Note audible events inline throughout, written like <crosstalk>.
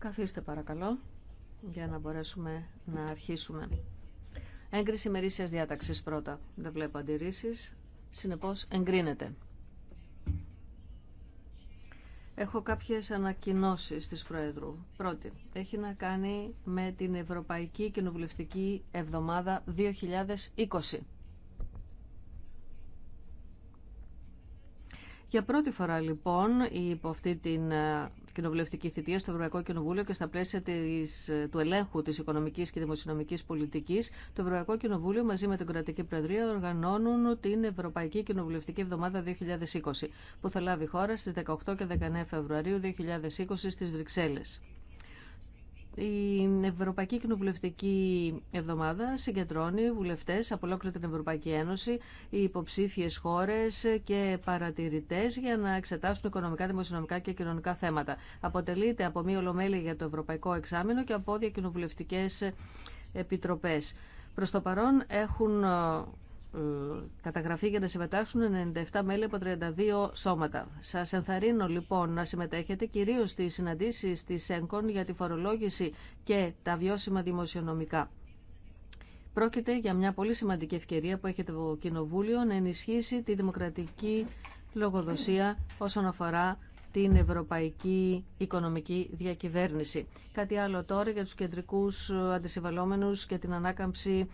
Καθίστε παρακαλώ για να μπορέσουμε να αρχίσουμε. Έγκριση μερίσιας διάταξης πρώτα. Δεν βλέπω αντιρρήσεις. Συνεπώς εγκρίνεται. Έχω κάποιες ανακοινώσεις της Προέδρου. Πρώτη, έχει να κάνει με την Ευρωπαϊκή Κοινοβουλευτική Εβδομάδα 2020. Για πρώτη φορά λοιπόν υπό αυτή την ε, κοινοβουλευτική θητεία στο Ευρωπαϊκό Κοινοβούλιο και στα πλαίσια της, ε, του ελέγχου της οικονομικής και δημοσιονομικής πολιτικής, το Ευρωπαϊκό Κοινοβούλιο μαζί με την Κρατική Πρεδρία οργανώνουν την Ευρωπαϊκή Κοινοβουλευτική Εβδομάδα 2020 που θα λάβει χώρα στις 18 και 19 Φεβρουαρίου 2020 στις Βρυξέλλες. Η Ευρωπαϊκή Κοινοβουλευτική Εβδομάδα συγκεντρώνει βουλευτέ, από ολόκληρη την Ευρωπαϊκή Ένωση, οι υποψήφιες χώρες και παρατηρητές για να εξετάσουν οικονομικά, δημοσιονομικά και κοινωνικά θέματα. Αποτελείται από μία ολομέλεια για το Ευρωπαϊκό Εξάμεινο και από κοινοβουλευτικέ επιτροπές. Προ το παρόν έχουν ε, καταγραφεί για να συμμετάσχουν 97 μέλη από 32 σώματα. Σας ενθαρρύνω λοιπόν να συμμετέχετε κυρίως στι συναντήσει τη ΕΝΚΟΝ για τη φορολόγηση και τα βιώσιμα δημοσιονομικά. Πρόκειται για μια πολύ σημαντική ευκαιρία που έχετε το Κοινοβούλιο να ενισχύσει τη δημοκρατική λογοδοσία όσον αφορά την ευρωπαϊκή οικονομική διακυβέρνηση. Κάτι άλλο τώρα για τους κεντρικούς ε, αντισυμβαλόμενους και την ανάκαμψη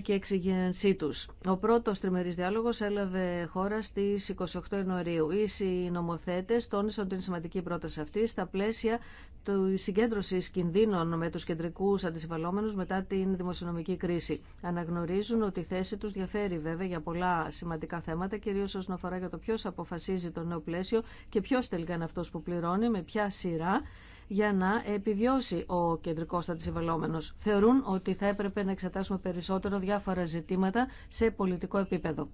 και εξηγένσή του. Ο πρώτο τριμερή διάλογο έλαβε χώρα στι 28 Ιανουαρίου. Οι συνομοθέτες τόνισαν την σημαντική πρόταση αυτή στα πλαίσια τη συγκέντρωση κινδύνων με του κεντρικού αντισυμβαλόμενου μετά την δημοσιονομική κρίση. Αναγνωρίζουν ότι η θέση του διαφέρει βέβαια για πολλά σημαντικά θέματα, κυρίω όσον αφορά για το ποιο αποφασίζει το νέο πλαίσιο και ποιο τελικά είναι αυτό που πληρώνει, με ποια σειρά για να επιβιώσει ο κεντρικός αντισυμβαλόμενος. Θεωρούν ότι θα έπρεπε να εξετάσουμε περισσότερο διάφορα ζητήματα σε πολιτικό επίπεδο.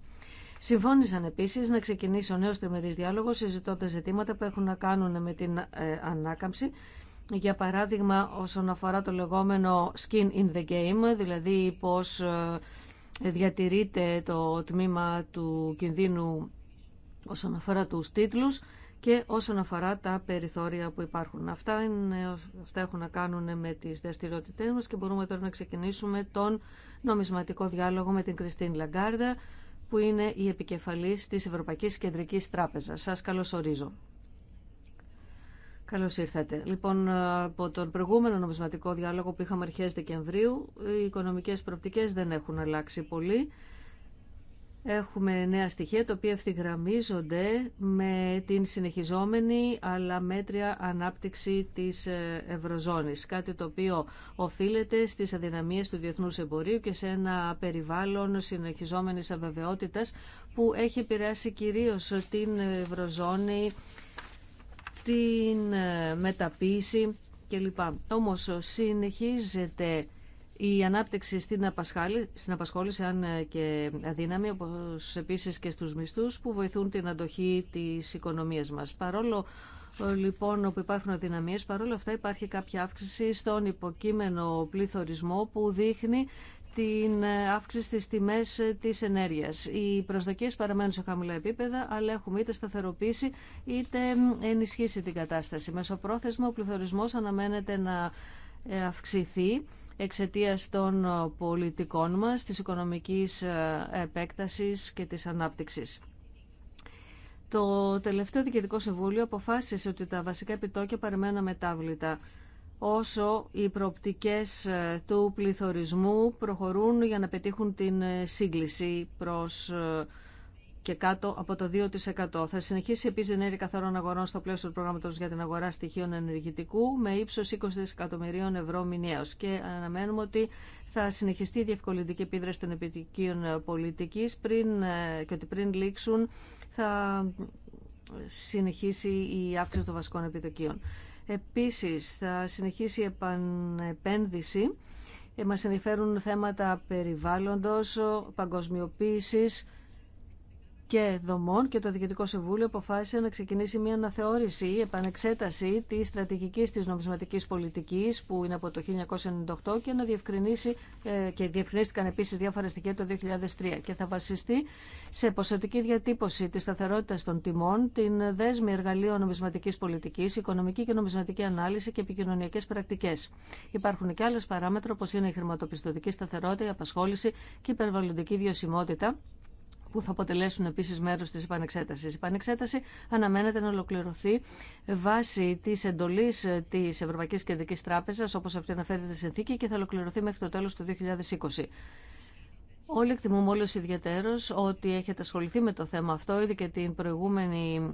Συμφώνησαν επίση να ξεκινήσει ο νέο τριμερή διάλογο συζητώντα ζητήματα που έχουν να κάνουν με την ε, ανάκαμψη. Για παράδειγμα, όσον αφορά το λεγόμενο skin in the game, δηλαδή πώς ε, διατηρείται το τμήμα του κινδύνου όσον αφορά του τίτλου και όσον αφορά τα περιθώρια που υπάρχουν. Αυτά, είναι, αυτά έχουν να κάνουν με τις δραστηριότητές μας και μπορούμε τώρα να ξεκινήσουμε τον νομισματικό διάλογο με την Κριστίν Λαγκάρδα, που είναι η επικεφαλής της Ευρωπαϊκής Κεντρικής Τράπεζας. Σας καλωσορίζω. Καλώς ήρθατε. Λοιπόν, από τον προηγούμενο νομισματικό διάλογο που είχαμε αρχές Δεκεμβρίου, οι οικονομικές προοπτικές δεν έχουν αλλάξει πολύ. Έχουμε νέα στοιχεία τα οποία ευθυγραμμίζονται με την συνεχιζόμενη αλλά μέτρια ανάπτυξη της ε, Ευρωζώνης. Κάτι το οποίο οφείλεται στις αδυναμίες του διεθνούς εμπορίου και σε ένα περιβάλλον συνεχιζόμενης αβεβαιότητας που έχει επηρεάσει κυρίως την Ευρωζώνη, την ε, μεταποίηση κλπ. Όμως συνεχίζεται η ανάπτυξη στην, στην απασχόληση, αν ε, και αδύναμη, όπως επίσης και στους μισθούς, που βοηθούν την αντοχή της οικονομίας μας. Παρόλο ε, λοιπόν όπου υπάρχουν αδυναμίες, παρόλο αυτά υπάρχει κάποια αύξηση στον υποκείμενο πληθωρισμό που δείχνει την ε, αύξηση στις τιμές της ενέργειας. Οι προσδοκίες παραμένουν σε χαμηλά επίπεδα, αλλά έχουμε είτε σταθεροποίηση είτε ενισχύσει την κατάσταση. Μεσοπρόθεσμα ο πληθωρισμός αναμένεται να αυξηθεί εξαιτία των ε, πολιτικών μας, της οικονομικής ε, επέκτασης και της ανάπτυξης. Το τελευταίο Διοικητικό Συμβούλιο αποφάσισε ότι τα βασικά επιτόκια παραμένουν μετάβλητα όσο οι προοπτικές ε, του πληθωρισμού προχωρούν για να πετύχουν την σύγκληση προς και κάτω από το 2%. Θα συνεχίσει επίση την έρευνα καθαρών αγορών στο πλαίσιο του προγράμματο για την αγορά στοιχείων ενεργητικού με ύψο 20 δισεκατομμυρίων ευρώ μηνιαίω. Και αναμένουμε ότι θα συνεχιστεί η διευκολυντική επίδραση των επιτοκίων πολιτική ε, και ότι πριν λήξουν θα συνεχίσει η αύξηση των βασικών επιτοκίων. Επίσης, θα συνεχίσει η επανεπένδυση. Ε, μας ενδιαφέρουν θέματα περιβάλλοντος, παγκοσμιοποίησης, και δομών και το Διοικητικό Συμβούλιο αποφάσισε να ξεκινήσει μια αναθεώρηση ή επανεξέταση τη στρατηγική τη νομισματική πολιτική που είναι από το 1998 και να διευκρινίσει ε, και διευκρινίστηκαν επίση διάφορα στοιχεία το 2003 και θα βασιστεί σε ποσοτική διατύπωση τη σταθερότητα των τιμών, την δέσμη εργαλείων νομισματική πολιτική, οικονομική και νομισματική ανάλυση και επικοινωνιακέ πρακτικέ. Υπάρχουν και άλλε παράμετρο όπω είναι η χρηματοπιστωτική σταθερότητα, η απασχόληση και η περιβαλλοντική βιωσιμότητα που θα αποτελέσουν επίσης μέρος της επανεξέτασης. Η επανεξέταση αναμένεται να ολοκληρωθεί βάσει της εντολής της Ευρωπαϊκής Κεντρικής Τράπεζα, όπως αυτή αναφέρεται στη συνθήκη, και θα ολοκληρωθεί μέχρι το τέλος του 2020. Όλοι εκτιμούμε όλους ιδιαίτερος ότι έχετε ασχοληθεί με το θέμα αυτό, ήδη και την προηγούμενη,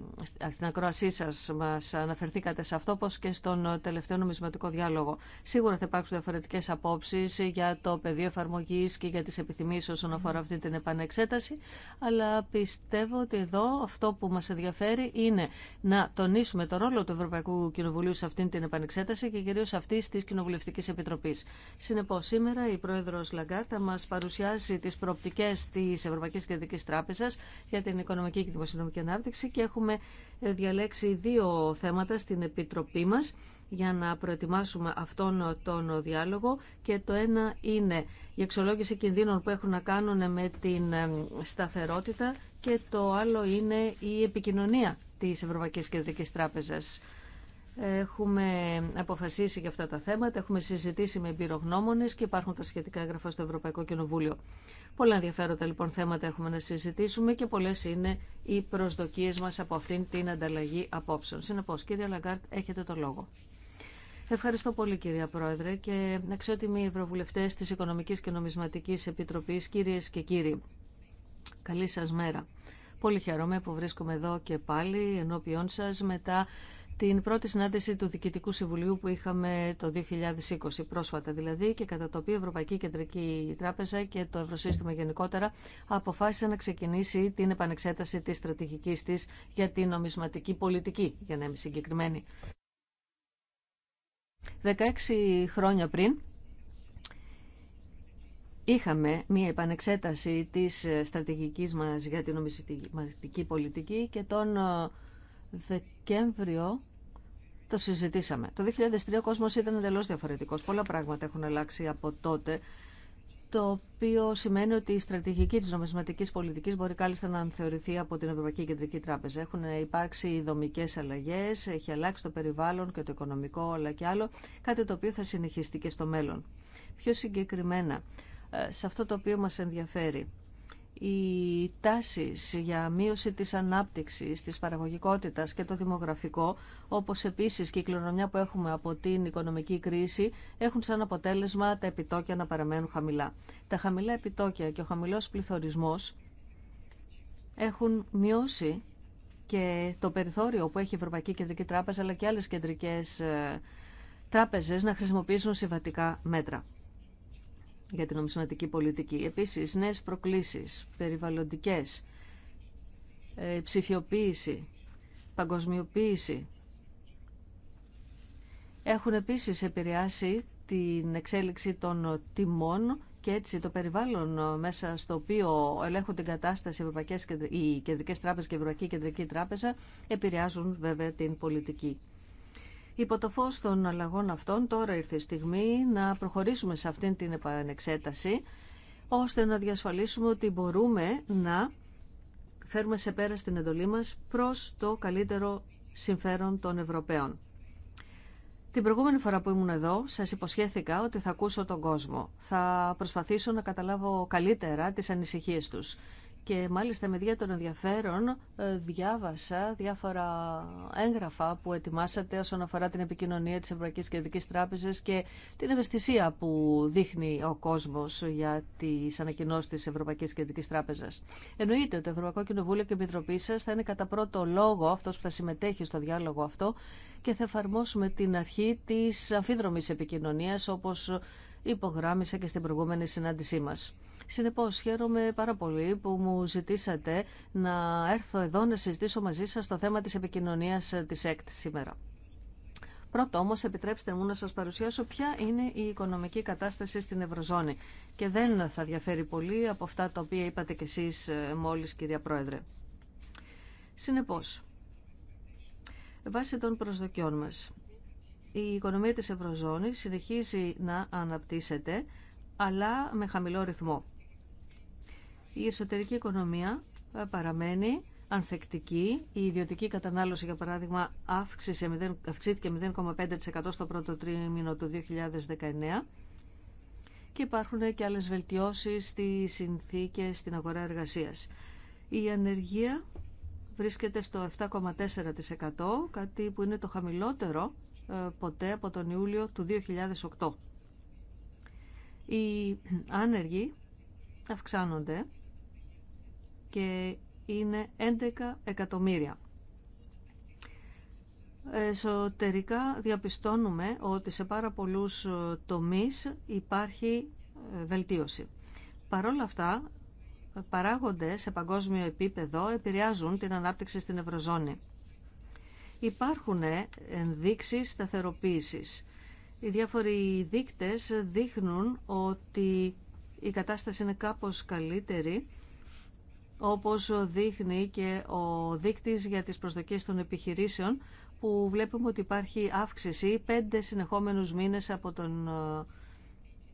στην ακρόασή σας μας αναφερθήκατε σε αυτό, όπως και στον τελευταίο νομισματικό διάλογο. Σίγουρα θα υπάρξουν διαφορετικές απόψεις για το πεδίο εφαρμογή και για τις επιθυμίες όσον αφορά αυτή την επανεξέταση, αλλά πιστεύω ότι εδώ αυτό που μας ενδιαφέρει είναι να τονίσουμε το ρόλο του Ευρωπαϊκού Κοινοβουλίου σε αυτή την επανεξέταση και κυρίως αυτή τη κοινοβουλευτική επιτροπή. Συνεπώς, σήμερα η Πρόεδρος Λαγκάρτα μα μας τις προοπτικές τη Ευρωπαϊκή Κεντρική Τράπεζα για την οικονομική και δημοσιονομική ανάπτυξη και έχουμε ε, διαλέξει δύο θέματα στην Επιτροπή μας για να προετοιμάσουμε αυτόν τον διάλογο και το ένα είναι η εξολόγηση κινδύνων που έχουν να κάνουν με την ε, σταθερότητα και το άλλο είναι η επικοινωνία της Ευρωπαϊκής Κεντρικής Τράπεζας. Έχουμε αποφασίσει για αυτά τα θέματα, έχουμε συζητήσει με εμπειρογνώμονε και υπάρχουν τα σχετικά έγγραφα στο Ευρωπαϊκό Κοινοβούλιο. Πολλά ενδιαφέροντα λοιπόν θέματα έχουμε να συζητήσουμε και πολλέ είναι οι προσδοκίε μα από αυτήν την ανταλλαγή απόψεων. Συνεπώ, κύριε Λαγκάρτ, έχετε το λόγο. Ευχαριστώ πολύ κύριε Πρόεδρε και αξιότιμοι ευρωβουλευτέ τη Οικονομική και Νομισματική Επιτροπή, κυρίε και κύριοι. Καλή σα μέρα. Πολύ χαίρομαι που βρίσκομαι εδώ και πάλι ενώπιον σα μετά την πρώτη συνάντηση του Διοικητικού Συμβουλίου που είχαμε το 2020 πρόσφατα δηλαδή και κατά το οποίο η Ευρωπαϊκή Κεντρική Τράπεζα και το Ευρωσύστημα γενικότερα αποφάσισαν να ξεκινήσει την επανεξέταση της στρατηγικής της για την νομισματική πολιτική, για να είμαι συγκεκριμένη. 16 χρόνια πριν είχαμε μία επανεξέταση της στρατηγικής μας για την νομισματική πολιτική και των Δεκέμβριο το συζητήσαμε. Το 2003 ο κόσμος ήταν εντελώ διαφορετικός. Πολλά πράγματα έχουν αλλάξει από τότε, το οποίο σημαίνει ότι η στρατηγική της νομισματικής πολιτικής μπορεί κάλλιστα να θεωρηθεί από την Ευρωπαϊκή Κεντρική Τράπεζα. Έχουν υπάρξει δομικές αλλαγές, έχει αλλάξει το περιβάλλον και το οικονομικό, αλλά και άλλο, κάτι το οποίο θα συνεχιστεί και στο μέλλον. Πιο συγκεκριμένα, ε, σε αυτό το οποίο μας ενδιαφέρει, οι τάσεις για μείωση της ανάπτυξης, της παραγωγικότητας και το δημογραφικό, όπως επίσης και η κληρονομιά που έχουμε από την οικονομική κρίση, έχουν σαν αποτέλεσμα τα επιτόκια να παραμένουν χαμηλά. Τα χαμηλά επιτόκια και ο χαμηλός πληθωρισμός έχουν μειώσει και το περιθώριο που έχει η Ευρωπαϊκή Κεντρική Τράπεζα αλλά και άλλες κεντρικές ε, τράπεζες να χρησιμοποιήσουν συμβατικά μέτρα για την νομισματική πολιτική. Επίσης, νέες προκλήσεις, περιβαλλοντικές, ε, ψηφιοποίηση, παγκοσμιοποίηση, έχουν επίσης επηρεάσει την εξέλιξη των τιμών και έτσι το περιβάλλον μέσα στο οποίο ελέγχουν την κατάσταση οι, Ευρωπαϊκές, οι Κεντρικές Τράπεζες και η Ευρωπαϊκή Κεντρική Τράπεζα επηρεάζουν βέβαια την πολιτική. Υπό το φως των αλλαγών αυτών τώρα ήρθε η στιγμή να προχωρήσουμε σε αυτήν την επανεξέταση ώστε να διασφαλίσουμε ότι μπορούμε να φέρουμε σε πέρα στην εντολή μας προς το καλύτερο συμφέρον των Ευρωπαίων. Την προηγούμενη φορά που ήμουν εδώ, σας υποσχέθηκα ότι θα ακούσω τον κόσμο. Θα προσπαθήσω να καταλάβω καλύτερα τις ανησυχίες τους και μάλιστα με ιδιαίτερο ενδιαφέρον ε, διάβασα διάφορα έγγραφα που ετοιμάσατε όσον αφορά την επικοινωνία της Ευρωπαϊκής Κεντρικής Τράπεζας και την ευαισθησία που δείχνει ο κόσμος για τις ανακοινώσεις της Ευρωπαϊκής Κεντρικής Τράπεζας. Εννοείται ότι το Ευρωπαϊκό Κοινοβούλιο και η Επιτροπή σας θα είναι κατά πρώτο λόγο αυτός που θα συμμετέχει στο διάλογο αυτό και θα εφαρμόσουμε την αρχή της αμφίδρομης επικοινωνίας όπως υπογράμμισα και στην προηγούμενη συνάντησή μας. Συνεπώς χαίρομαι πάρα πολύ που μου ζητήσατε να έρθω εδώ να συζητήσω μαζί σας το θέμα της επικοινωνίας της ΕΚΤ σήμερα. Πρώτο όμως επιτρέψτε μου να σας παρουσιάσω ποια είναι η οικονομική κατάσταση στην Ευρωζώνη και δεν θα διαφέρει πολύ από αυτά τα οποία είπατε κι εσείς ε, μόλις κυρία Πρόεδρε. Συνεπώς, βάσει των προσδοκιών μας, η οικονομία της Ευρωζώνης συνεχίζει να αναπτύσσεται αλλά με χαμηλό ρυθμό. Η εσωτερική οικονομία ε, παραμένει ανθεκτική. Η ιδιωτική κατανάλωση, για παράδειγμα, αύξησε, αυξήθηκε 0,5% στο πρώτο τρίμηνο του 2019 και υπάρχουν και άλλες βελτιώσεις στις συνθήκες στην αγορά εργασίας. Η ανεργία βρίσκεται στο 7,4%, κάτι που είναι το χαμηλότερο ε, ποτέ από τον Ιούλιο του 2008. Οι άνεργοι αυξάνονται και είναι 11 εκατομμύρια. Εσωτερικά διαπιστώνουμε ότι σε πάρα πολλούς τομείς υπάρχει ε, βελτίωση. Παρ' όλα αυτά, παράγονται σε παγκόσμιο επίπεδο επηρεάζουν την ανάπτυξη στην Ευρωζώνη. Υπάρχουν ενδείξεις σταθεροποίησης. Οι διάφοροι δείκτες δείχνουν ότι η κατάσταση είναι κάπως καλύτερη, όπως δείχνει και ο δείκτης για τις προσδοκίες των επιχειρήσεων, που βλέπουμε ότι υπάρχει αύξηση πέντε συνεχόμενους μήνες από τον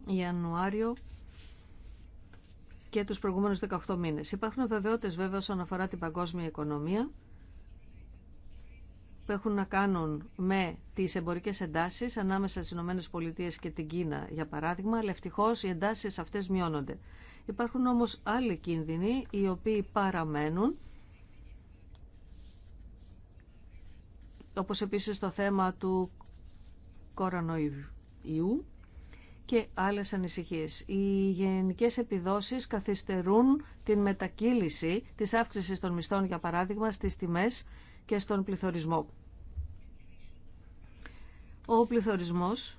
ε, Ιανουάριο και τους προηγούμενους 18 μήνες. Υπάρχουν βεβαιότητες βέβαια όσον αφορά την παγκόσμια οικονομία που έχουν να κάνουν με τις εμπορικές εντάσεις ανάμεσα στις ΗΠΑ και την Κίνα, για παράδειγμα, αλλά ευτυχώ οι εντάσεις αυτές μειώνονται. Υπάρχουν όμως άλλοι κίνδυνοι οι οποίοι παραμένουν, όπως επίσης το θέμα του κορονοϊού και άλλες ανησυχίες. Οι γενικές επιδόσεις καθυστερούν την μετακύληση της αύξησης των μισθών, για παράδειγμα, στις τιμές και στον πληθωρισμό. Ο πληθωρισμός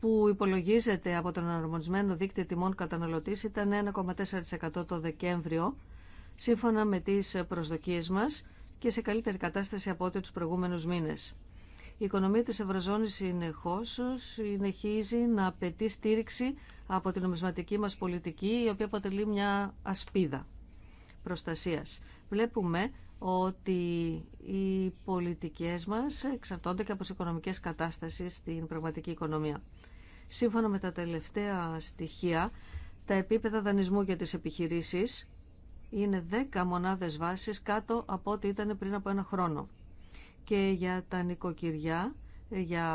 που υπολογίζεται από τον αναρμονισμένο δίκτυο τιμών καταναλωτής ήταν 1,4% το Δεκέμβριο, σύμφωνα με τις προσδοκίες μας και σε καλύτερη κατάσταση από ό,τι τους προηγούμενους μήνες. Η οικονομία της Ευρωζώνης συνεχώς συνεχίζει να απαιτεί στήριξη από την νομισματική μας πολιτική, η οποία αποτελεί μια ασπίδα προστασίας. Βλέπουμε ότι οι πολιτικές μας εξαρτώνται και από τις οικονομικές κατάστασεις στην πραγματική οικονομία. Σύμφωνα με τα τελευταία στοιχεία, τα επίπεδα δανεισμού για τις επιχειρήσεις είναι 10 μονάδες βάσης κάτω από ό,τι ήταν πριν από ένα χρόνο. Και για τα νοικοκυριά, για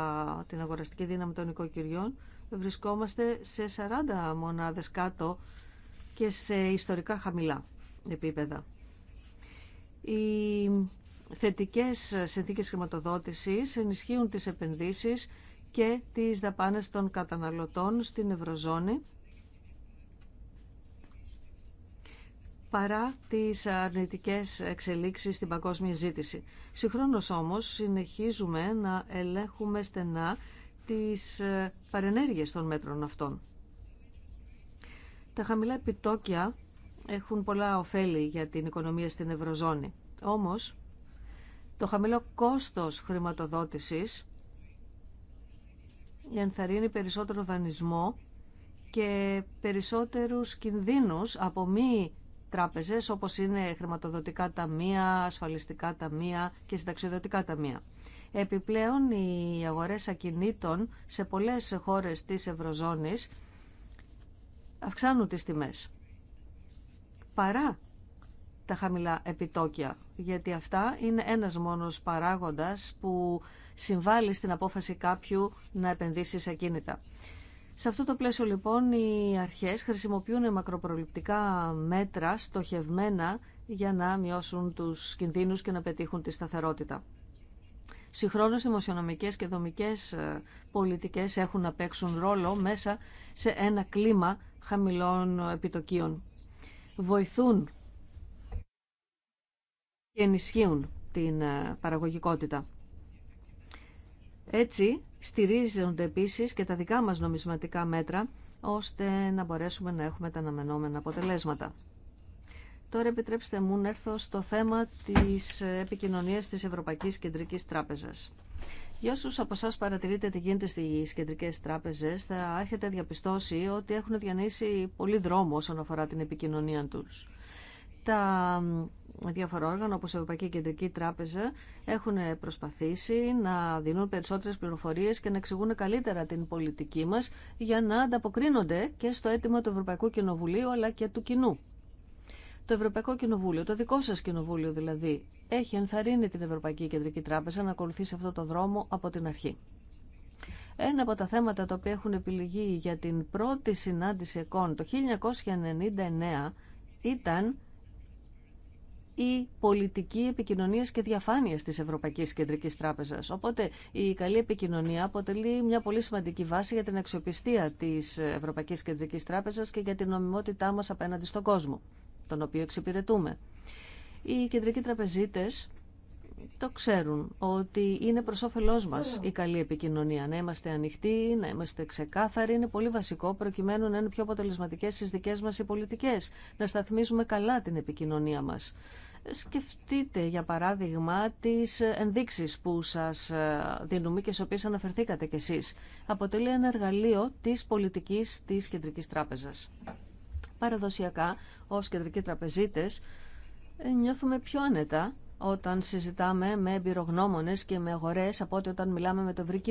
την αγοραστική δύναμη των νοικοκυριών, βρισκόμαστε σε 40 μονάδες κάτω και σε ιστορικά χαμηλά επίπεδα. Οι θετικές συνθήκες χρηματοδότησης ενισχύουν τις επενδύσεις και τις δαπάνες των καταναλωτών στην Ευρωζώνη παρά τις αρνητικές εξελίξεις στην παγκόσμια ζήτηση. Συγχρόνως όμως συνεχίζουμε να ελέγχουμε στενά τις ε, παρενέργειες των μέτρων αυτών. Τα χαμηλά επιτόκια έχουν πολλά ωφέλη για την οικονομία στην Ευρωζώνη. Όμως, το χαμηλό κόστος χρηματοδότησης ενθαρρύνει περισσότερο δανεισμό και περισσότερους κινδύνους από μη τράπεζες όπως είναι χρηματοδοτικά ταμεία, ασφαλιστικά ταμεία και συνταξιοδοτικά ταμεία. Επιπλέον οι αγορές ακινήτων σε πολλές χώρες της Ευρωζώνης αυξάνουν τις τιμές παρά τα χαμηλά επιτόκια, γιατί αυτά είναι ένας μόνος παράγοντας που συμβάλλει στην απόφαση κάποιου να επενδύσει σε κίνητα. Σε αυτό το πλαίσιο λοιπόν οι αρχές χρησιμοποιούν μακροπροληπτικά μέτρα στοχευμένα για να μειώσουν τους κινδύνους και να πετύχουν τη σταθερότητα. Συγχρόνως δημοσιονομικές και δομικές ε, πολιτικές έχουν να παίξουν ρόλο μέσα σε ένα κλίμα χαμηλών επιτοκίων βοηθούν και ενισχύουν την ε, παραγωγικότητα. Έτσι, στηρίζονται επίσης και τα δικά μας νομισματικά μέτρα, ώστε να μπορέσουμε να έχουμε τα αναμενόμενα αποτελέσματα. Τώρα επιτρέψτε μου να έρθω στο θέμα της επικοινωνίας της Ευρωπαϊκής Κεντρικής Τράπεζας. Για όσου από εσά παρατηρείτε τι γίνεται στι κεντρικέ τράπεζε, θα έχετε διαπιστώσει ότι έχουν διανύσει πολύ δρόμο όσον αφορά την επικοινωνία του. Τα διάφορα όργανα, όπω η Ευρωπαϊκή Κεντρική Τράπεζα, έχουν προσπαθήσει να δίνουν περισσότερε πληροφορίε και να εξηγούν καλύτερα την πολιτική μα για να ανταποκρίνονται και στο αίτημα του Ευρωπαϊκού Κοινοβουλίου αλλά και του κοινού. Το Ευρωπαϊκό Κοινοβούλιο, το δικό σας κοινοβούλιο δηλαδή, έχει ενθαρρύνει την Ευρωπαϊκή Κεντρική Τράπεζα να ακολουθήσει αυτό το δρόμο από την αρχή. Ένα από τα θέματα τα οποία έχουν επιλεγεί για την πρώτη συνάντηση ΕΚΟΝ το 1999 ήταν η πολιτική επικοινωνίας και διαφάνειας της Ευρωπαϊκής Κεντρικής Τράπεζας. Οπότε η καλή επικοινωνία αποτελεί μια πολύ σημαντική βάση για την αξιοπιστία της Ευρωπαϊκής Κεντρικής Τράπεζας και για την νομιμότητά μας απέναντι στον κόσμο, τον οποίο εξυπηρετούμε. Οι κεντρικοί τραπεζίτες το ξέρουν ότι είναι προς όφελός μας η καλή επικοινωνία. Να είμαστε ανοιχτοί, να είμαστε ξεκάθαροι είναι πολύ βασικό προκειμένου να είναι πιο αποτελεσματικές στις δικές μας οι πολιτικές. Να σταθμίζουμε καλά την επικοινωνία μας. Σκεφτείτε για παράδειγμα τις ενδείξεις που σας ε, δίνουμε και στις οποίες αναφερθήκατε κι εσείς. Αποτελεί ένα εργαλείο της πολιτικής της Κεντρικής Τράπεζας. Παραδοσιακά, ως κεντρικοί τραπεζίτες, νιώθουμε πιο άνετα όταν συζητάμε με εμπειρογνώμονες και με αγορές από ό,τι όταν μιλάμε με το ευρύ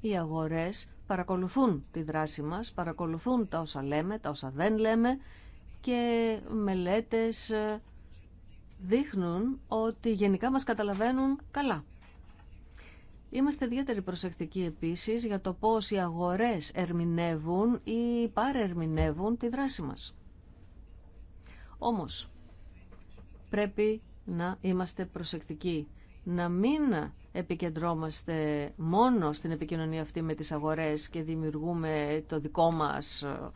Οι αγορές παρακολουθούν τη δράση μας, παρακολουθούν τα όσα λέμε, τα όσα δεν λέμε και μελέτες ε, δείχνουν ότι γενικά μας καταλαβαίνουν καλά. Είμαστε ιδιαίτερη προσεκτικοί επίσης για το πώς οι αγορές ερμηνεύουν ή παρερμηνεύουν τη δράση μας. Όμως, πρέπει να είμαστε προσεκτικοί. Να μην επικεντρώμαστε μόνο στην επικοινωνία αυτή με τις αγορές και δημιουργούμε το δικό μας ε,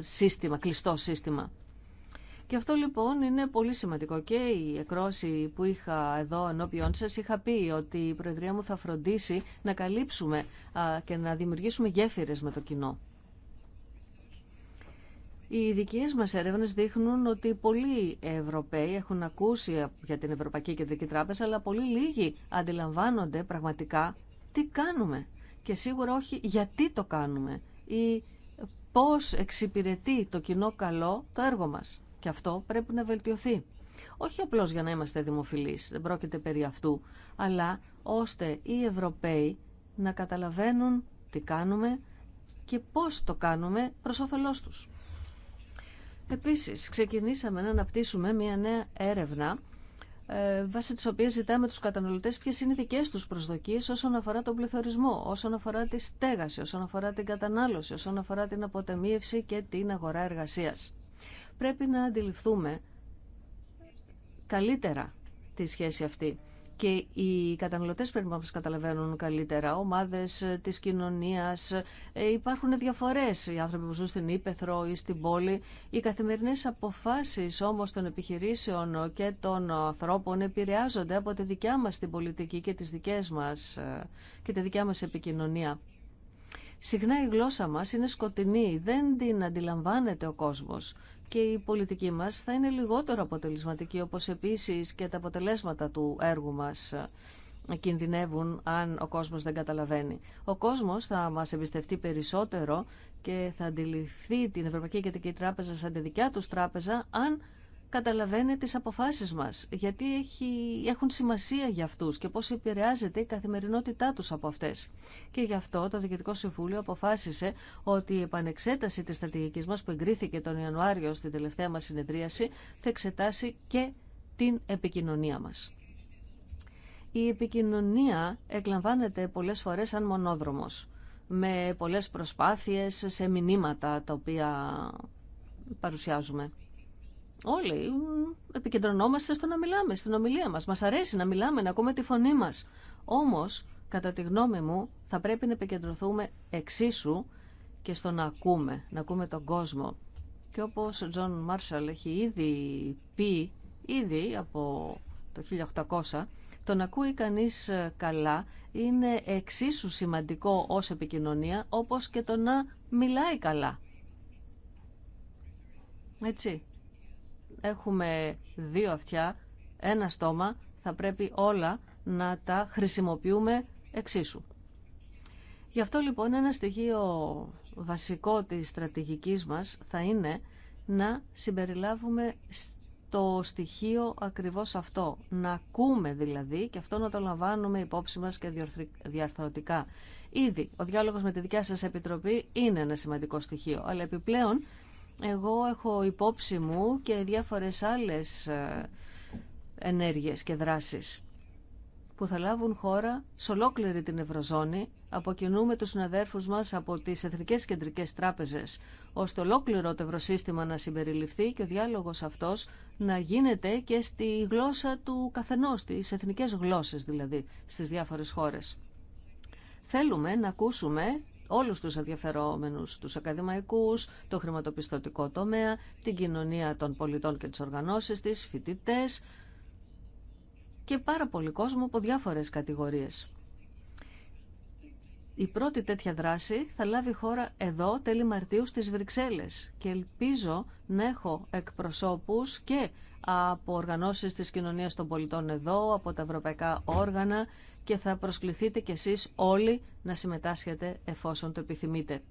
σύστημα, κλειστό σύστημα. Και αυτό λοιπόν είναι πολύ σημαντικό και η εκρόση που είχα εδώ ενώπιόν σας είχα πει ότι η Προεδρία μου θα φροντίσει να καλύψουμε και να δημιουργήσουμε γέφυρες με το κοινό. Οι δικέ μα έρευνε δείχνουν ότι πολλοί Ευρωπαίοι έχουν ακούσει για την Ευρωπαϊκή Κεντρική Τράπεζα, αλλά πολύ λίγοι αντιλαμβάνονται πραγματικά τι κάνουμε. Και σίγουρα όχι γιατί το κάνουμε ή πώς εξυπηρετεί το κοινό καλό το έργο μας. Και αυτό πρέπει να βελτιωθεί. Όχι απλώ για να είμαστε δημοφιλείς, δεν πρόκειται περί αυτού, αλλά ώστε οι Ευρωπαίοι να καταλαβαίνουν τι κάνουμε και πώς το κάνουμε προς όφελός τους. Επίσης, ξεκινήσαμε να αναπτύσσουμε μια νέα έρευνα ε, βάσει της οποίας ζητάμε τους καταναλωτές ποιες είναι οι δικές τους προσδοκίες όσον αφορά τον πληθωρισμό, όσον αφορά τη στέγαση, όσον αφορά την κατανάλωση, όσον αφορά την αποτεμίευση και την αγορά εργασίας. Πρέπει να αντιληφθούμε καλύτερα τη σχέση αυτή και οι καταναλωτές πρέπει να μας καταλαβαίνουν καλύτερα, ομάδες της κοινωνίας, ε, υπάρχουν διαφορές οι άνθρωποι που ζουν στην Ήπεθρο ή στην πόλη. Οι καθημερινές αποφάσεις όμως των επιχειρήσεων και των ανθρώπων επηρεάζονται από τη δικιά μας την πολιτική και, τις δικές μας, ε, και τη δικιά μας επικοινωνία. Συχνά η γλώσσα μας είναι σκοτεινή, δεν την αντιλαμβάνεται ο κόσμος και η πολιτική μας θα είναι λιγότερο αποτελεσματική, όπως επίσης και τα αποτελέσματα του έργου μας κινδυνεύουν αν ο κόσμος δεν καταλαβαίνει. Ο κόσμος θα μας εμπιστευτεί περισσότερο και θα αντιληφθεί την Ευρωπαϊκή Κεντρική Τράπεζα σαν τη δικιά τους τράπεζα αν καταλαβαίνει τις αποφάσεις μας, γιατί έχουν σημασία για αυτούς και πώς επηρεάζεται η καθημερινότητά τους από αυτές. Και γι' αυτό το Διοικητικό Συμβούλιο αποφάσισε ότι η επανεξέταση της στρατηγικής μας που εγκρίθηκε τον Ιανουάριο στην τελευταία μας συνεδρίαση θα εξετάσει και την επικοινωνία μας. Η επικοινωνία εκλαμβάνεται πολλές φορές σαν μονόδρομος, με πολλές προσπάθειες σε μηνύματα τα οποία παρουσιάζουμε. Όλοι επικεντρωνόμαστε στο να μιλάμε, στην ομιλία μας. Μας αρέσει να μιλάμε, να ακούμε τη φωνή μας. Όμως, κατά τη γνώμη μου, θα πρέπει να επικεντρωθούμε εξίσου και στο να ακούμε, να ακούμε τον κόσμο. Και όπως ο Τζον Μάρσαλ έχει ήδη πει, ήδη από το 1800, το να ακούει κανείς ε, καλά είναι εξίσου σημαντικό ως επικοινωνία, όπως και το να μιλάει καλά. Έτσι έχουμε δύο αυτιά, ένα στόμα, θα πρέπει όλα να τα χρησιμοποιούμε εξίσου. Γι' αυτό λοιπόν ένα στοιχείο βασικό της στρατηγικής μας θα είναι να συμπεριλάβουμε το στοιχείο ακριβώς αυτό. Να ακούμε δηλαδή και αυτό να το λαμβάνουμε υπόψη μας και διαρθρωτικά. Ήδη ο διάλογος με τη δικιά σας επιτροπή είναι ένα σημαντικό στοιχείο, αλλά επιπλέον εγώ έχω υπόψη μου και διάφορες άλλες ε, ενέργειες και δράσεις που θα λάβουν χώρα σε ολόκληρη την Ευρωζώνη. Αποκινούμε τους συναδέρφους μας από τις Εθνικές Κεντρικές Τράπεζες, ώστε ολόκληρο το ευρωσύστημα να συμπεριληφθεί και ο διάλογος αυτός να γίνεται και στη γλώσσα του καθενός, στις εθνικές γλώσσες δηλαδή, στις διάφορες χώρες. Θέλουμε να ακούσουμε όλους τους ενδιαφερόμενους, τους ακαδημαϊκούς, το χρηματοπιστωτικό τομέα, την κοινωνία των πολιτών και τις οργανώσεις της, φοιτητέ και πάρα πολλοί κόσμο από διάφορες κατηγορίες. Η πρώτη τέτοια δράση θα λάβει χώρα εδώ τέλη Μαρτίου στις Βρυξέλλες και ελπίζω να έχω εκπροσώπους και από οργανώσεις της κοινωνίας των πολιτών εδώ, από τα ευρωπαϊκά όργανα και θα προσκληθείτε κι εσείς όλοι να συμμετάσχετε εφόσον το επιθυμείτε.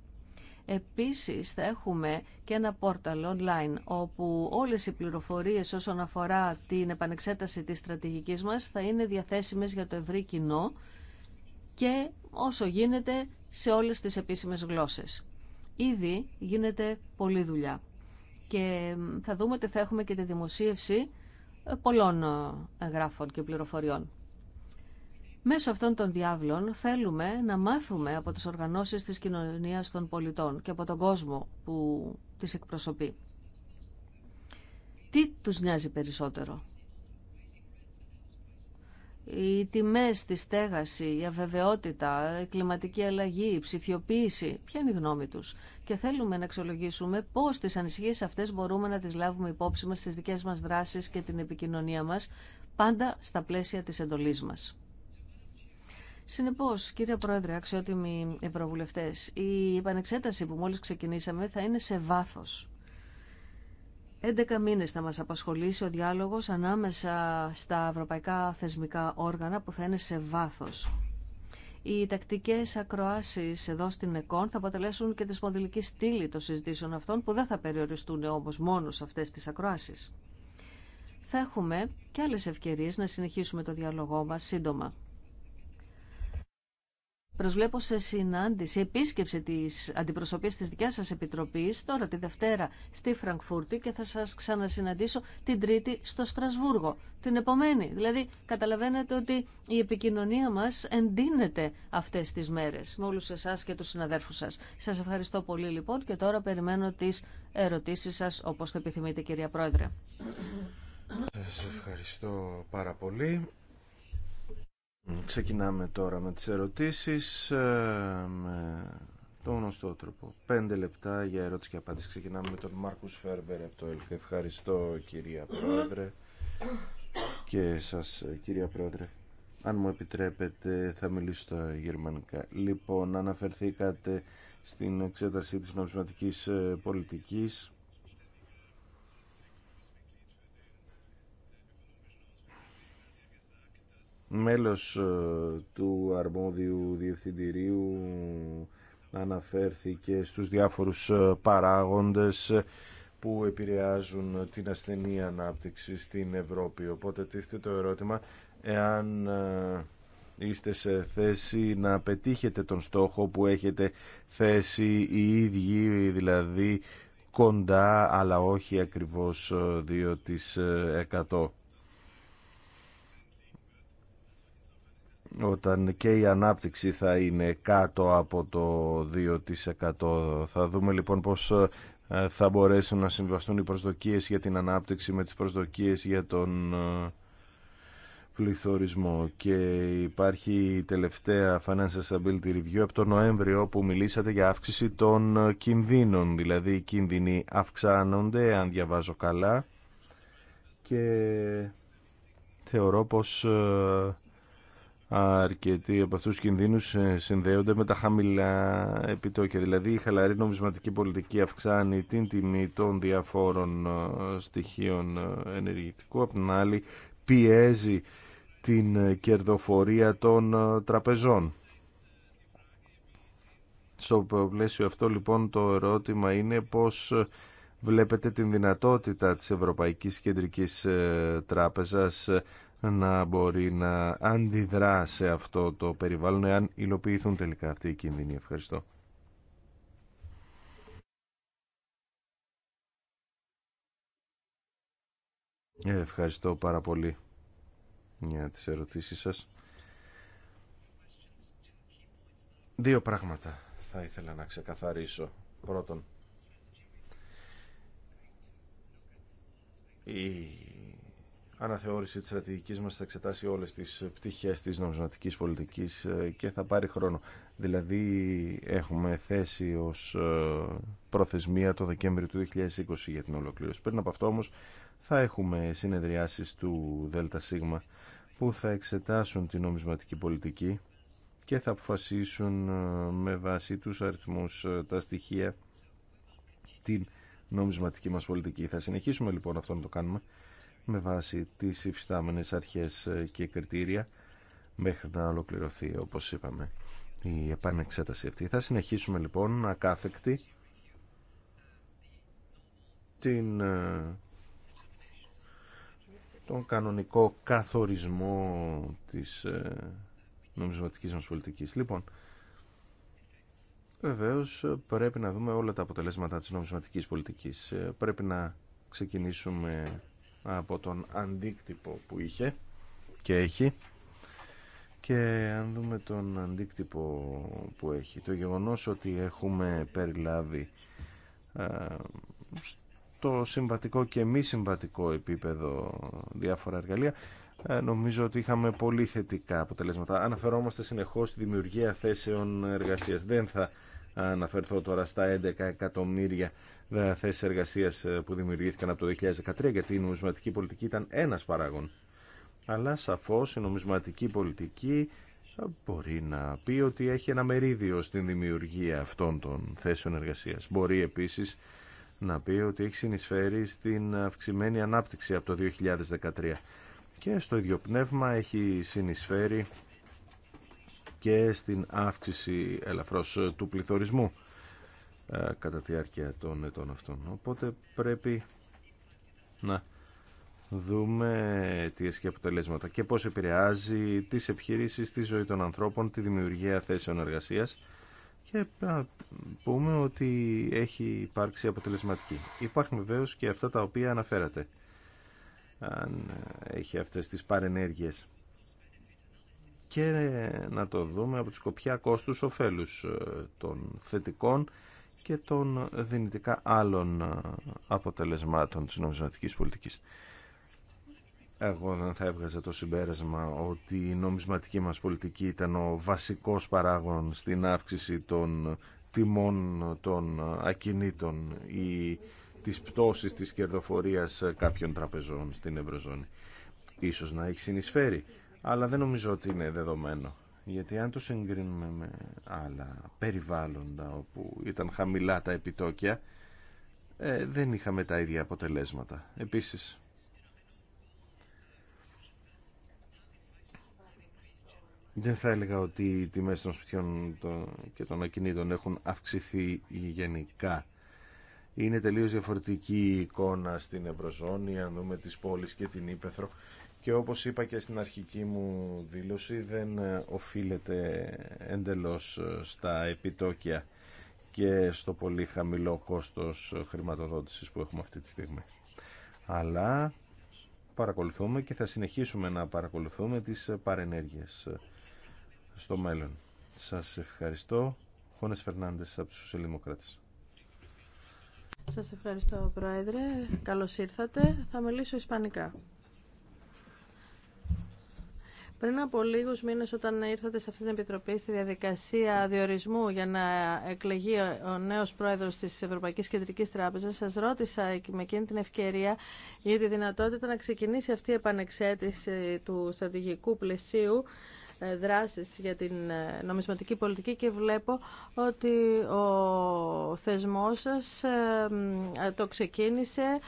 Επίσης θα έχουμε και ένα πόρταλ online όπου όλες οι πληροφορίες όσον αφορά την επανεξέταση της στρατηγικής μας θα είναι διαθέσιμες για το ευρύ κοινό και όσο γίνεται σε όλες τις επίσημες γλώσσες. Ήδη γίνεται πολλή δουλειά και θα δούμε ότι θα έχουμε και τη δημοσίευση πολλών ε, γράφων και πληροφοριών. Μέσω αυτών των διάβλων θέλουμε να μάθουμε από τις οργανώσεις της κοινωνίας των πολιτών και από τον κόσμο που τις εκπροσωπεί. Τι τους νοιάζει περισσότερο. Οι τιμές, τη στέγαση, η αβεβαιότητα, η κλιματική αλλαγή, η ψηφιοποίηση. Ποια είναι η γνώμη τους. Και θέλουμε να αξιολογήσουμε πώς τις ανησυχίες αυτές μπορούμε να τις λάβουμε υπόψη μας στις δικές μας δράσεις και την επικοινωνία μας, πάντα στα πλαίσια της εντολής μας. Συνεπώ, κύριε Πρόεδρε, αξιότιμοι ευρωβουλευτέ, η επανεξέταση που μόλι ξεκινήσαμε θα είναι σε βάθο. 11 μήνε θα μα απασχολήσει ο διάλογο ανάμεσα στα ευρωπαϊκά θεσμικά όργανα που θα είναι σε βάθο. Οι τακτικέ ακροασει εδώ στην ΕΚΟΝ θα αποτελέσουν και τη σπονδυλική στήλη των συζητήσεων αυτών που δεν θα περιοριστούν όμω μόνο σε αυτές τις ακροάσεις. Θα έχουμε και άλλε ευκαιρίε να συνεχίσουμε το διάλογό μα σύντομα. Προσβλέπω σε συνάντηση, επίσκεψη της αντιπροσωπείας της δικιάς σας επιτροπής τώρα τη Δευτέρα στη Φραγκφούρτη και θα σας ξανασυναντήσω την Τρίτη στο Στρασβούργο. Την επομένη. Δηλαδή καταλαβαίνετε ότι η επικοινωνία μας εντείνεται αυτές τις μέρες με όλου εσά και του συναδέρφους σας. Σα ευχαριστώ πολύ λοιπόν και τώρα περιμένω τι ερωτήσει σα, όπω το επιθυμείτε κυρία Πρόεδρε. Σας ευχαριστώ πάρα πολύ. Ξεκινάμε τώρα με τις ερωτήσεις ε, με τον γνωστό τρόπο. Πέντε λεπτά για ερώτηση και απάντηση. Ξεκινάμε με τον Μάρκους Φέρμπερ από το ΕΛΚ. Ευχαριστώ κυρία Πρόεδρε και σας ε, κυρία Πρόεδρε. Αν μου επιτρέπετε θα μιλήσω στα γερμανικά. Λοιπόν, αναφερθήκατε στην εξέταση της νομισματικής ε, πολιτικής μέλος ε, του αρμόδιου διευθυντηρίου αναφέρθηκε στους διάφορους ε, παράγοντες ε, που επηρεάζουν την ασθενή ανάπτυξη στην Ευρώπη. Οπότε τίθεται το ερώτημα εάν είστε σε θέση να πετύχετε τον στόχο που έχετε θέσει οι ίδιοι, δηλαδή κοντά αλλά όχι ακριβώς 2% όταν και η ανάπτυξη θα είναι κάτω από το 2%. Θα δούμε λοιπόν πώς ε, θα μπορέσουν να συμβαστούν οι προσδοκίες για την ανάπτυξη με τις προσδοκίες για τον ε, πληθωρισμό και υπάρχει η τελευταία Financial Stability Review από τον Νοέμβριο που μιλήσατε για αύξηση των ε, κινδύνων δηλαδή οι κίνδυνοι αυξάνονται αν διαβάζω καλά και θεωρώ πως αρκετοί από αυτού του κινδύνου ε, συνδέονται με τα χαμηλά επιτόκια. Δηλαδή η χαλαρή νομισματική πολιτική αυξάνει την τιμή των διαφόρων ε, στοιχείων ε, ενεργητικού. Απ' την άλλη πιέζει την κερδοφορία των τραπεζών. Στο πλαίσιο αυτό λοιπόν το ερώτημα είναι πώς βλέπετε την δυνατότητα της Ευρωπαϊκής Κεντρικής Τράπεζας να μπορεί να αντιδρά σε αυτό το περιβάλλον εάν υλοποιηθούν τελικά αυτοί οι κίνδυνοι. Ευχαριστώ. Ε, ευχαριστώ πάρα πολύ για τις ερωτήσεις σας. Δύο πράγματα θα ήθελα να ξεκαθαρίσω. Πρώτον, η αναθεώρηση της στρατηγικής μας θα εξετάσει όλες τις πτυχές της νομισματικής πολιτικής ε, και θα πάρει χρόνο. Δηλαδή έχουμε θέση ως ε, προθεσμία το Δεκέμβριο του 2020 για την ολοκλήρωση. Πριν από αυτό όμως θα έχουμε συνεδριάσεις του ΔΣ που θα εξετάσουν την νομισματική πολιτική και θα αποφασίσουν ε, με βάση τους αριθμούς τα στοιχεία την νομισματική μας πολιτική. Θα συνεχίσουμε λοιπόν αυτό να το κάνουμε με βάση τις υφιστάμενες αρχές ε, και κριτήρια μέχρι να ολοκληρωθεί όπως είπαμε η επανεξέταση αυτή. Θα συνεχίσουμε λοιπόν ακάθεκτη την, ε, τον κανονικό καθορισμό της ε, νομισματικής μας πολιτικής. Λοιπόν, βεβαίως πρέπει να δούμε όλα τα αποτελέσματα της νομισματικής πολιτικής. Πρέπει να ξεκινήσουμε από τον αντίκτυπο που είχε και έχει και αν δούμε τον αντίκτυπο που έχει το γεγονός ότι έχουμε περιλάβει ε, στο συμβατικό και μη συμβατικό επίπεδο διάφορα εργαλεία ε, νομίζω ότι είχαμε πολύ θετικά αποτελέσματα αναφερόμαστε συνεχώς στη δημιουργία θέσεων εργασίας δεν θα αναφερθώ τώρα στα 11 εκατομμύρια ε, θέσει εργασία ε, που δημιουργήθηκαν από το 2013 γιατί η νομισματική πολιτική ήταν ένας παράγων. Αλλά σαφώς η νομισματική πολιτική ε, μπορεί να πει ότι έχει ένα μερίδιο στην δημιουργία αυτών των θέσεων εργασία. Μπορεί επίσης να πει ότι έχει συνεισφέρει στην αυξημένη ανάπτυξη από το 2013 και στο ίδιο πνεύμα έχει συνεισφέρει και στην αύξηση ελαφρώς του πληθωρισμού. Ε, κατά τη διάρκεια των ετών αυτών. Οπότε πρέπει να δούμε τι και αποτελέσματα και πώς επηρεάζει τις επιχειρήσεις, τη ζωή των ανθρώπων, τη δημιουργία θέσεων εργασίας και να πούμε ότι έχει υπάρξει αποτελεσματική. Υπάρχουν βεβαίω και αυτά τα οποία αναφέρατε αν έχει αυτές τις παρενέργειες και να το δούμε από τη σκοπιά κόστους-οφέλους ε, των θετικών και των δυνητικά άλλων ε, αποτελεσμάτων της νομισματικής πολιτικής. Εγώ δεν θα έβγαζα το συμπέρασμα ότι η νομισματική μας πολιτική ήταν ο βασικός παράγων στην αύξηση των τιμών των ακινήτων ή της πτώσης της κερδοφορίας κάποιων τραπεζών στην Ευρωζώνη. Ίσως να έχει συνεισφέρει, αλλά δεν νομίζω ότι είναι δεδομένο γιατί αν το συγκρίνουμε με άλλα περιβάλλοντα όπου ήταν χαμηλά τα επιτόκια ε, δεν είχαμε τα ίδια αποτελέσματα. Επίσης, δεν θα έλεγα ότι οι τιμές των σπιτιών και των ακινήτων έχουν αυξηθεί γενικά. Είναι τελείως διαφορετική η εικόνα στην Ευρωζώνη, αν δούμε τις πόλεις και την Ήπεθρο και όπως είπα και στην αρχική μου δήλωση δεν ε, οφείλεται εντελώς ε, στα επιτόκια και στο πολύ χαμηλό κόστος ε, χρηματοδότησης που έχουμε αυτή τη στιγμή. Αλλά παρακολουθούμε και θα συνεχίσουμε να παρακολουθούμε τις παρενέργειες στο μέλλον. Σας ευχαριστώ. Χώνες Φερνάντες από τους Σοσιαλδημοκράτες. Σας ευχαριστώ Πρόεδρε. Καλώς ήρθατε. Θα μιλήσω ισπανικά. Πριν από λίγου μήνε, όταν ήρθατε σε αυτή την επιτροπή στη διαδικασία διορισμού για να εκλεγεί ο νέο πρόεδρο τη Ευρωπαϊκή Κεντρική Τράπεζα, σα ρώτησα με εκείνη την ευκαιρία για τη δυνατότητα να ξεκινήσει αυτή η επανεξέτηση του στρατηγικού πλαισίου ε, δράσεις για την ε, νομισματική πολιτική και βλέπω ότι ο θεσμός σας ε, το ξεκίνησε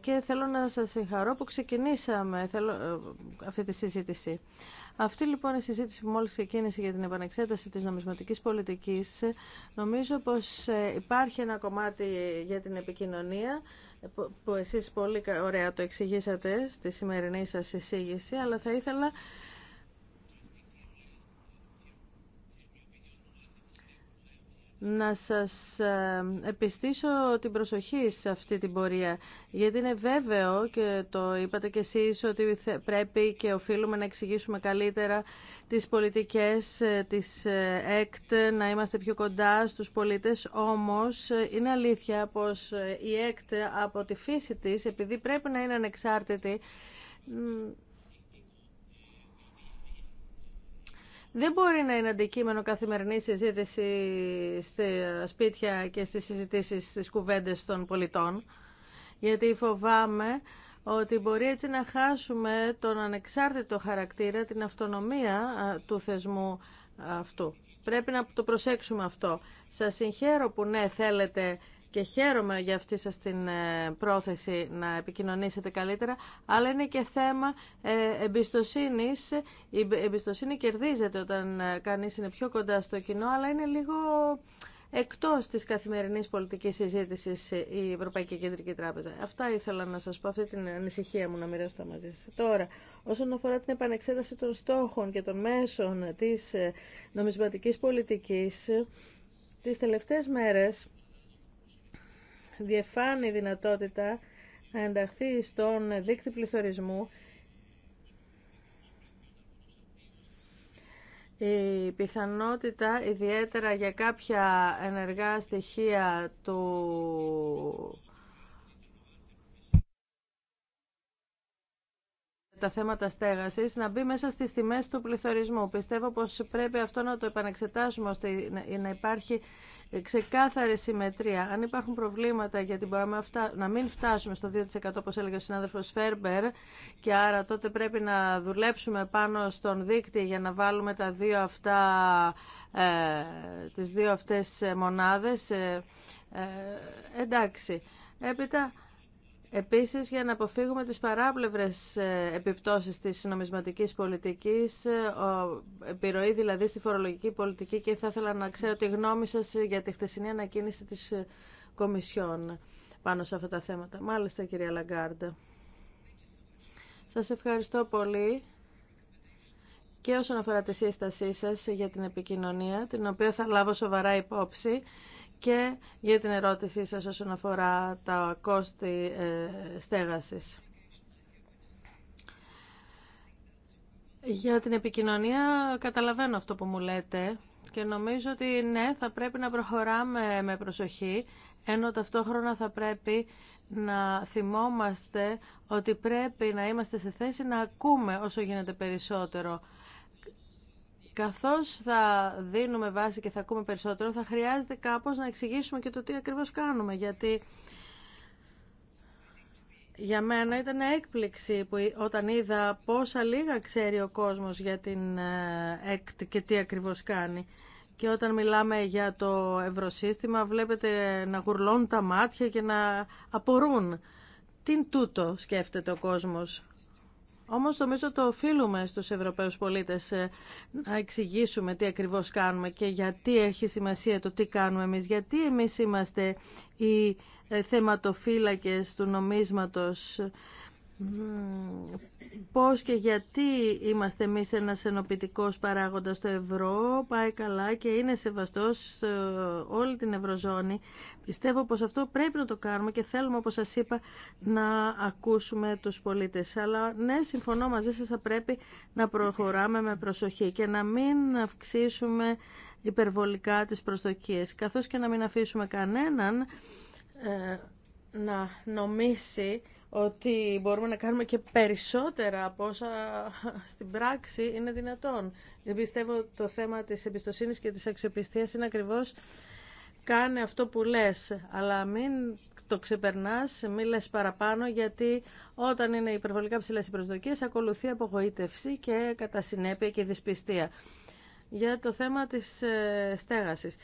και θέλω να σας συγχαρώ που ξεκινήσαμε θέλω, αυτή τη συζήτηση. Αυτή λοιπόν η συζήτηση που μόλις ξεκίνησε για την επανεξέταση της νομισματικής πολιτικής νομίζω πως υπάρχει ένα κομμάτι για την επικοινωνία που εσείς πολύ ωραία το εξηγήσατε στη σημερινή σας εισήγηση αλλά θα ήθελα να σας ε, επιστήσω την προσοχή σε αυτή την πορεία γιατί είναι βέβαιο και το είπατε και εσείς ότι πρέπει και οφείλουμε να εξηγήσουμε καλύτερα τις πολιτικές ε, της ε, ΕΚΤ να είμαστε πιο κοντά στους πολίτες όμως είναι αλήθεια πως η ΕΚΤ από τη φύση της επειδή πρέπει να είναι ανεξάρτητη δεν μπορεί να είναι αντικείμενο καθημερινή συζήτηση στα σπίτια και στις συζητήσεις στις κουβέντες των πολιτών, γιατί φοβάμαι ότι μπορεί έτσι να χάσουμε τον ανεξάρτητο χαρακτήρα, την αυτονομία του θεσμού αυτού. Πρέπει να το προσέξουμε αυτό. Σας συγχαίρω που ναι θέλετε και χαίρομαι για αυτή σας την ε, πρόθεση να επικοινωνήσετε καλύτερα, αλλά είναι και θέμα ε, εμπιστοσύνης. Η εμπιστοσύνη κερδίζεται όταν ε, κανείς είναι πιο κοντά στο κοινό, αλλά είναι λίγο εκτός της καθημερινής πολιτικής συζήτησης η Ευρωπαϊκή Κεντρική Τράπεζα. Αυτά ήθελα να σας πω, αυτή την ανησυχία μου να μοιραστώ μαζί σας. Τώρα, όσον αφορά την επανεξέταση των στόχων και των μέσων της νομισματικής πολιτικής, τις τελευταίες μέρες διεφάνει δυνατότητα να ενταχθεί στον δίκτυο πληθωρισμού Η πιθανότητα, ιδιαίτερα για κάποια ενεργά στοιχεία του τα θέματα στέγασης να μπει μέσα στις τιμές του πληθωρισμού. Πιστεύω πως πρέπει αυτό να το επανεξετάσουμε ώστε να υπάρχει ξεκάθαρη συμμετρία. Αν υπάρχουν προβλήματα γιατί μπορούμε να μην φτάσουμε στο 2% όπως έλεγε ο συνάδελφος Φέρμπερ και άρα τότε πρέπει να δουλέψουμε πάνω στον δίκτυο για να βάλουμε τα δύο αυτά, ε, τις δύο αυτές μονάδες, ε, ε, εντάξει. Έπειτα, Επίσης, για να αποφύγουμε τις παράπλευρες ε, επιπτώσεις της νομισματικής πολιτικής, ε, επιρροή δηλαδή στη φορολογική πολιτική και θα ήθελα να ξέρω τη γνώμη σας για τη χτεσινή ανακοίνηση της ε, Κομισιόν πάνω σε αυτά τα θέματα. Μάλιστα, κυρία Λαγκάρντα. Σας ευχαριστώ πολύ και όσον αφορά τη σύστασή σας για την επικοινωνία, την οποία θα λάβω σοβαρά υπόψη και για την ερώτησή σας όσον αφορά τα κόστη ε, στέγασης. Για την επικοινωνία καταλαβαίνω αυτό που μου λέτε και νομίζω ότι ναι, θα πρέπει να προχωράμε με προσοχή, ενώ ταυτόχρονα θα πρέπει να θυμόμαστε ότι πρέπει να είμαστε σε θέση να ακούμε όσο γίνεται περισσότερο καθώς θα δίνουμε βάση και θα ακούμε περισσότερο, θα χρειάζεται κάπως να εξηγήσουμε και το τι ακριβώς κάνουμε, γιατί για μένα ήταν έκπληξη που όταν είδα πόσα λίγα ξέρει ο κόσμος για την ε, ΕΚΤ και τι ακριβώς κάνει. Και όταν μιλάμε για το ευρωσύστημα βλέπετε να γουρλώνουν τα μάτια και να απορούν. Τι τούτο σκέφτεται ο κόσμος. Όμως νομίζω το οφείλουμε στους Ευρωπαίους πολίτες ε, να εξηγήσουμε τι ακριβώς κάνουμε και γιατί έχει σημασία το τι κάνουμε εμείς. Γιατί εμείς είμαστε οι ε, θεματοφύλακες του νομίσματος πώς και γιατί είμαστε εμείς ένας ενοποιητικός παράγοντας στο ευρώ, πάει καλά και είναι σεβαστός σε όλη την ευρωζώνη. Πιστεύω πως και γιατι ειμαστε εμεις ενας ενοποιητικο παραγοντας στο ευρω παει καλα και ειναι σεβαστος ολη την ευρωζωνη πιστευω πως αυτο πρεπει να το κάνουμε και θέλουμε, όπως σας είπα, να ακούσουμε τους πολίτες. Αλλά ναι, συμφωνώ μαζί σας, θα πρέπει να προχωράμε με προσοχή και να μην αυξήσουμε υπερβολικά τις προσδοκίες, καθώς και να μην αφήσουμε κανέναν ε, να νομίσει ότι μπορούμε να κάνουμε και περισσότερα από όσα <laughs> στην πράξη είναι δυνατόν. Δεν Πιστεύω το θέμα της εμπιστοσύνης και της αξιοπιστίας είναι ακριβώς κάνε αυτό που λες, αλλά μην το ξεπερνάς, μην λες παραπάνω, γιατί όταν είναι υπερβολικά ψηλές οι προσδοκίες ακολουθεί απογοήτευση και κατά συνέπεια και δυσπιστία. Για το θέμα της ε, στέγασης.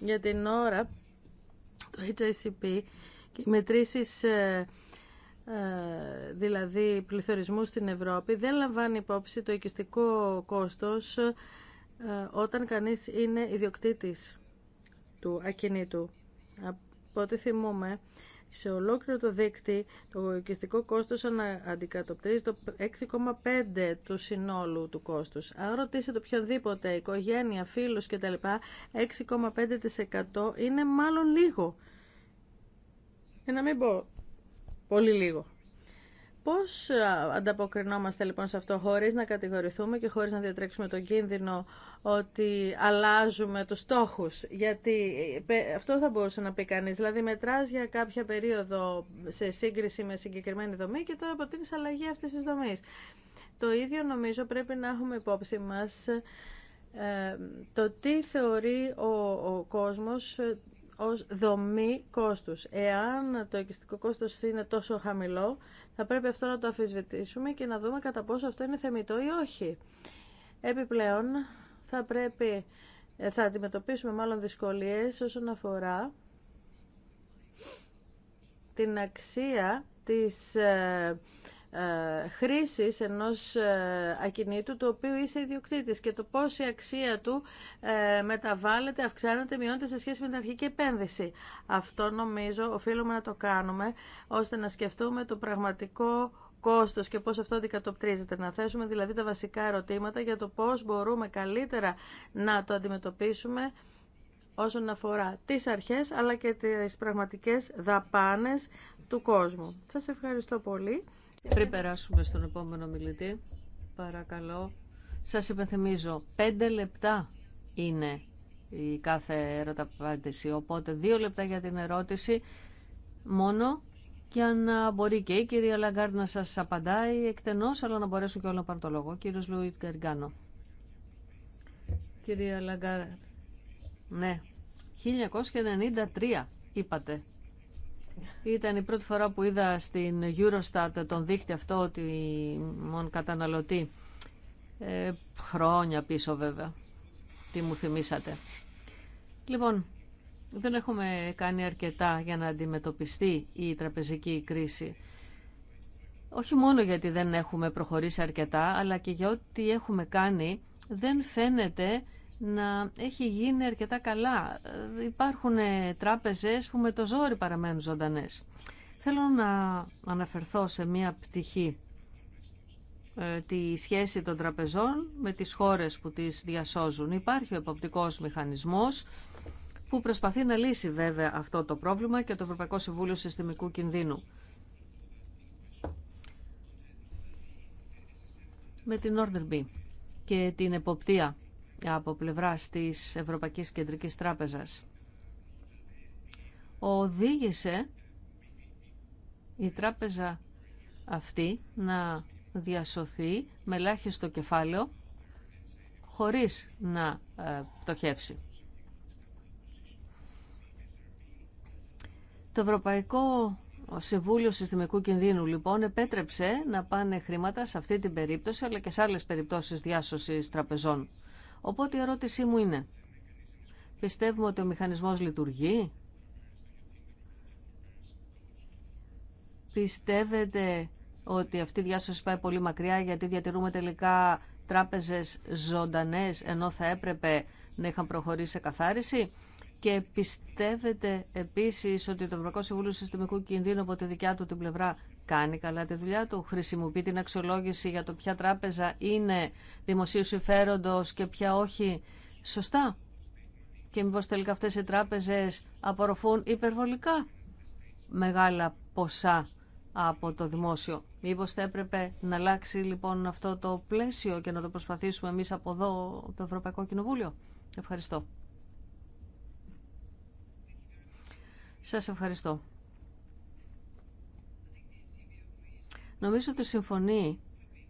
Για την ώρα το HACP μετρήσεις ε, ε, δηλαδή πληθωρισμού στην Ευρώπη δεν λαμβάνει υπόψη το οικιστικό κόστος ε, όταν κανείς είναι ιδιοκτήτης του ακινήτου. Από ό,τι θυμούμε, σε ολόκληρο το δίκτυ το οικιστικό κόστος αντικατοπτρίζει το 6,5 του συνόλου του κόστους. Αν ρωτήσετε οποιονδήποτε, οικογένεια, φίλους κτλ, 6,5% είναι μάλλον λίγο για ε, να μην πω πολύ λίγο. Πώς ανταποκρινόμαστε λοιπόν σε αυτό χωρίς να κατηγορηθούμε και χωρίς να διατρέξουμε τον κίνδυνο ότι αλλάζουμε τους στόχους. Γιατί ε, αυτό θα μπορούσε να πει κανείς. Δηλαδή μετράς για κάποια περίοδο σε σύγκριση με συγκεκριμένη δομή και τώρα αποτείνεις αλλαγή αυτής της δομής. Το ίδιο νομίζω πρέπει να έχουμε υπόψη μας ε, το τι θεωρεί ο, ο κόσμος ως δομή κόστους. Εάν το οικιστικό κόστος είναι τόσο χαμηλό, θα πρέπει αυτό να το αφισβητήσουμε και να δούμε κατά πόσο αυτό είναι θεμητό ή όχι. Επιπλέον, θα πρέπει, ε, θα αντιμετωπίσουμε μάλλον δυσκολίες όσον αφορά την αξία της ε, ε, χρήσης ενός ε, ακινήτου του οποίο είσαι ιδιοκτήτης και το πώς η αξία του ε, μεταβάλλεται, αυξάνεται, μειώνεται σε σχέση με την αρχική επένδυση. Αυτό νομίζω οφείλουμε να το κάνουμε ώστε να σκεφτούμε το πραγματικό κόστος και πώς αυτό αντικατοπτρίζεται. Να θέσουμε δηλαδή τα βασικά ερωτήματα για το πώς μπορούμε καλύτερα να το αντιμετωπίσουμε όσον αφορά τις αρχές αλλά και τις πραγματικές δαπάνες του κόσμου. Σας ευχαριστώ πολύ. Πριν περάσουμε στον επόμενο μιλητή, παρακαλώ, σας υπενθυμίζω, πέντε λεπτά είναι η κάθε έρωτα οπότε δύο λεπτά για την ερώτηση μόνο για να μπορεί και η κυρία Λαγκάρντ να σας απαντάει εκτενώς, αλλά να μπορέσουν και όλο να πάρουν το λόγο. Κύριος Λουίτ Γκαργκάνο. Κυρία Λαγκάρ, ναι, 1993 είπατε ήταν η πρώτη φορά που είδα στην Eurostat τον δείχτη αυτό ότι μόν καταναλωτή. Ε, χρόνια πίσω βέβαια. Τι μου θυμήσατε. Λοιπόν, δεν έχουμε κάνει αρκετά για να αντιμετωπιστεί η τραπεζική κρίση. Όχι μόνο γιατί δεν έχουμε προχωρήσει αρκετά, αλλά και για ό,τι έχουμε κάνει δεν φαίνεται να έχει γίνει αρκετά καλά. Ε, υπάρχουν ε, τράπεζες που με το ζόρι παραμένουν ζωντανές. Θέλω να αναφερθώ σε μία πτυχή ε, τη σχέση των τραπεζών με τις χώρες που τις διασώζουν. Υπάρχει ο εποπτικός μηχανισμός που προσπαθεί να λύσει βέβαια αυτό το πρόβλημα και το Ευρωπαϊκό Συμβούλιο Συστημικού Κινδύνου. Με την Order B και την εποπτεία από πλευρά της Ευρωπαϊκής Κεντρικής Τράπεζας οδήγησε η τράπεζα αυτή να διασωθεί με ελάχιστο κεφάλαιο χωρίς να ε, πτωχεύσει. Το Ευρωπαϊκό Συμβούλιο Συστημικού Κινδύνου λοιπόν επέτρεψε να πάνε χρήματα σε αυτή την περίπτωση αλλά και σε άλλες περιπτώσεις διάσωσης τραπεζών. Οπότε η ερώτησή μου είναι, πιστεύουμε ότι ο μηχανισμός λειτουργεί, πιστεύετε ότι αυτή η διάσωση πάει πολύ μακριά γιατί διατηρούμε τελικά τράπεζες ζωντανές ενώ θα έπρεπε να είχαν προχωρήσει σε καθάριση και πιστεύετε επίσης ότι το Ευρωπαϊκό Συμβούλιο Συστημικού Κινδύνου από τη δικιά του την πλευρά κάνει καλά τη δουλειά του, χρησιμοποιεί την αξιολόγηση για το ποια τράπεζα είναι δημοσίου συμφέροντος και ποια όχι σωστά. Και μήπως τελικά αυτές οι τράπεζες απορροφούν υπερβολικά μεγάλα ποσά από το δημόσιο. Μήπως θα έπρεπε να αλλάξει λοιπόν αυτό το πλαίσιο και να το προσπαθήσουμε εμείς από εδώ το Ευρωπαϊκό Κοινοβούλιο. Ευχαριστώ. Σας ευχαριστώ. Νομίζω ότι συμφωνεί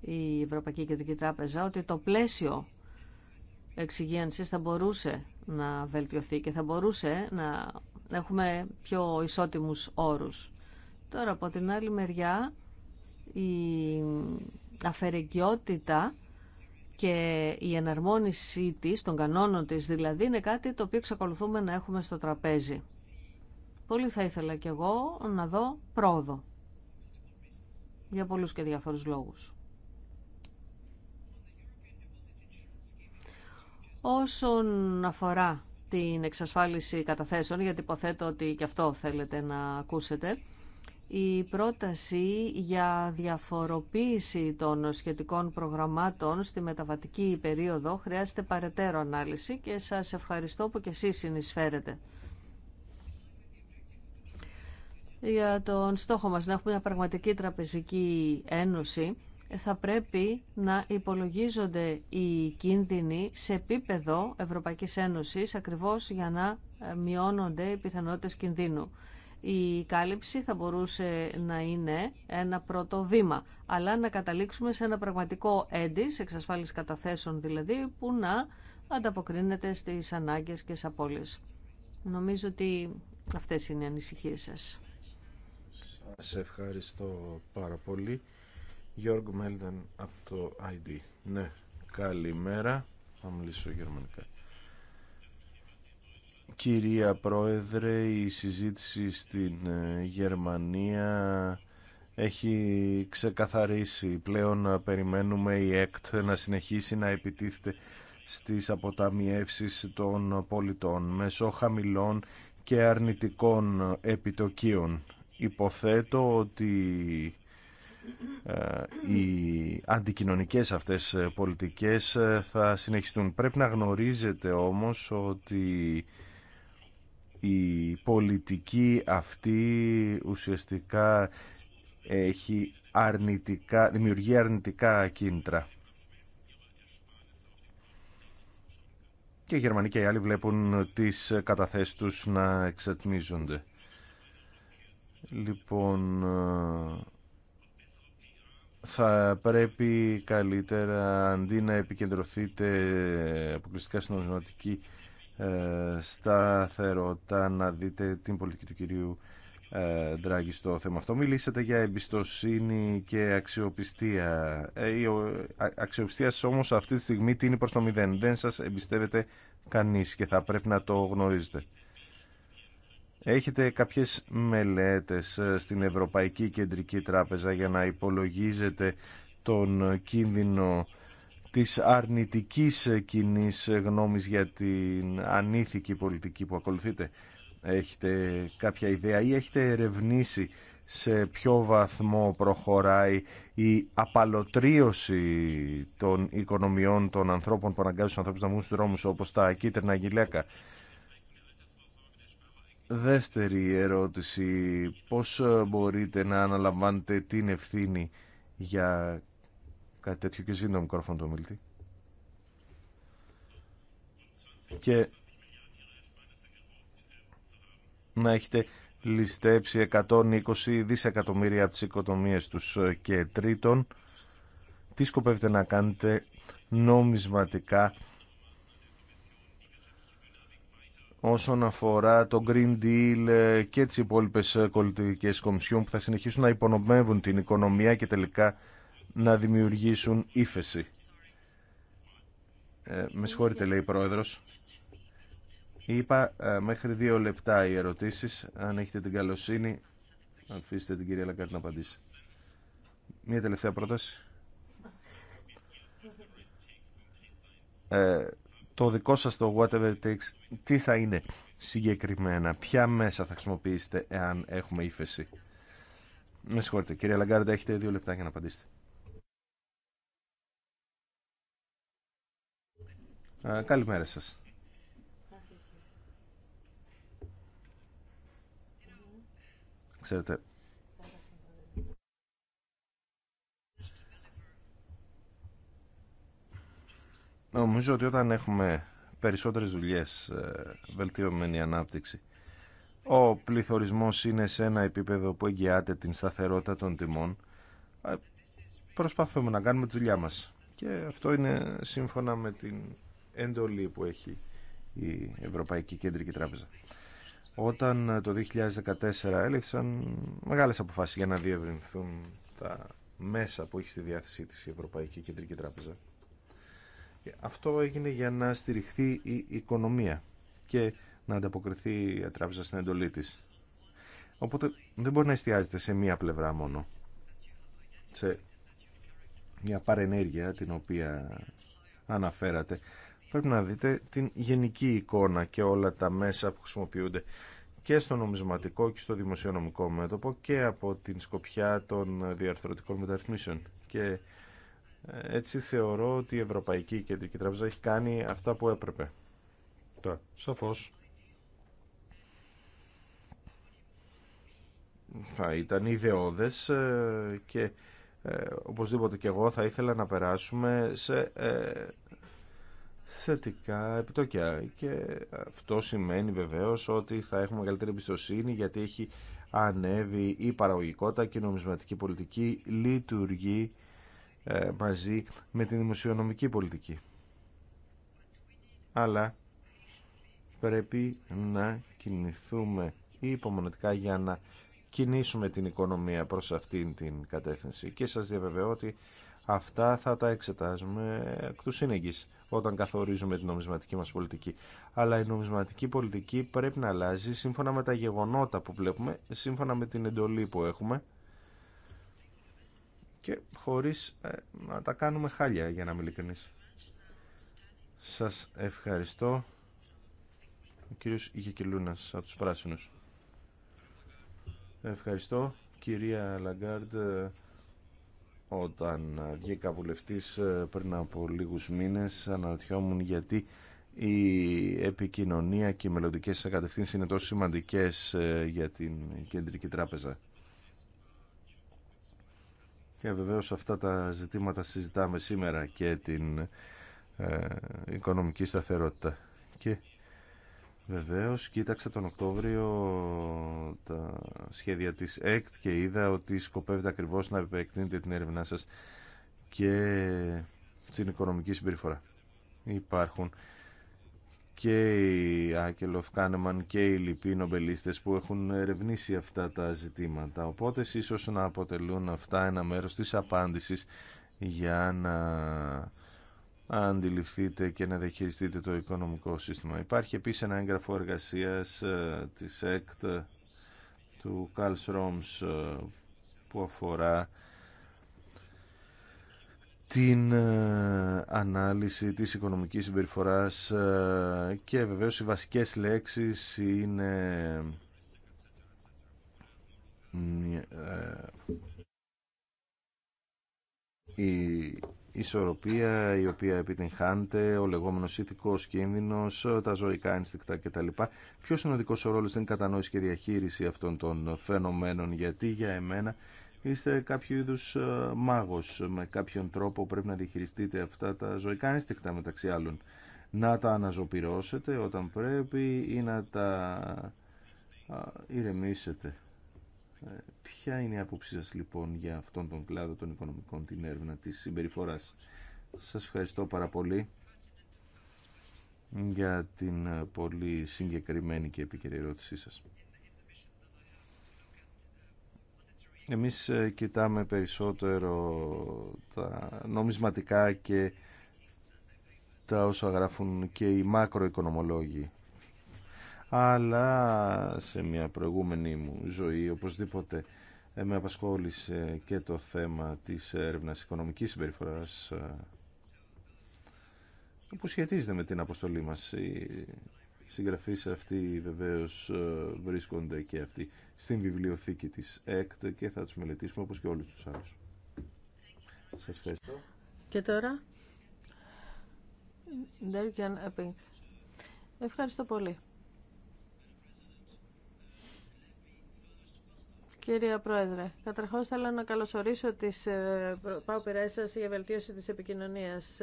η Ευρωπαϊκή Κεντρική Τράπεζα ότι το πλαίσιο εξυγίανσης θα μπορούσε να βελτιωθεί και θα μπορούσε να έχουμε πιο ισότιμους όρους. Τώρα από την άλλη μεριά η αφαιρεγκιότητα και η εναρμόνισή της, των κανόνων της δηλαδή, είναι κάτι το οποίο εξακολουθούμε να έχουμε στο τραπέζι. Πολύ θα ήθελα κι εγώ να δω πρόοδο για πολλούς και διάφορους λόγους. Όσον αφορά την εξασφάλιση καταθέσεων, γιατί υποθέτω ότι και αυτό θέλετε να ακούσετε, η πρόταση για διαφοροποίηση των σχετικών προγραμμάτων στη μεταβατική περίοδο χρειάζεται παρετέρω ανάλυση και σας ευχαριστώ που και εσείς συνεισφέρετε για τον στόχο μας να έχουμε μια πραγματική τραπεζική ένωση θα πρέπει να υπολογίζονται οι κίνδυνοι σε επίπεδο Ευρωπαϊκής Ένωσης ακριβώς για να ε, μειώνονται οι πιθανότητες κινδύνου. Η κάλυψη θα μπορούσε να είναι ένα πρώτο βήμα, αλλά να καταλήξουμε σε ένα πραγματικό έντις, εξασφάλιση καταθέσεων δηλαδή, που να ανταποκρίνεται στις ανάγκες και στις απώλειες. Νομίζω ότι αυτές είναι οι ανησυχίες σας. Σε ευχαριστώ πάρα πολύ. Γιώργο Μέλνταν από το ID. Ναι, καλημέρα. Θα μιλήσω γερμανικά. Κυρία Πρόεδρε, η συζήτηση στην ε, Γερμανία έχει ξεκαθαρίσει. Πλέον περιμένουμε η ΕΚΤ να συνεχίσει να επιτίθεται στις αποταμιεύσεις των πολιτών μέσω χαμηλών και αρνητικών επιτοκίων υποθέτω ότι ε, οι αντικοινωνικές αυτές ε, πολιτικές ε, θα συνεχιστούν. Πρέπει να γνωρίζετε όμως ότι η πολιτική αυτή ουσιαστικά έχει αρνητικά, δημιουργεί αρνητικά κίνητρα. Και οι Γερμανοί και οι άλλοι βλέπουν τις καταθέσεις τους να εξατμίζονται. Λοιπόν, ε, θα πρέπει καλύτερα αντί να επικεντρωθείτε αποκλειστικά στην ορισματική ε, σταθερότητα να δείτε την πολιτική του κυρίου ε, Ντράγκη στο θέμα αυτό. Μιλήσατε για εμπιστοσύνη και αξιοπιστία. Η αξιοπιστία αυτή τη στιγμή τίνει προς το μηδέν. Δεν σας εμπιστεύεται κανείς και θα πρέπει να το γνωρίζετε. Έχετε κάποιες μελέτες ε, στην Ευρωπαϊκή Κεντρική Τράπεζα για να υπολογίζετε τον κίνδυνο της αρνητικής ε, κοινή ε, γνώμης για την ανήθικη πολιτική που ακολουθείτε. Έχετε κάποια ιδέα ή έχετε ερευνήσει σε ποιο βαθμό προχωράει η απαλωτρίωση των οικονομιών των ανθρώπων που αναγκάζουν τους ανθρώπους να βγουν στους δρόμους όπως τα κίτρινα γυλαίκα. Δεύτερη ερώτηση, πώς ε, μπορείτε να αναλαμβάνετε την ευθύνη για κάτι τέτοιο και σύντομο μικρόφωνο Και να έχετε ληστέψει 120 δισεκατομμύρια από τις οικοτομίες τους ε, και τρίτον, τι σκοπεύετε να κάνετε νομισματικά όσον αφορά το Green Deal ε, και τις υπόλοιπες ε, πολιτικές κομισιόν που θα συνεχίσουν να υπονομεύουν την οικονομία και τελικά να δημιουργήσουν ύφεση. Ε, με συγχωρείτε, λέει η Πρόεδρος. Είπα ε, μέχρι δύο λεπτά οι ερωτήσεις. Αν έχετε την καλοσύνη, αφήστε την κυρία Λακάρτη να απαντήσει. Μία τελευταία πρόταση το δικό σας το whatever it takes τι θα είναι συγκεκριμένα, ποια μέσα θα χρησιμοποιήσετε εάν έχουμε ύφεση. Με συγχωρείτε, Κύριε Λαγκάρντα, έχετε δύο λεπτά για να απαντήσετε. καλημέρα σας. Ξέρετε, Νομίζω ότι όταν έχουμε περισσότερες δουλειές, ε, βελτιωμένη ανάπτυξη, ο πληθωρισμός είναι σε ένα επίπεδο που εγγυάται την σταθερότητα των τιμών, ε, προσπαθούμε να κάνουμε τη δουλειά μας. Και αυτό είναι σύμφωνα με την εντολή που έχει η Ευρωπαϊκή Κεντρική Τράπεζα. Όταν ε, το 2014 έλεγχαν μεγάλες αποφάσεις για να διευρυνθούν τα μέσα που έχει στη διάθεσή της η Ευρωπαϊκή Κεντρική Τράπεζα αυτό έγινε για να στηριχθεί η οικονομία και να ανταποκριθεί η τράπεζα στην εντολή της. Οπότε δεν μπορεί να εστιάζεται σε μία πλευρά μόνο. Σε μια παρενέργεια την οποία αναφέρατε. Πρέπει να δείτε την γενική εικόνα και όλα τα μέσα που χρησιμοποιούνται και στο νομισματικό και στο δημοσιονομικό μέτωπο και από την σκοπιά των διαρθρωτικών μεταρρυθμίσεων. Και έτσι θεωρώ ότι η Ευρωπαϊκή Κεντρική Τράπεζα έχει κάνει αυτά που έπρεπε. Τώρα, σαφώς. Θα ήταν ιδεώδες ε, και ε, οπωσδήποτε και εγώ θα ήθελα να περάσουμε σε ε, θετικά επιτόκια και αυτό σημαίνει βεβαίως ότι θα έχουμε μεγαλύτερη εμπιστοσύνη γιατί έχει ανέβει η παραγωγικότητα και η νομισματική πολιτική λειτουργεί ε, μαζί με την δημοσιονομική πολιτική. Αλλά πρέπει να κινηθούμε υπομονετικά για να κινήσουμε την οικονομία προς αυτήν την κατεύθυνση. Και σας διαβεβαιώ ότι αυτά θα τα εξετάζουμε εκ του σύνεγγυς όταν καθορίζουμε την νομισματική μας πολιτική. Αλλά η νομισματική πολιτική πρέπει να αλλάζει σύμφωνα με τα γεγονότα που βλέπουμε, σύμφωνα με την εντολή που έχουμε και χωρίς ε, να τα κάνουμε χάλια για να είμαι Σας ευχαριστώ ο κύριος Γεκελούνας από τους Πράσινους. Ευχαριστώ κυρία Λαγκάρντ όταν βγήκα βουλευτής ε, πριν από λίγους μήνες αναρωτιόμουν γιατί η επικοινωνία και οι μελλοντικέ κατευθύνσει είναι τόσο σημαντικές ε, για την Κεντρική Τράπεζα. Και βεβαίως αυτά τα ζητήματα συζητάμε σήμερα και την ε, οικονομική σταθερότητα. Και βεβαίως κοίταξα τον Οκτώβριο τα σχέδια της ΕΚΤ και είδα ότι σκοπεύετε ακριβώς να επεκτείνετε την έρευνά σας και στην οικονομική συμπεριφορά. Υπάρχουν και οι Άκελοφ Κάνεμαν και οι λοιποί νομπελίστες που έχουν ερευνήσει αυτά τα ζητήματα. Οπότε ίσως να αποτελούν αυτά ένα μέρος της απάντησης για να αντιληφθείτε και να διαχειριστείτε το οικονομικό σύστημα. Υπάρχει επίσης ένα έγγραφο εργασίας ε, της ΕΚΤ του Καλ ε, που αφορά την ε, ανάλυση της οικονομικής συμπεριφοράς ε, και βεβαίως οι βασικές λέξεις είναι ε, η ισορροπία η οποία επιτυγχάνεται, ο λεγόμενος ηθικός κίνδυνος, τα ζωικά ένστικτα κτλ. Ποιος είναι ο δικός ο ρόλος στην κατανόηση και διαχείριση αυτών των φαινομένων, γιατί για εμένα είστε κάποιο είδους ε, μάγο με κάποιον τρόπο πρέπει να διαχειριστείτε αυτά τα ζωικά ένστικτα μεταξύ άλλων να τα αναζωπυρώσετε όταν πρέπει ή να τα ηρεμήσετε ε, ποια είναι η άποψή σας λοιπόν για αυτόν τον κλάδο των οικονομικών την έρευνα τη συμπεριφορά, σα ευχαριστώ πάρα πολύ για την ε, πολύ συγκεκριμένη και επίκαιρη ερώτησή σας. Εμείς ε, κοιτάμε περισσότερο τα νομισματικά και τα όσα γράφουν και οι μακροοικονομολόγοι. Αλλά σε μια προηγούμενη μου ζωή οπωσδήποτε ε, με απασχόλησε και το θέμα της έρευνας οικονομικής συμπεριφοράς ε, που σχετίζεται με την αποστολή μας. Οι συγγραφείς αυτοί βεβαίως βρίσκονται και αυτοί στην βιβλιοθήκη της ΕΚΤ και θα τους μελετήσουμε όπως και όλους τους άλλους. Σας ευχαριστώ. Και τώρα, Ευχαριστώ πολύ. Κύριε Πρόεδρε, καταρχώς θέλω να καλωσορίσω τις ε, παουπηρές σας για βελτίωση της επικοινωνίας.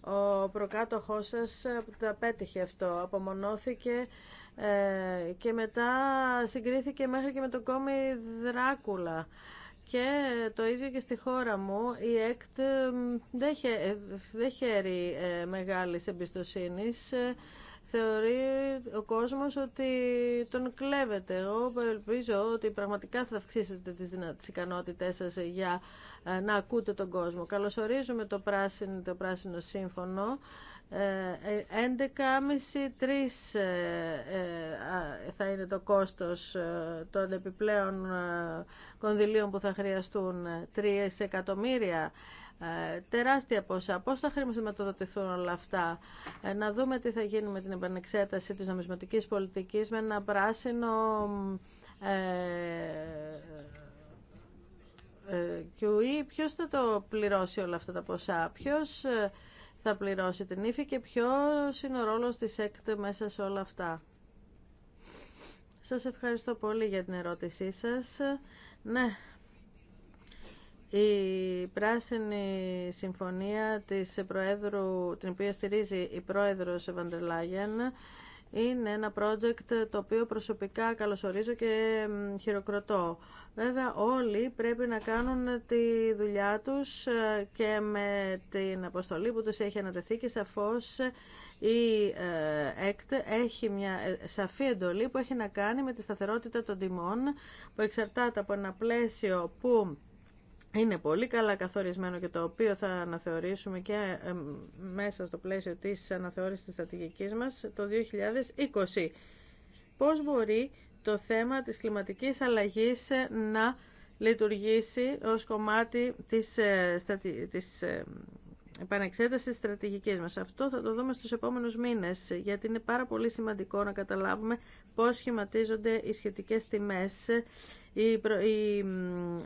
Ο προκάτοχός σας ε, τα πέτυχε αυτό, απομονώθηκε ε, και μετά συγκρίθηκε μέχρι και με το κόμι Δράκουλα. Και το ίδιο και στη χώρα μου, η ΕΚΤ ε, ε, δεν χαίρει μεγάλης εμπιστοσύνης. Θεωρεί ο κόσμος ότι τον κλέβεται Εγώ ελπίζω ότι πραγματικά θα αυξήσετε τις, τις ικανότητές σας για να ακούτε τον κόσμο. Καλωσορίζουμε το πράσινο, το πράσινο σύμφωνο 11,5-3 ε, ε, ε, θα είναι το κόστος των επιπλέον κονδυλίων που θα χρειαστούν 3 εκατομμύρια τεράστια ποσά. Πώς θα χρηματοδοτηθούν όλα αυτά. να δούμε τι θα γίνει με την επανεξέταση της νομισματικής πολιτικής με ένα πράσινο QE. Ποιος θα το πληρώσει όλα αυτά τα ποσά. Ποιος θα πληρώσει την ύφη και ποιος είναι ο ρόλο της ΕΚΤ μέσα σε όλα αυτά. Σας ευχαριστώ πολύ για την ερώτησή σας. Ναι, η πράσινη συμφωνία της Προέδρου, την οποία στηρίζει η Πρόεδρος Βαντελάγεν, είναι ένα project το οποίο προσωπικά καλωσορίζω και χειροκροτώ. Βέβαια όλοι πρέπει να κάνουν τη δουλειά τους ε, και με την αποστολή που τους έχει ανατεθεί και σαφώς η ε, ΕΚΤ έχει μια ε, σαφή εντολή που έχει να κάνει με τη σταθερότητα των τιμών που εξαρτάται από ένα πλαίσιο που είναι πολύ καλά καθορισμένο και το οποίο θα αναθεωρήσουμε και μέσα στο πλαίσιο της αναθεώρησης της στρατηγικής μας το 2020. Πώς μπορεί το θέμα της κλιματικής αλλαγής να λειτουργήσει ως κομμάτι της, ε, της ε, επανεξέταση στρατηγικής μας. Αυτό θα το δούμε στους επόμενους μήνες, γιατί είναι πάρα πολύ σημαντικό να καταλάβουμε πώς σχηματίζονται οι σχετικές τιμές, οι, προ...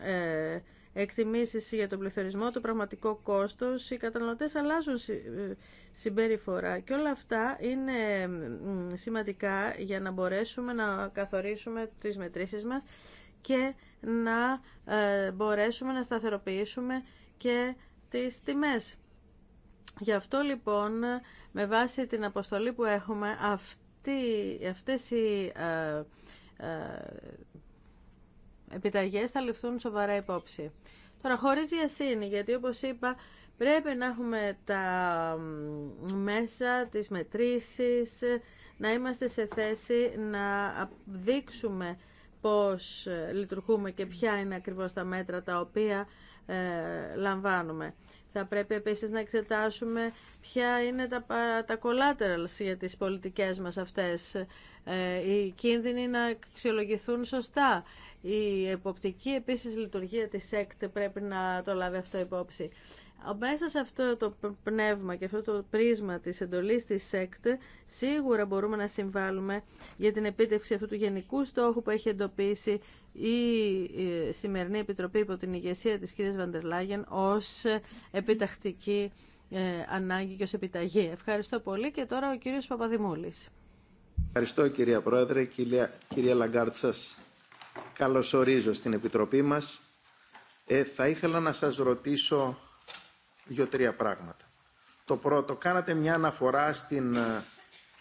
Ε, εκτιμήσεις για τον πληθωρισμό, το πραγματικό κόστος, οι καταναλωτές αλλάζουν ε, συμπεριφορά και όλα αυτά είναι σημαντικά για να μπορέσουμε να καθορίσουμε τις μετρήσεις μας και να ε, μπορέσουμε να σταθεροποιήσουμε και τις τιμές. Γι' αυτό λοιπόν, με βάση την αποστολή που έχουμε, αυτή, αυτές οι ε, Επιταγέ θα ληφθούν σοβαρά υπόψη. Τώρα, χωρίς βιασύνη, γιατί όπως είπα, πρέπει να έχουμε τα μέσα, τις μετρήσεις, να είμαστε σε θέση να δείξουμε πώς λειτουργούμε και ποια είναι ακριβώς τα μέτρα τα οποία ε, λαμβάνουμε. Θα πρέπει επίσης να εξετάσουμε ποια είναι τα, τα collaterals για τις πολιτικές μας αυτές. Ε, οι κίνδυνοι να αξιολογηθούν σωστά. Η εποπτική επίσης λειτουργία της ΣΕΚΤ πρέπει να το λάβει αυτό υπόψη. Μέσα σε αυτό το πνεύμα και αυτό το πρίσμα της εντολής της ΣΕΚΤ σίγουρα μπορούμε να συμβάλλουμε για την επίτευξη αυτού του γενικού στόχου που έχει εντοπίσει η σημερινή Επιτροπή υπό την ηγεσία της κ. Βαντερλάγεν ως επιτακτική ε, ανάγκη και ως επιταγή. Ευχαριστώ πολύ και τώρα ο κύριος Παπαδημούλης. Ευχαριστώ κυρία Πρόεδρε, κυρία, κυρία καλωσορίζω στην Επιτροπή μας. Ε, θα ήθελα να σας ρωτήσω δύο-τρία πράγματα. Το πρώτο, κάνατε μια αναφορά στην ε,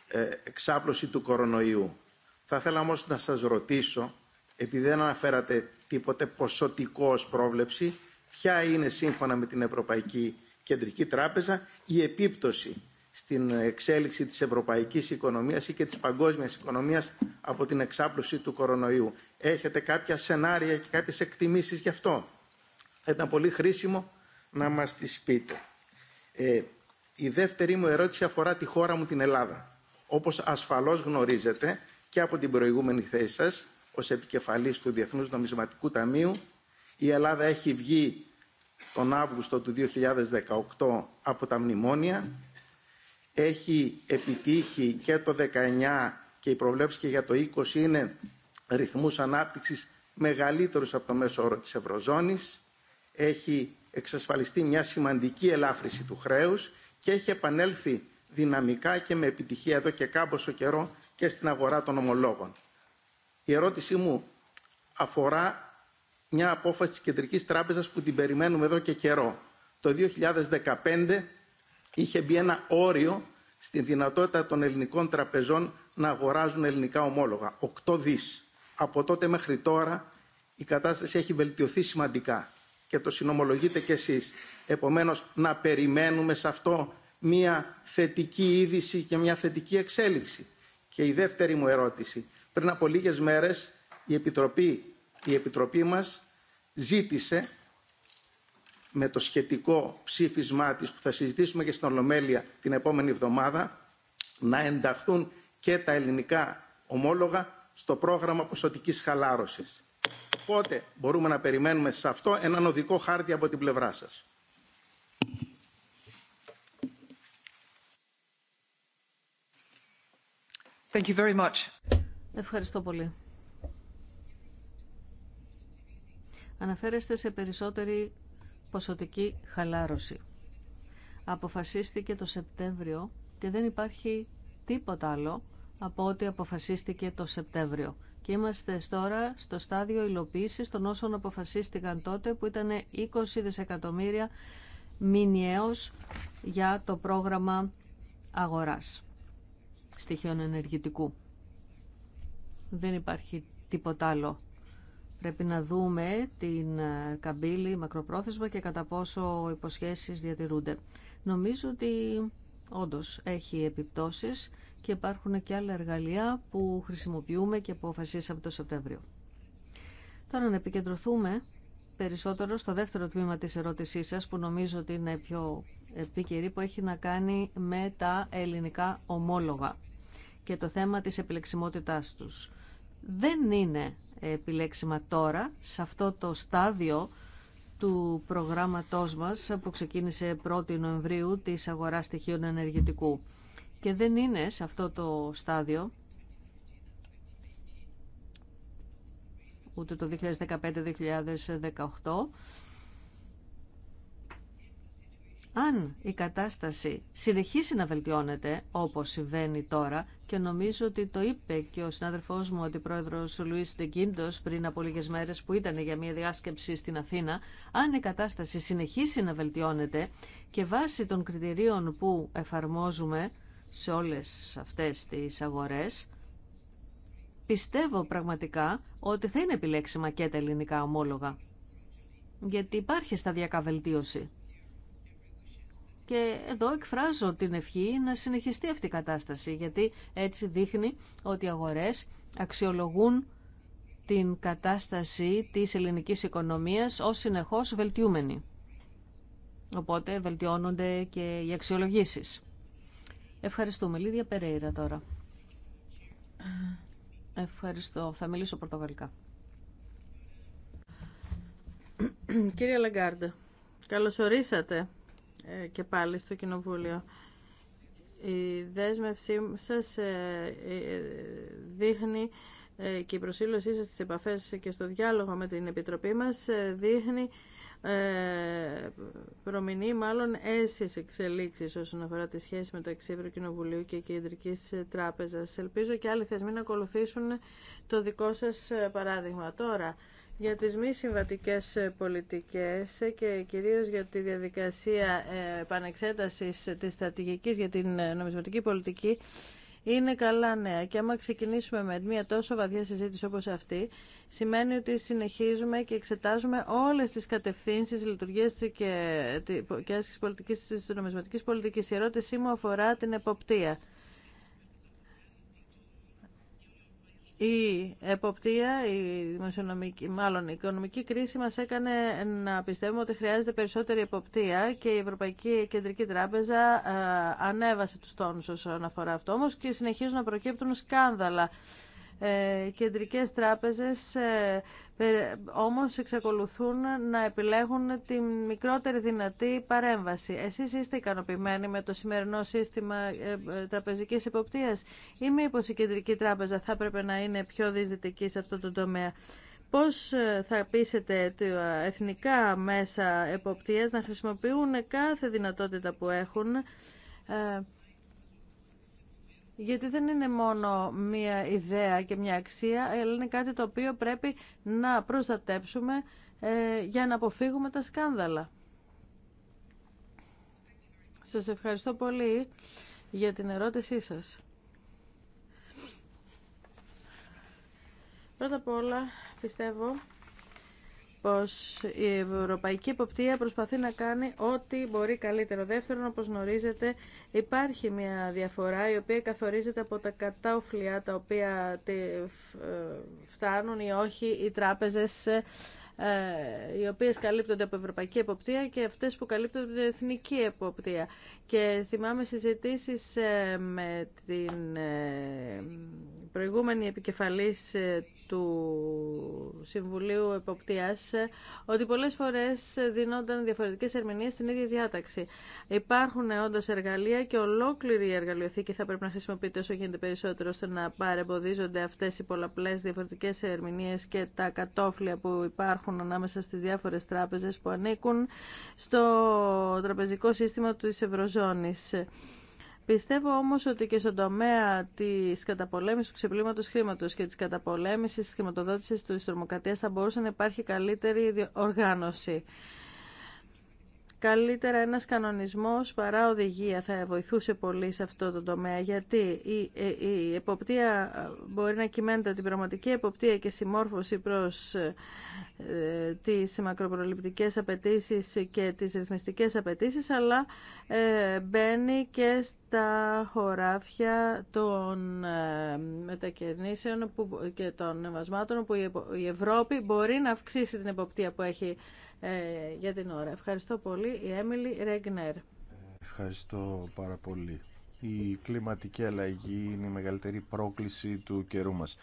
ε, εξάπλωση του κορονοϊού. Θα ήθελα όμως να σας ρωτήσω, επειδή δεν αναφέρατε τίποτε ποσοτικό ως πρόβλεψη, ποια είναι σύμφωνα με την Ευρωπαϊκή Κεντρική Τράπεζα η επίπτωση στην εξέλιξη της ευρωπαϊκής οικονομίας ή και της παγκόσμιας οικονομίας από την εξάπλωση του κορονοϊού. Έχετε κάποια σενάρια και κάποιες εκτιμήσεις γι' αυτό. Θα ήταν πολύ χρήσιμο να μας τις πείτε. Ε, η δεύτερη μου ερώτηση αφορά τη χώρα μου την Ελλάδα. Όπως ασφαλώς γνωρίζετε και από την προηγούμενη θέση σας, ως επικεφαλής του Διεθνούς Νομισματικού Ταμείου, η Ελλάδα έχει βγει τον Αύγουστο του 2018 από τα μνημόνια έχει επιτύχει και το 19 και οι προβλέψεις και για το 20 είναι ρυθμούς ανάπτυξης μεγαλύτερους από το μέσο όρο της Ευρωζώνης, έχει εξασφαλιστεί μια σημαντική ελάφρυση του χρέους και έχει επανέλθει δυναμικά και με επιτυχία εδώ και κάμποσο καιρό και στην αγορά των ομολόγων. Η ερώτησή μου αφορά μια απόφαση της Κεντρικής Τράπεζας που την περιμένουμε εδώ και καιρό. Το 2015 είχε μπει ένα όριο στην δυνατότητα των ελληνικών τραπεζών να αγοράζουν ελληνικά ομόλογα. Οκτώ δις. Από τότε μέχρι τώρα η κατάσταση έχει βελτιωθεί σημαντικά και το συνομολογείτε κι εσείς. Επομένως, να περιμένουμε σε αυτό μια θετική είδηση και μια θετική εξέλιξη. Και η δεύτερη μου ερώτηση. Πριν από λίγες μέρες η Επιτροπή, η Επιτροπή μας ζήτησε με το σχετικό ψήφισμά της που θα συζητήσουμε και στην Ολομέλεια την επόμενη εβδομάδα να ενταχθούν και τα ελληνικά ομόλογα στο πρόγραμμα ποσοτικής χαλάρωσης. Πότε μπορούμε να περιμένουμε σε αυτό έναν οδικό χάρτη από την πλευρά σας. Ευχαριστώ πολύ. Αναφέρεστε σε περισσότερη ποσοτική χαλάρωση. Αποφασίστηκε το Σεπτέμβριο και δεν υπάρχει τίποτα άλλο από ό,τι αποφασίστηκε το Σεπτέμβριο. Και είμαστε τώρα στο στάδιο υλοποίησης των όσων αποφασίστηκαν τότε που ήταν 20 δισεκατομμύρια μηνιαίως για το πρόγραμμα αγοράς στοιχείων ενεργητικού. Δεν υπάρχει τίποτα άλλο Πρέπει να δούμε την ε, καμπύλη μακροπρόθεσμα και κατά πόσο υποσχέσεις διατηρούνται. Νομίζω ότι όντως έχει επιπτώσεις και υπάρχουν και άλλα εργαλεία που χρησιμοποιούμε και που αποφασίσαμε το Σεπτέμβριο. Τώρα να επικεντρωθούμε περισσότερο στο δεύτερο τμήμα της ερώτησής σας που νομίζω ότι είναι πιο επίκαιρη που έχει να κάνει με τα ελληνικά ομόλογα και το θέμα της επιλεξιμότητάς τους δεν είναι επιλέξιμα τώρα, σε αυτό το στάδιο του προγράμματός μας που ξεκίνησε 1η Νοεμβρίου της αγοράς στοιχείων ενεργητικού. Και δεν είναι σε αυτό το στάδιο ούτε το 2015-2018 αν η κατάσταση συνεχίσει να βελτιώνεται, όπως συμβαίνει τώρα, και νομίζω ότι το είπε και ο συνάδελφός μου, ο αντιπρόεδρος Λουίς Ντεγκίντος, πριν από λίγες μέρες που ήταν για μια διάσκεψη στην Αθήνα, αν η κατάσταση συνεχίσει να βελτιώνεται και βάσει των κριτηρίων που εφαρμόζουμε σε όλες αυτές τις αγορές, πιστεύω πραγματικά ότι θα είναι επιλέξιμα και τα ελληνικά ομόλογα. Γιατί υπάρχει σταδιακά βελτίωση. Και εδώ εκφράζω την ευχή να συνεχιστεί αυτή η κατάσταση, γιατί έτσι δείχνει ότι οι αγορές αξιολογούν την κατάσταση της ελληνικής οικονομίας ως συνεχώς βελτιούμενη. Οπότε βελτιώνονται και οι αξιολογήσεις. Ευχαριστούμε. Λίδια Περέιρα τώρα. Ευχαριστώ. Θα μιλήσω πορτογαλικά. Κύριε Λαγκάρντε, καλώς ορίσατε ε, και πάλι στο Κοινοβούλιο. Η δέσμευσή σας ε, ε, δείχνει και η προσήλωσή σας στις επαφές και στο διάλογο με την Επιτροπή μας δείχνει προμηνεί μάλλον αίσιες εξελίξεις όσον αφορά τη σχέση με το Εξήβριο Κοινοβουλίου και Κεντρική Τράπεζας. Ελπίζω και άλλοι θεσμοί να ακολουθήσουν το δικό σας παράδειγμα. Τώρα, για τις μη συμβατικές ε, πολιτικές ε, και κυρίως για τη διαδικασία ε, επανεξέτασης της στρατηγικής για την νομισματική πολιτική είναι καλά νέα και άμα ξεκινήσουμε με μια τόσο βαθιά συζήτηση όπως αυτή σημαίνει ότι συνεχίζουμε και εξετάζουμε όλες τις κατευθύνσεις λειτουργίας και άσκησης πολιτικής της νομισματικής πολιτικής. Η ερώτησή μου αφορά την εποπτεία. Η εποπτεία, η δημοσιονομική, μάλλον η οικονομική κρίση μας έκανε να πιστεύουμε ότι χρειάζεται περισσότερη εποπτεία και η Ευρωπαϊκή Κεντρική Τράπεζα ε, ανέβασε τους τόνους όσον αφορά αυτό όμως και συνεχίζουν να προκύπτουν σκάνδαλα ε, κεντρικές τράπεζες ε, όμως εξακολουθούν να επιλέγουν τη μικρότερη δυνατή παρέμβαση. Εσείς είστε ικανοποιημένοι με το σημερινό σύστημα ε, τραπεζικής υποπτίας ή μήπως η κεντρική τράπεζα θα έπρεπε να είναι πιο δυσδυτική σε αυτό το τομέα. Πώς θα πείσετε τα εθνικά μέσα εποπτείας να χρησιμοποιούν κάθε δυνατότητα που έχουν γιατί δεν είναι μόνο μία ιδέα και μία αξία, αλλά είναι κάτι το οποίο πρέπει να προστατέψουμε ε, για να αποφύγουμε τα σκάνδαλα. Σας ευχαριστώ πολύ για την ερώτησή σας. Πρώτα απ' όλα πιστεύω πως η Ευρωπαϊκή Εποπτεία προσπαθεί να κάνει ό,τι μπορεί καλύτερο. Δεύτερον, όπως γνωρίζετε, υπάρχει μια διαφορά η οποία καθορίζεται από τα κατάοφλια τα οποία ε, φτάνουν ή όχι οι τράπεζες ε, ε, οι οποίες καλύπτονται από ευρωπαϊκή εποπτεία και αυτές που καλύπτονται από την εθνική εποπτεία. Και θυμάμαι συζητήσεις ε, με την ε, προηγούμενη επικεφαλής του Συμβουλίου Εποπτείας ότι πολλές φορές δίνονταν διαφορετικές ερμηνείες στην ίδια διάταξη. Υπάρχουν όντως εργαλεία και ολόκληρη η εργαλειοθήκη θα πρέπει να χρησιμοποιείται όσο γίνεται περισσότερο ώστε να παρεμποδίζονται αυτές οι πολλαπλές διαφορετικές ερμηνείες και τα κατόφλια που υπάρχουν ανάμεσα στις διάφορες τράπεζες που ανήκουν στο τραπεζικό σύστημα της Ευρωζώνης. Πιστεύω όμως ότι και στον τομέα της καταπολέμησης του ξεπλήματος χρήματος και της καταπολέμησης της χρηματοδότησης του ιστορμοκρατίας θα μπορούσε να υπάρχει καλύτερη οργάνωση. Καλύτερα ένας κανονισμός παρά οδηγία θα βοηθούσε πολύ σε αυτό το τομέα γιατί η, ε, εποπτεία ε, μπορεί να κυμαίνεται την πραγματική εποπτεία και συμμόρφωση προς ε, τις μακροπροληπτικές απαιτήσει και τις ρυθμιστικές απαιτήσεις, αλλά ε, μπαίνει και στα χωράφια των ε, και των εμβασμάτων που η, η Ευρώπη μπορεί να αυξήσει την εποπτεία που έχει ε, για την ώρα. Ευχαριστώ πολύ η Έμιλι Ρέγνερ. Ευχαριστώ πάρα πολύ. Η κλιματική αλλαγή είναι η μεγαλύτερη πρόκληση του καιρού μας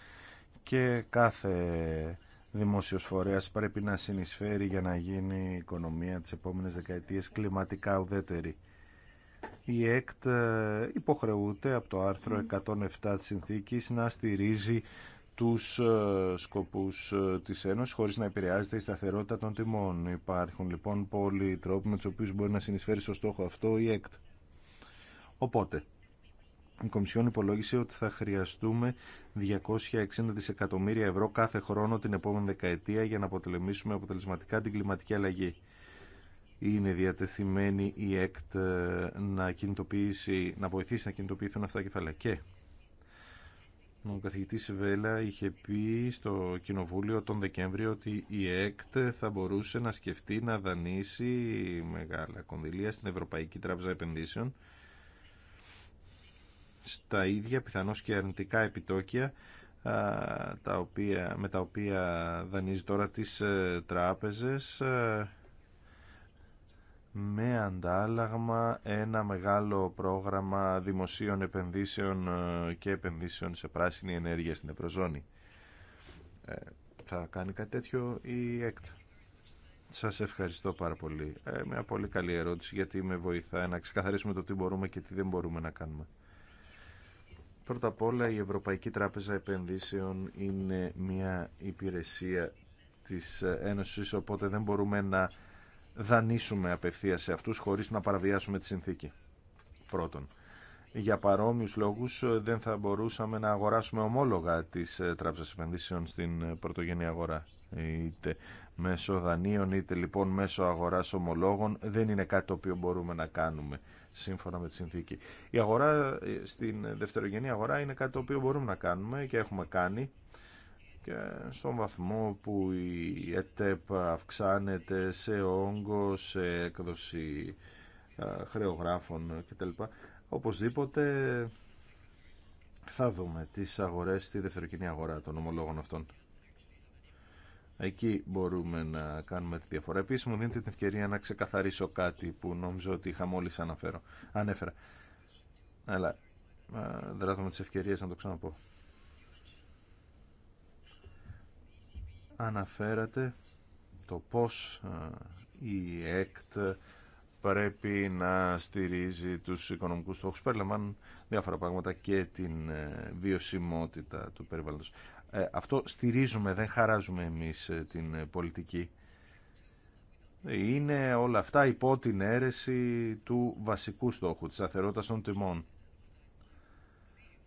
και κάθε δημόσιος φορέας πρέπει να συνεισφέρει για να γίνει η οικονομία τις επόμενες δεκαετίες κλιματικά ουδέτερη. Η ΕΚΤ ε, υποχρεούται από το άρθρο 107 της συνθήκης να στηρίζει τους ε, σκοπούς ε, της Ένωσης χωρίς να επηρεάζεται η σταθερότητα των τιμών. Υπάρχουν λοιπόν πολλοί τρόποι με τους οποίους μπορεί να συνεισφέρει στο στόχο αυτό η ΕΚΤ. Οπότε, η Κομισιόν υπολόγισε ότι θα χρειαστούμε 260 δισεκατομμύρια ευρώ κάθε χρόνο την επόμενη δεκαετία για να αποτελεμήσουμε αποτελεσματικά την κλιματική αλλαγή. Είναι διατεθειμένη η ΕΚΤ ε, να, να βοηθήσει να κινητοποιηθούν αυτά τα Και ο καθηγητής Βέλα είχε πει στο Κοινοβούλιο τον Δεκέμβριο ότι η ΕΚΤ θα μπορούσε να σκεφτεί να δανείσει μεγάλα κονδυλία στην Ευρωπαϊκή Τράπεζα Επενδύσεων στα ίδια πιθανώς και αρνητικά επιτόκια τα οποία, με τα οποία δανείζει τώρα τις ε, τράπεζες ε, με αντάλλαγμα ένα μεγάλο πρόγραμμα δημοσίων επενδύσεων ε, και επενδύσεων σε πράσινη ενέργεια στην Ευρωζώνη. Ε, θα κάνει κάτι τέτοιο η ΕΚΤ. Σας ευχαριστώ πάρα πολύ. Ε, μια πολύ καλή ερώτηση γιατί με βοηθά να ξεκαθαρίσουμε το τι μπορούμε και τι δεν μπορούμε να κάνουμε. Πρώτα απ' όλα η Ευρωπαϊκή Τράπεζα Επενδύσεων είναι μια υπηρεσία της Ένωσης οπότε δεν μπορούμε να δανείσουμε απευθείας σε αυτού χωρίς να παραβιάσουμε τη συνθήκη. Πρώτον, για παρόμοιου λόγου, ε, δεν θα μπορούσαμε να αγοράσουμε ομόλογα της ε, τράπεζα Επενδύσεων στην ε, πρωτογενή αγορά. Είτε μέσω δανείων είτε λοιπόν μέσω αγορά ομολόγων δεν είναι κάτι το οποίο μπορούμε να κάνουμε σύμφωνα με τη συνθήκη. Η αγορά στην δευτερογενή αγορά είναι κάτι το οποίο μπορούμε να κάνουμε και έχουμε κάνει και στον βαθμό που η ΕΤΕΠ αυξάνεται σε όγκο, σε έκδοση ε, χρεογράφων κτλ. Οπωσδήποτε θα δούμε τις αγορές στη δευτεροκοινή αγορά των ομολόγων αυτών. Εκεί μπορούμε να κάνουμε τη διαφορά. Επίσης μου δίνετε την ευκαιρία να ξεκαθαρίσω κάτι που νομίζω ότι είχα μόλις ανέφερα. Αλλά ε, δράτω τις ευκαιρίες να το ξαναπώ. αναφέρατε το πώς ε, η ΕΚΤ πρέπει να στηρίζει τους οικονομικούς στόχους. Περιλαμβάνουν διάφορα πράγματα και την ε, βιωσιμότητα του περιβάλλοντος. Ε, αυτό στηρίζουμε, δεν χαράζουμε εμείς την πολιτική. Είναι όλα αυτά υπό την αίρεση του βασικού στόχου, της σταθερότητας των τιμών.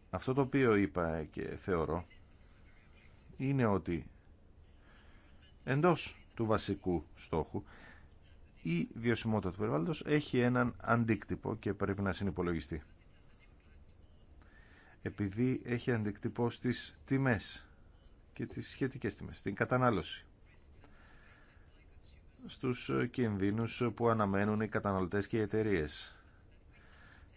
Αυτό το οποίο είπα και θεωρώ είναι ότι εντός του βασικού στόχου, η βιωσιμότητα του περιβάλλοντος έχει έναν αντίκτυπο και πρέπει να συνυπολογιστεί. Επειδή έχει αντίκτυπο στις τιμές και τις σχετικές τιμές, στην κατανάλωση στους κινδύνους που αναμένουν οι καταναλωτές και οι εταιρείε.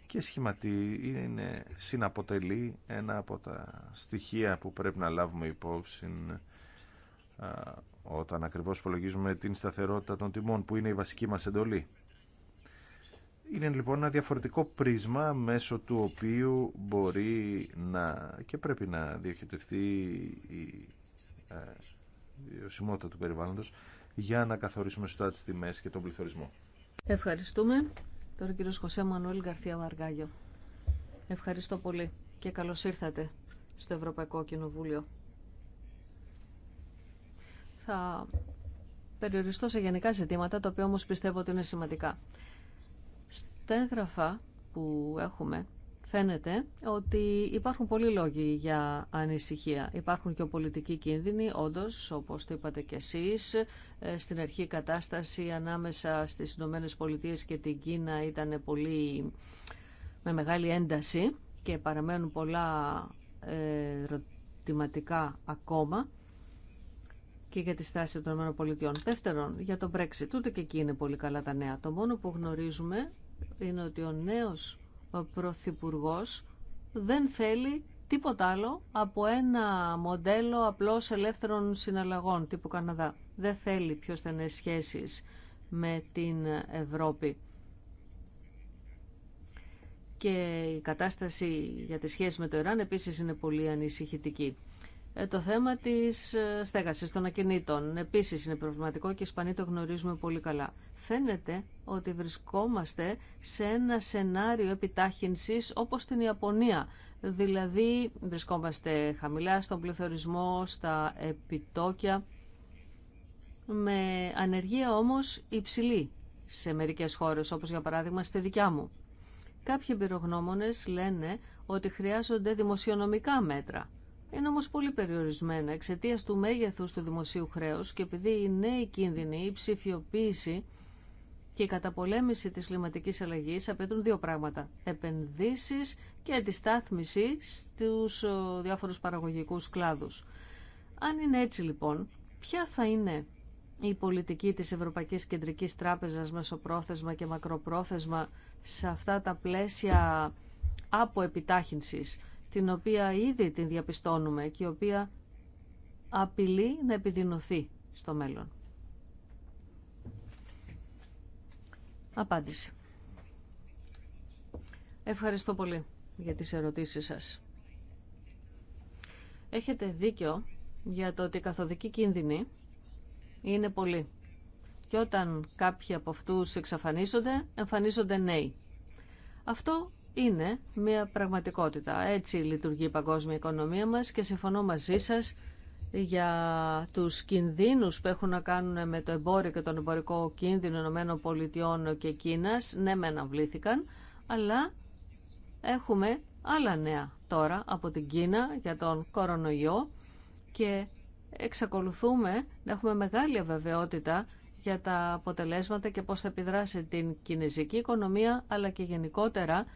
Και σχηματί είναι, συναποτελεί ένα από τα στοιχεία που πρέπει να λάβουμε υπόψη όταν ακριβώς υπολογίζουμε την σταθερότητα των τιμών που είναι η βασική μας εντολή. Είναι λοιπόν ένα διαφορετικό πρίσμα μέσω του οποίου μπορεί να και πρέπει να διοχετευτεί η βιωσιμότητα ε, του περιβάλλοντος για να καθορίσουμε σωστά τις τιμές και τον πληθωρισμό. Ευχαριστούμε. Τώρα ο κύριος Χωσέ Μανουέλ Γκαρθία Μαργάγιο. Ευχαριστώ πολύ και καλώς ήρθατε στο Ευρωπαϊκό Κοινοβούλιο. Θα περιοριστώ σε γενικά ζητήματα, τα οποία όμως πιστεύω ότι είναι σημαντικά. Στα έγγραφα που έχουμε φαίνεται ότι υπάρχουν πολλοί λόγοι για ανησυχία. Υπάρχουν και πολιτικοί κίνδυνοι, όντως, όπως το είπατε κι εσείς, ε, στην αρχή κατάσταση ανάμεσα στις Ηνωμένε Πολιτείε και την Κίνα ήταν πολύ με μεγάλη ένταση και παραμένουν πολλά ε, ερωτηματικά ακόμα και για τη στάση των ΗΠΑ. Δεύτερον, για το Brexit, ούτε και εκεί είναι πολύ καλά τα νέα. Το μόνο που γνωρίζουμε είναι ότι ο νέος Πρωθυπουργό δεν θέλει τίποτα άλλο από ένα μοντέλο απλώς ελεύθερων συναλλαγών τύπου Καναδά. Δεν θέλει πιο στενές σχέσεις με την Ευρώπη. Και η κατάσταση για τις σχέσεις με το Ιράν επίσης είναι πολύ ανησυχητική. Ε, το θέμα της ε, στέγασης των ακινήτων. Επίσης είναι προβληματικό και οι το γνωρίζουμε πολύ καλά. Φαίνεται ότι βρισκόμαστε σε ένα σενάριο επιτάχυνσης όπως στην Ιαπωνία. Δηλαδή βρισκόμαστε χαμηλά στον πληθωρισμό, στα επιτόκια, με ανεργία όμως υψηλή σε μερικές χώρες, όπως για παράδειγμα στη δικιά μου. Κάποιοι εμπειρογνώμονες λένε ότι χρειάζονται δημοσιονομικά μέτρα είναι όμως πολύ περιορισμένα εξαιτία του μέγεθους του δημοσίου χρέους και επειδή οι νέοι κίνδυνοι, η ψηφιοποίηση και η καταπολέμηση της κλιματικής αλλαγής απαιτούν δύο πράγματα. Επενδύσεις και αντιστάθμιση στους διάφορους παραγωγικούς κλάδους. Αν είναι έτσι λοιπόν, ποια θα είναι η πολιτική της Ευρωπαϊκής Κεντρικής Τράπεζας μεσοπρόθεσμα και μακροπρόθεσμα σε αυτά τα πλαίσια από επιτάχυνσης την οποία ήδη την διαπιστώνουμε και η οποία απειλεί να επιδεινωθεί στο μέλλον. Απάντηση. Ευχαριστώ πολύ για τις ερωτήσεις σας. Έχετε δίκιο για το ότι οι καθοδικοί κίνδυνοι είναι πολύ. Και όταν κάποιοι από αυτούς εξαφανίζονται, εμφανίζονται νέοι. Αυτό είναι μια πραγματικότητα. Έτσι λειτουργεί η παγκόσμια οικονομία μας και συμφωνώ μαζί σας για τους κινδύνους που έχουν να κάνουν με το εμπόριο και τον εμπορικό κίνδυνο ΗΠΑ και Κίνας. Ναι, με αναβλήθηκαν, αλλά έχουμε άλλα νέα τώρα από την Κίνα για τον κορονοϊό και εξακολουθούμε να έχουμε μεγάλη αβεβαιότητα για τα αποτελέσματα και πώς θα επιδράσει την κινέζικη οικονομία αλλά και γενικότερα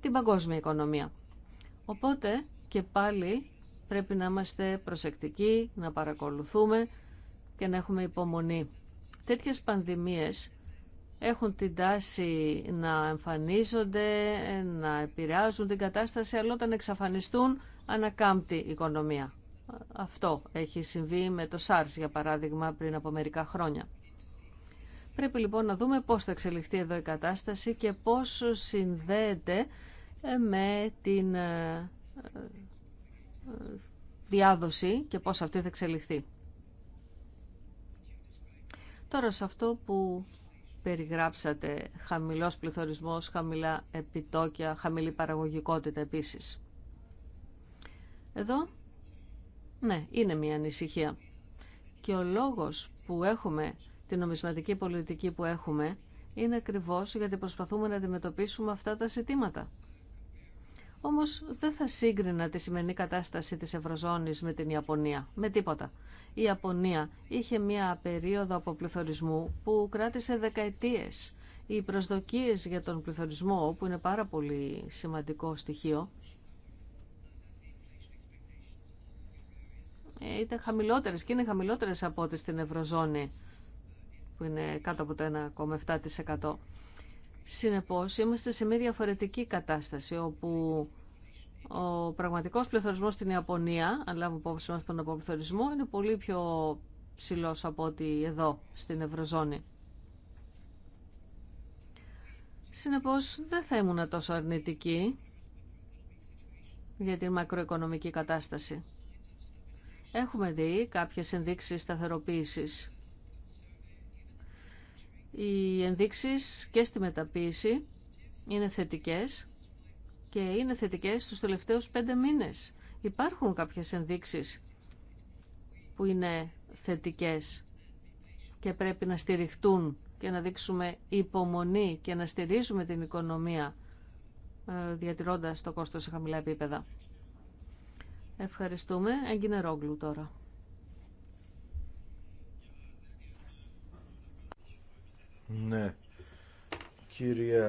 την παγκόσμια οικονομία. Οπότε και πάλι πρέπει να είμαστε προσεκτικοί, να παρακολουθούμε και να έχουμε υπομονή. Τέτοιες πανδημίες έχουν την τάση να εμφανίζονται, να επηρεάζουν την κατάσταση, αλλά όταν εξαφανιστούν ανακάμπτει η οικονομία. Αυτό έχει συμβεί με το SARS, για παράδειγμα, πριν από μερικά χρόνια. Πρέπει λοιπόν να δούμε πώς θα εξελιχθεί εδώ η κατάσταση και πώς συνδέεται ε, με την ε, ε, διάδοση και πώς αυτή θα εξελιχθεί. Τώρα σε αυτό που περιγράψατε, χαμηλός πληθωρισμός, χαμηλά επιτόκια, χαμηλή παραγωγικότητα επίσης. Εδώ, ναι, είναι μια ανησυχία. Και ο λόγος που έχουμε την νομισματική πολιτική που έχουμε είναι ακριβώς γιατί προσπαθούμε να αντιμετωπίσουμε αυτά τα ζητήματα. Όμω δεν θα σύγκρινα τη σημερινή κατάσταση της ευρωζώνη με την Ιαπωνία, με τίποτα. Η Ιαπωνία είχε μια περίοδο αποπληθωρισμού που κράτησε δεκαετίε, Οι προσδοκίε για τον πληθωρισμό, που είναι πάρα πολύ σημαντικό στοιχείο, ήταν χαμηλότερες και είναι χαμηλότερες από ό,τι στην Ευρωζώνη, που είναι κάτω από το 1,7%. Συνεπώς είμαστε σε μια διαφορετική κατάσταση όπου ο πραγματικός πληθωρισμός στην Ιαπωνία, αν λάβουμε υπόψη μας τον αποπληθωρισμό, είναι πολύ πιο ψηλός από ό,τι εδώ στην Ευρωζώνη. Συνεπώς δεν θα ήμουν τόσο αρνητική για την μακροοικονομική κατάσταση. Έχουμε δει κάποιες ενδείξεις σταθεροποίησης οι ενδείξεις και στη μεταποίηση είναι θετικές και είναι θετικές τους τελευταίους πέντε μήνες. Υπάρχουν κάποιες ενδείξεις που είναι θετικές και πρέπει να στηριχτούν και να δείξουμε υπομονή και να στηρίζουμε την οικονομία ε, διατηρώντας το κόστος σε χαμηλά επίπεδα. Ευχαριστούμε. Έγινε Ρόγκλου τώρα. Ναι. κύριε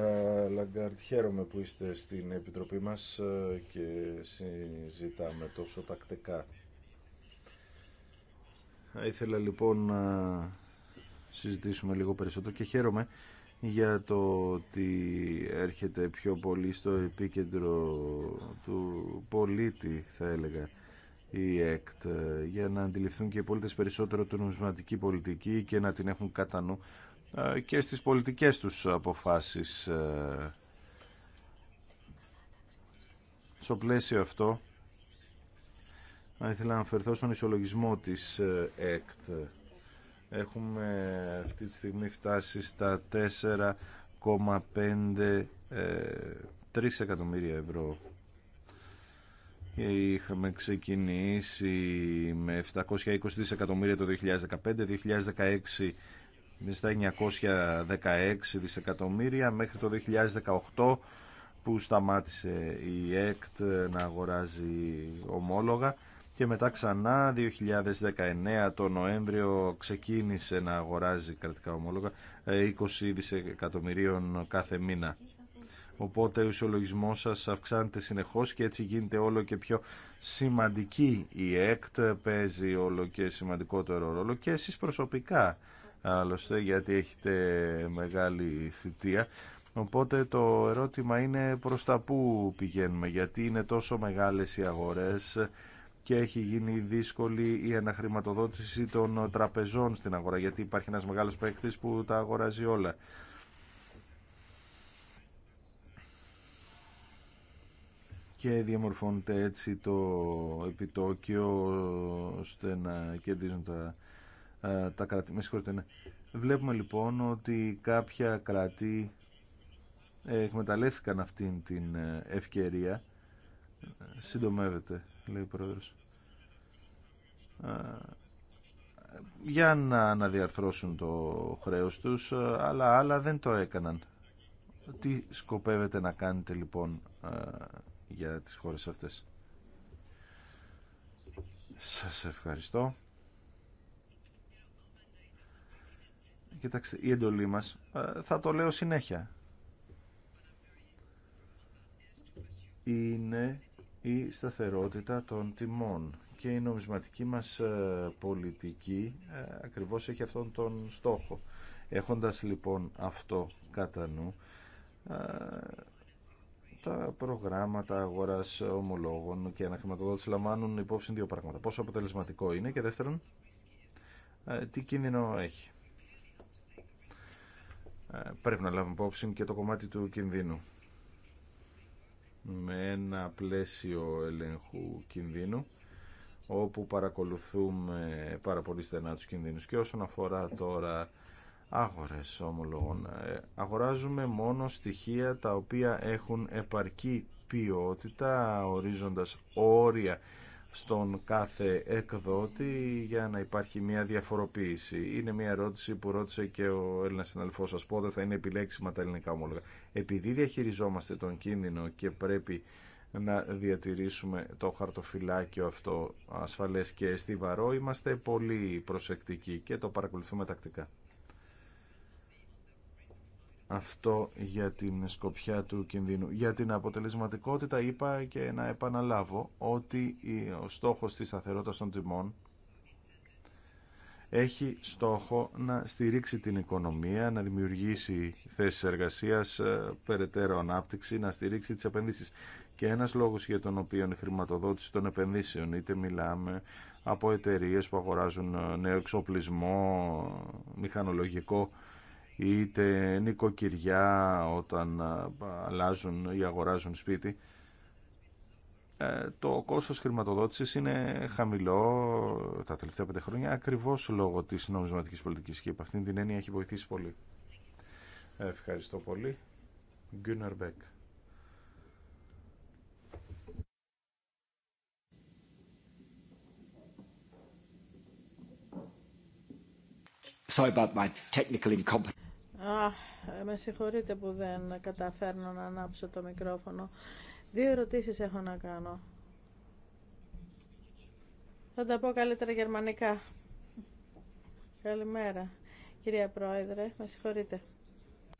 Λαγκάρτ, χαίρομαι που είστε στην Επιτροπή μας ε, και συζητάμε τόσο τακτικά. Θα ήθελα λοιπόν να συζητήσουμε λίγο περισσότερο και χαίρομαι για το ότι έρχεται πιο πολύ στο επίκεντρο του πολίτη, θα έλεγα, η ΕΚΤ, ε, για να αντιληφθούν και οι πολίτες περισσότερο την νομισματική πολιτική και να την έχουν κατά νου ε, και στις πολιτικές τους αποφάσεις. Ε, στο πλαίσιο αυτό, θα ήθελα να αφαιρθώ στον ισολογισμό της ε, ΕΚΤ. Έχουμε αυτή τη στιγμή φτάσει στα 4,5 3 εκατομμύρια ευρώ. Είχαμε ξεκινήσει με 720 δισεκατομμύρια το 2015, 2016 στα 916 δισεκατομμύρια μέχρι το 2018 που σταμάτησε η ΕΚΤ να αγοράζει ομόλογα και μετά ξανά 2019 το Νοέμβριο ξεκίνησε να αγοράζει κρατικά ομόλογα 20 ε, δισεκατομμυρίων κάθε μήνα. Οπότε ο ισολογισμός σας αυξάνεται συνεχώς και έτσι γίνεται όλο και πιο σημαντική η ΕΚΤ, παίζει όλο και σημαντικότερο ρόλο και εσείς προσωπικά άλλωστε γιατί έχετε μεγάλη θητεία. Οπότε το ερώτημα είναι προς τα πού πηγαίνουμε, γιατί είναι τόσο μεγάλες οι αγορές και έχει γίνει δύσκολη η αναχρηματοδότηση των τραπεζών στην αγορά, γιατί υπάρχει ένας μεγάλος παίκτης που τα αγοράζει όλα. και διαμορφώνεται έτσι το επιτόκιο ώστε να κερδίζουν τα ε, τα κράτη. Με ναι. Βλέπουμε λοιπόν ότι κάποια κράτη ε, εκμεταλλεύτηκαν αυτήν την ε, ευκαιρία. Συντομεύεται, λέει ο Πρόεδρος. Για να αναδιαρθρώσουν το χρέος τους, αλλά άλλα δεν το έκαναν. Τι σκοπεύετε να κάνετε λοιπόν για τις χώρες αυτές. Σας ευχαριστώ. Κοιτάξτε, η εντολή μας, ε, θα το λέω συνέχεια, είναι η σταθερότητα των τιμών και η νομισματική μας ε, πολιτική ε, ακριβώς έχει αυτόν τον στόχο. Έχοντας λοιπόν αυτό κατά νου, τα προγράμματα αγοράς ομολόγων και αναχρηματοδότηση λαμβάνουν υπόψη δύο πράγματα. Πόσο αποτελεσματικό είναι και δεύτερον, τι κίνδυνο έχει. Ε, πρέπει να λάβουμε υπόψη και το κομμάτι του κινδύνου. Με ένα πλαίσιο ελέγχου κινδύνου όπου παρακολουθούμε πάρα πολύ στενά τους κινδύνους και όσον αφορά τώρα άγορες ομολογών ε, αγοράζουμε μόνο στοιχεία τα οποία έχουν επαρκή ποιότητα ορίζοντας όρια στον κάθε εκδότη για να υπάρχει μια διαφοροποίηση. Είναι μια ερώτηση που ρώτησε και ο Έλληνα συναδελφό σα πότε θα είναι επιλέξιμα τα ελληνικά ομόλογα. Επειδή διαχειριζόμαστε τον κίνδυνο και πρέπει να διατηρήσουμε το χαρτοφυλάκιο αυτό ασφαλές και στιβαρό, είμαστε πολύ προσεκτικοί και το παρακολουθούμε τακτικά αυτό για την σκοπιά του κινδύνου. Για την αποτελεσματικότητα είπα και να επαναλάβω ότι ο στόχος της σταθερότητας των τιμών έχει στόχο να στηρίξει την οικονομία, να δημιουργήσει θέσεις εργασίας, ε, περαιτέρω ανάπτυξη, να στηρίξει τις επενδύσεις. Και ένας λόγος για τον οποίο η χρηματοδότηση των επενδύσεων, είτε μιλάμε από εταιρείες που αγοράζουν ε, νέο εξοπλισμό, μηχανολογικό, είτε νοικοκυριά όταν αλλάζουν ή αγοράζουν σπίτι ε, το κόστος χρηματοδότησης είναι χαμηλό τα τελευταία πέντε χρόνια ακριβώς λόγω της νομισματικής πολιτικής και από αυτήν την έννοια έχει βοηθήσει πολύ. Ευχαριστώ πολύ. Γκούναρ Μπέκ. Sorry about my technical incompetence. Αχ, με συγχωρείτε που δεν καταφέρνω να ανάψω το μικρόφωνο. Δύο ερωτήσεις έχω να κάνω. Θα τα πω καλύτερα γερμανικά. Καλημέρα, κυρία Πρόεδρε. Με συγχωρείτε.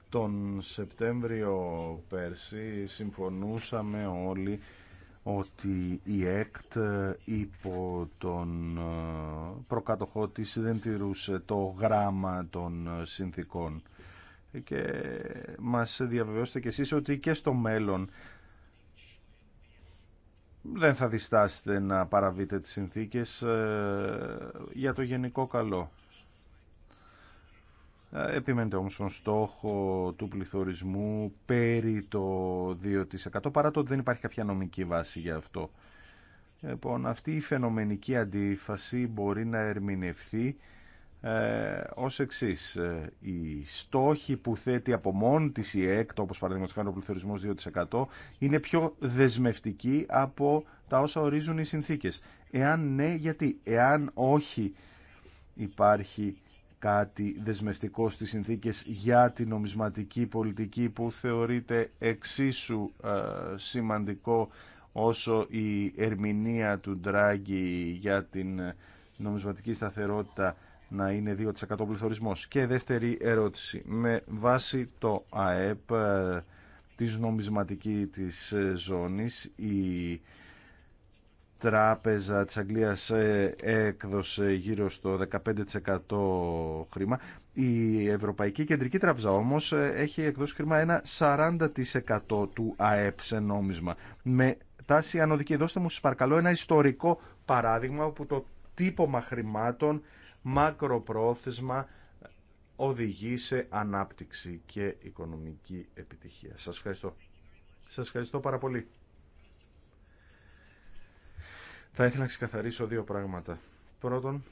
Τον Σεπτέμβριο πέρσι συμφωνούσαμε όλοι ότι η ΕΚΤ υπό τον ε, προκατοχό δεν τηρούσε το γράμμα των συνθήκων και μας διαβεβαιώσετε και εσείς ότι και στο μέλλον δεν θα διστάσετε να παραβείτε τις συνθήκες ε, για το γενικό καλό. Ε, επιμένετε όμως τον στόχο του πληθωρισμού περί το 2% παρά το ότι δεν υπάρχει κάποια νομική βάση για αυτό. Λοιπόν, αυτή η φαινομενική αντίφαση μπορεί να ερμηνευθεί ε, ως εξής. Ε, οι στόχοι που θέτει από μόνη της η ΕΚΤ, όπως παραδείγματος ο πληθωρισμός 2%, είναι πιο δεσμευτικοί από τα όσα ορίζουν οι συνθήκες. Εάν ναι, γιατί. Εάν όχι, υπάρχει κάτι δεσμευτικό στις συνθήκες για την νομισματική πολιτική που θεωρείται εξίσου ε, σημαντικό όσο η ερμηνεία του Ντράγκη για την ε, νομισματική σταθερότητα να είναι 2% πληθωρισμός. Και δεύτερη ερώτηση. Με βάση το ΑΕΠ ε, της νομισματική της ε, ζώνης, η τράπεζα της Αγγλίας ε, έκδοσε γύρω στο 15% χρήμα. Η Ευρωπαϊκή Κεντρική Τράπεζα όμως έχει εκδώσει χρήμα ένα 40% του ΑΕΠ σε νόμισμα. Με τάση ανωδική. Δώστε μου σας παρακαλώ ένα ιστορικό παράδειγμα όπου το τύπομα χρημάτων μακροπρόθεσμα οδηγεί σε ανάπτυξη και οικονομική επιτυχία. Σας ευχαριστώ. Σας ευχαριστώ πάρα πολύ. Θα ήθελα να ξεκαθαρίσω δύο πράγματα. Πρώτον,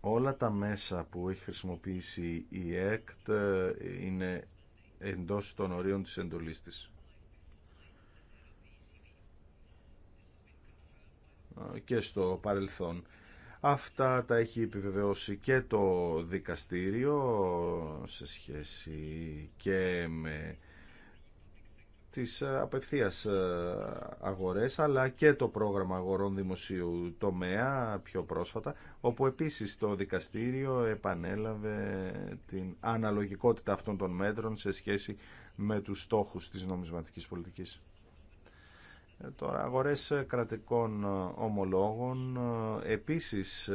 όλα τα μέσα που έχει χρησιμοποιήσει η ΕΚΤ ε, είναι εντός των ορίων της εντολής της. Ε, και στο παρελθόν Αυτά τα έχει επιβεβαιώσει και το δικαστήριο σε σχέση και με τις ε, απευθείας ε, αγορές αλλά και το πρόγραμμα αγορών δημοσίου τομέα πιο πρόσφατα όπου επίσης το δικαστήριο επανέλαβε την αναλογικότητα αυτών των μέτρων σε σχέση με τους στόχους της νομισματικής πολιτικής. Ε, τώρα, αγορές ε, κρατικών ε, ομολόγων επίσης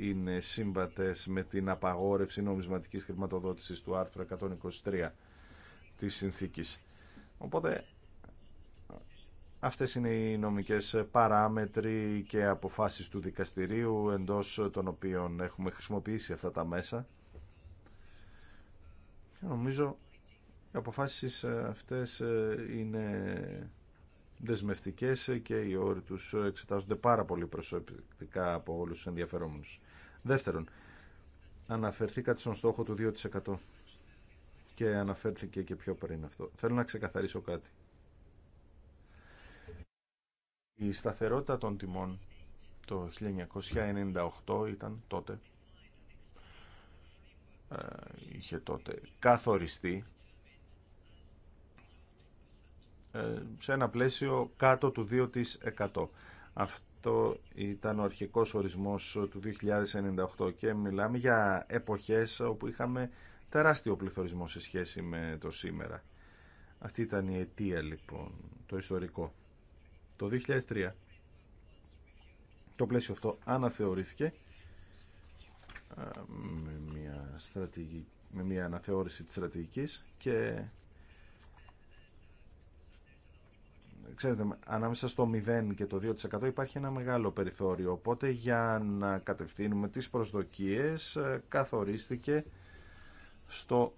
είναι σύμβατες με την απαγόρευση νομισματικής χρηματοδότησης του άρθρου 123 της συνθήκης. Οπότε, αυτές είναι οι νομικές παράμετροι και αποφάσεις του δικαστηρίου εντός των οποίων έχουμε χρησιμοποιήσει αυτά τα μέσα. νομίζω οι αποφάσεις αυτές είναι δεσμευτικές και οι όροι τους εξετάζονται πάρα πολύ προσωπικά από όλους τους ενδιαφερόμενους. Δεύτερον, αναφερθήκατε στον στόχο του 2% και αναφέρθηκε και πιο πριν αυτό. Θέλω να ξεκαθαρίσω κάτι. Η σταθερότητα των τιμών το 1998 ήταν τότε ε, είχε τότε καθοριστεί ε, σε ένα πλαίσιο κάτω του 2%. Αυτό ήταν ο αρχικός ορισμός του 2098 και μιλάμε για εποχές όπου είχαμε τεράστιο πληθωρισμό σε σχέση με το σήμερα. Αυτή ήταν η αιτία λοιπόν, το ιστορικό. Το 2003 το πλαίσιο αυτό αναθεωρήθηκε ε, με μια, στρατηγική, με μια αναθεώρηση της στρατηγικής και ξέρετε, ανάμεσα στο 0 και το 2% υπάρχει ένα μεγάλο περιθώριο. Οπότε για να κατευθύνουμε τις προσδοκίες ε, καθορίστηκε στο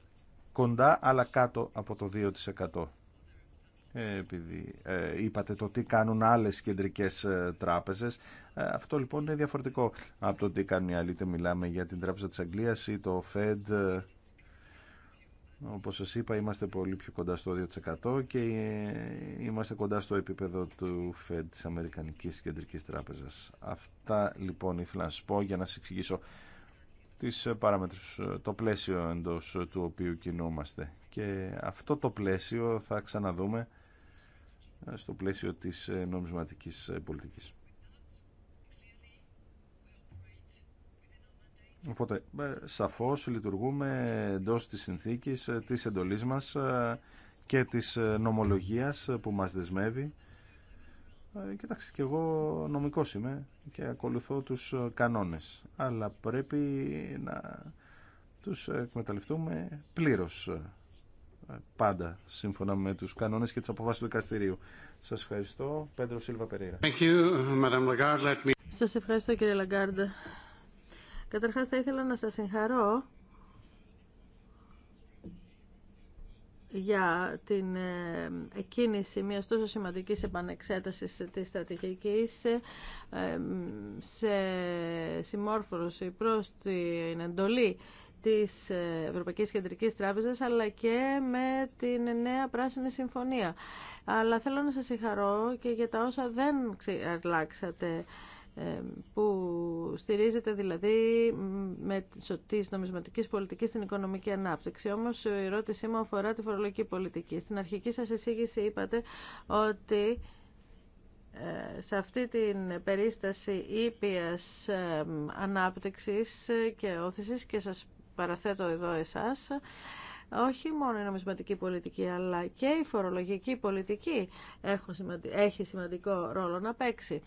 κοντά αλλά κάτω από το 2%. Ε, επειδή ε, είπατε το τι κάνουν άλλες κεντρικές τράπεζες, αυτό λοιπόν είναι διαφορετικό από το τι κάνουν οι άλλοι. Είτε μιλάμε για την Τράπεζα της Αγγλίας ή το Fed όπως σας είπα είμαστε πολύ πιο κοντά στο 2% και είμαστε κοντά στο επίπεδο του ΦΕΔ της Αμερικανικής Κεντρικής Τράπεζας. Αυτά λοιπόν ήθελα να σας πω για να σας εξηγήσω τις παράμετρους, το πλαίσιο εντός του οποίου κινούμαστε. Και αυτό το πλαίσιο θα ξαναδούμε στο πλαίσιο της νομισματικής πολιτικής. Οπότε, ε, σαφώς λειτουργούμε εντό της συνθήκης, ε, της εντολής μας ε, και της νομολογίας που μας δεσμεύει. Κοιτάξτε, και εγώ νομικός είμαι και ακολουθώ τους κανόνες, αλλά πρέπει να τους εκμεταλλευτούμε πλήρως πάντα σύμφωνα με τους κανόνες και τις αποφάσεις του δικαστηρίου. Σας ευχαριστώ. Πέντρο Σίλβα Περίρα. Σας ευχαριστώ κύριε Λαγκάρντα. Καταρχάς θα ήθελα να σας συγχαρώ για την ε, κίνηση μιας τόσο σημαντικής επανεξέτασης της στρατηγικής ε, σε συμμόρφωση προς την εντολή της ε, Ευρωπαϊκής Κεντρικής Τράπεζας αλλά και με την νέα πράσινη συμφωνία. Αλλά θέλω να σας συγχαρώ και για τα όσα δεν αλλάξατε. Ε, που στηρίζεται δηλαδή με τη νομισματική πολιτική στην οικονομική ανάπτυξη. Όμω η ερώτησή μου αφορά τη φορολογική πολιτική. Στην αρχική σα εισήγηση είπατε ότι ε, σε αυτή την περίσταση ήπιας ε, ανάπτυξης και όθησης και σας παραθέτω εδώ εσάς όχι μόνο η νομισματική πολιτική αλλά και η φορολογική πολιτική έχει σημαντικό ρόλο να παίξει.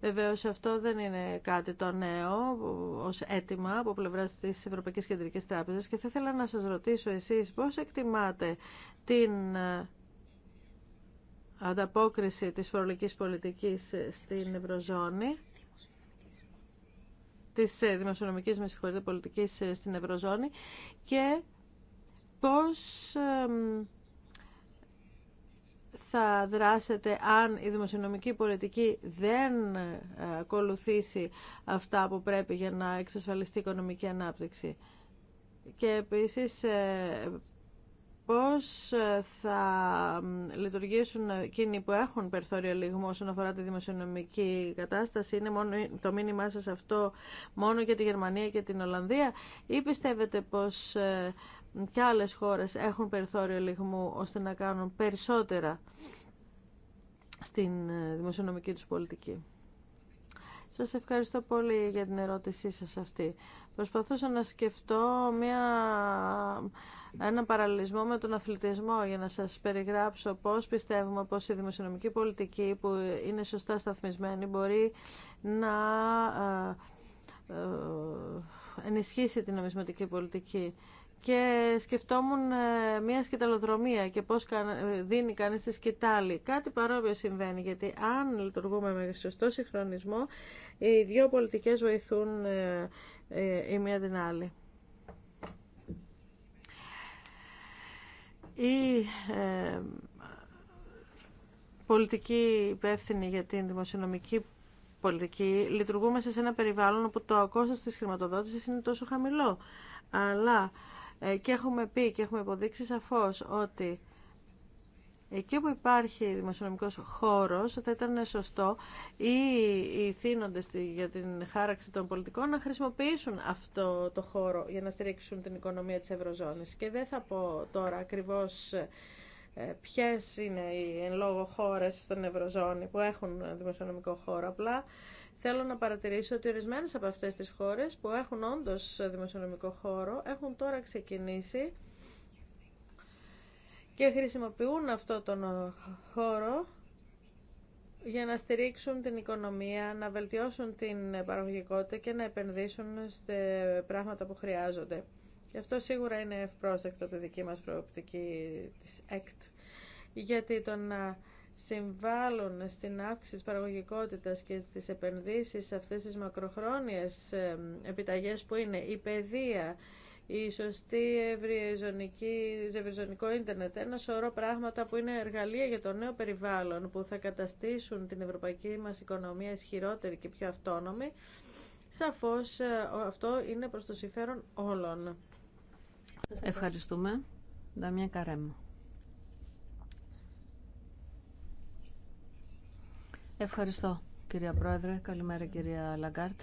Βεβαίω αυτό δεν είναι κάτι το νέο ως αίτημα από πλευρά της Ευρωπαϊκής Κεντρικής Τράπεζας και θα ήθελα να σας ρωτήσω εσείς πώς εκτιμάτε την ε, ανταπόκριση της φορολογικής πολιτικής στην Ευρωζώνη της ε, δημοσιονομικής με συγχωρείτε, πολιτικής ε, στην Ευρωζώνη και πώς θα δράσετε αν η δημοσιονομική πολιτική δεν ε, ακολουθήσει αυτά που πρέπει για να εξασφαλιστεί η οικονομική ανάπτυξη. Και επίσης ε, πώς ε, θα λειτουργήσουν εκείνοι που έχουν περιθώριο λιγμό όσον αφορά τη δημοσιονομική κατάσταση. Είναι μόνο το μήνυμά σας αυτό μόνο για τη Γερμανία και την Ολλανδία ή πιστεύετε πως και άλλες χώρες έχουν περιθώριο λιγμού ώστε να κάνουν περισσότερα στην ε, δημοσιονομική τους πολιτική. Σας ευχαριστώ πολύ για την ερώτησή σας αυτή. Προσπαθούσα να σκεφτώ μια, ένα παραλληλισμό με τον αθλητισμό για να σας περιγράψω πώς πιστεύουμε πως η δημοσιονομική πολιτική που είναι σωστά σταθμισμένη μπορεί να ε, ε, ενισχύσει την νομισματική πολιτική και σκεφτόμουν ε, μια σκηταλοδρομία και πώς δίνει κανείς τη σκητάλη. Κάτι παρόμοιο συμβαίνει, γιατί αν λειτουργούμε με σωστό συγχρονισμό, οι δύο πολιτικές βοηθούν ε, ε, η μία την άλλη. Η πολιτική υπεύθυνη για την δημοσιονομική πολιτική λειτουργούμε σε ένα περιβάλλον όπου το κόστος της χρηματοδότησης είναι τόσο χαμηλό. Αλλά ε, και έχουμε πει και έχουμε υποδείξει σαφώς ότι Εκεί όπου υπάρχει δημοσιονομικός χώρος θα ήταν σωστό ή οι θύνοντες για την χάραξη των πολιτικών να χρησιμοποιήσουν αυτό το χώρο για να στηρίξουν την οικονομία της Ευρωζώνης. Και δεν θα πω τώρα ακριβώς ε, ποιες είναι οι εν λόγω χώρες στον Ευρωζώνη που έχουν δημοσιονομικό χώρο. Απλά Θέλω να παρατηρήσω ότι ορισμένες από αυτές τις χώρες που έχουν όντως δημοσιονομικό χώρο έχουν τώρα ξεκινήσει και χρησιμοποιούν αυτό τον χώρο για να στηρίξουν την οικονομία, να βελτιώσουν την παραγωγικότητα και να επενδύσουν σε πράγματα που χρειάζονται. Και αυτό σίγουρα είναι ευπρόσδεκτο από τη δική μας προοπτική της ΕΚΤ, γιατί το να συμβάλλουν στην αύξηση της παραγωγικότητας και στις επενδύσεις σε αυτές τις μακροχρόνιες ε, επιταγές που είναι η παιδεία, η σωστή ευρυζωνικό ίντερνετ, ένα σωρό πράγματα που είναι εργαλεία για το νέο περιβάλλον που θα καταστήσουν την ευρωπαϊκή μας οικονομία ισχυρότερη και πιο αυτόνομη, σαφώς ε, αυτό είναι προς το συμφέρον όλων. Ευχαριστούμε. Νταμία Καρέμου. Ευχαριστώ κυρία Πρόεδρε. Καλημέρα κυρία Λαγκάρτ.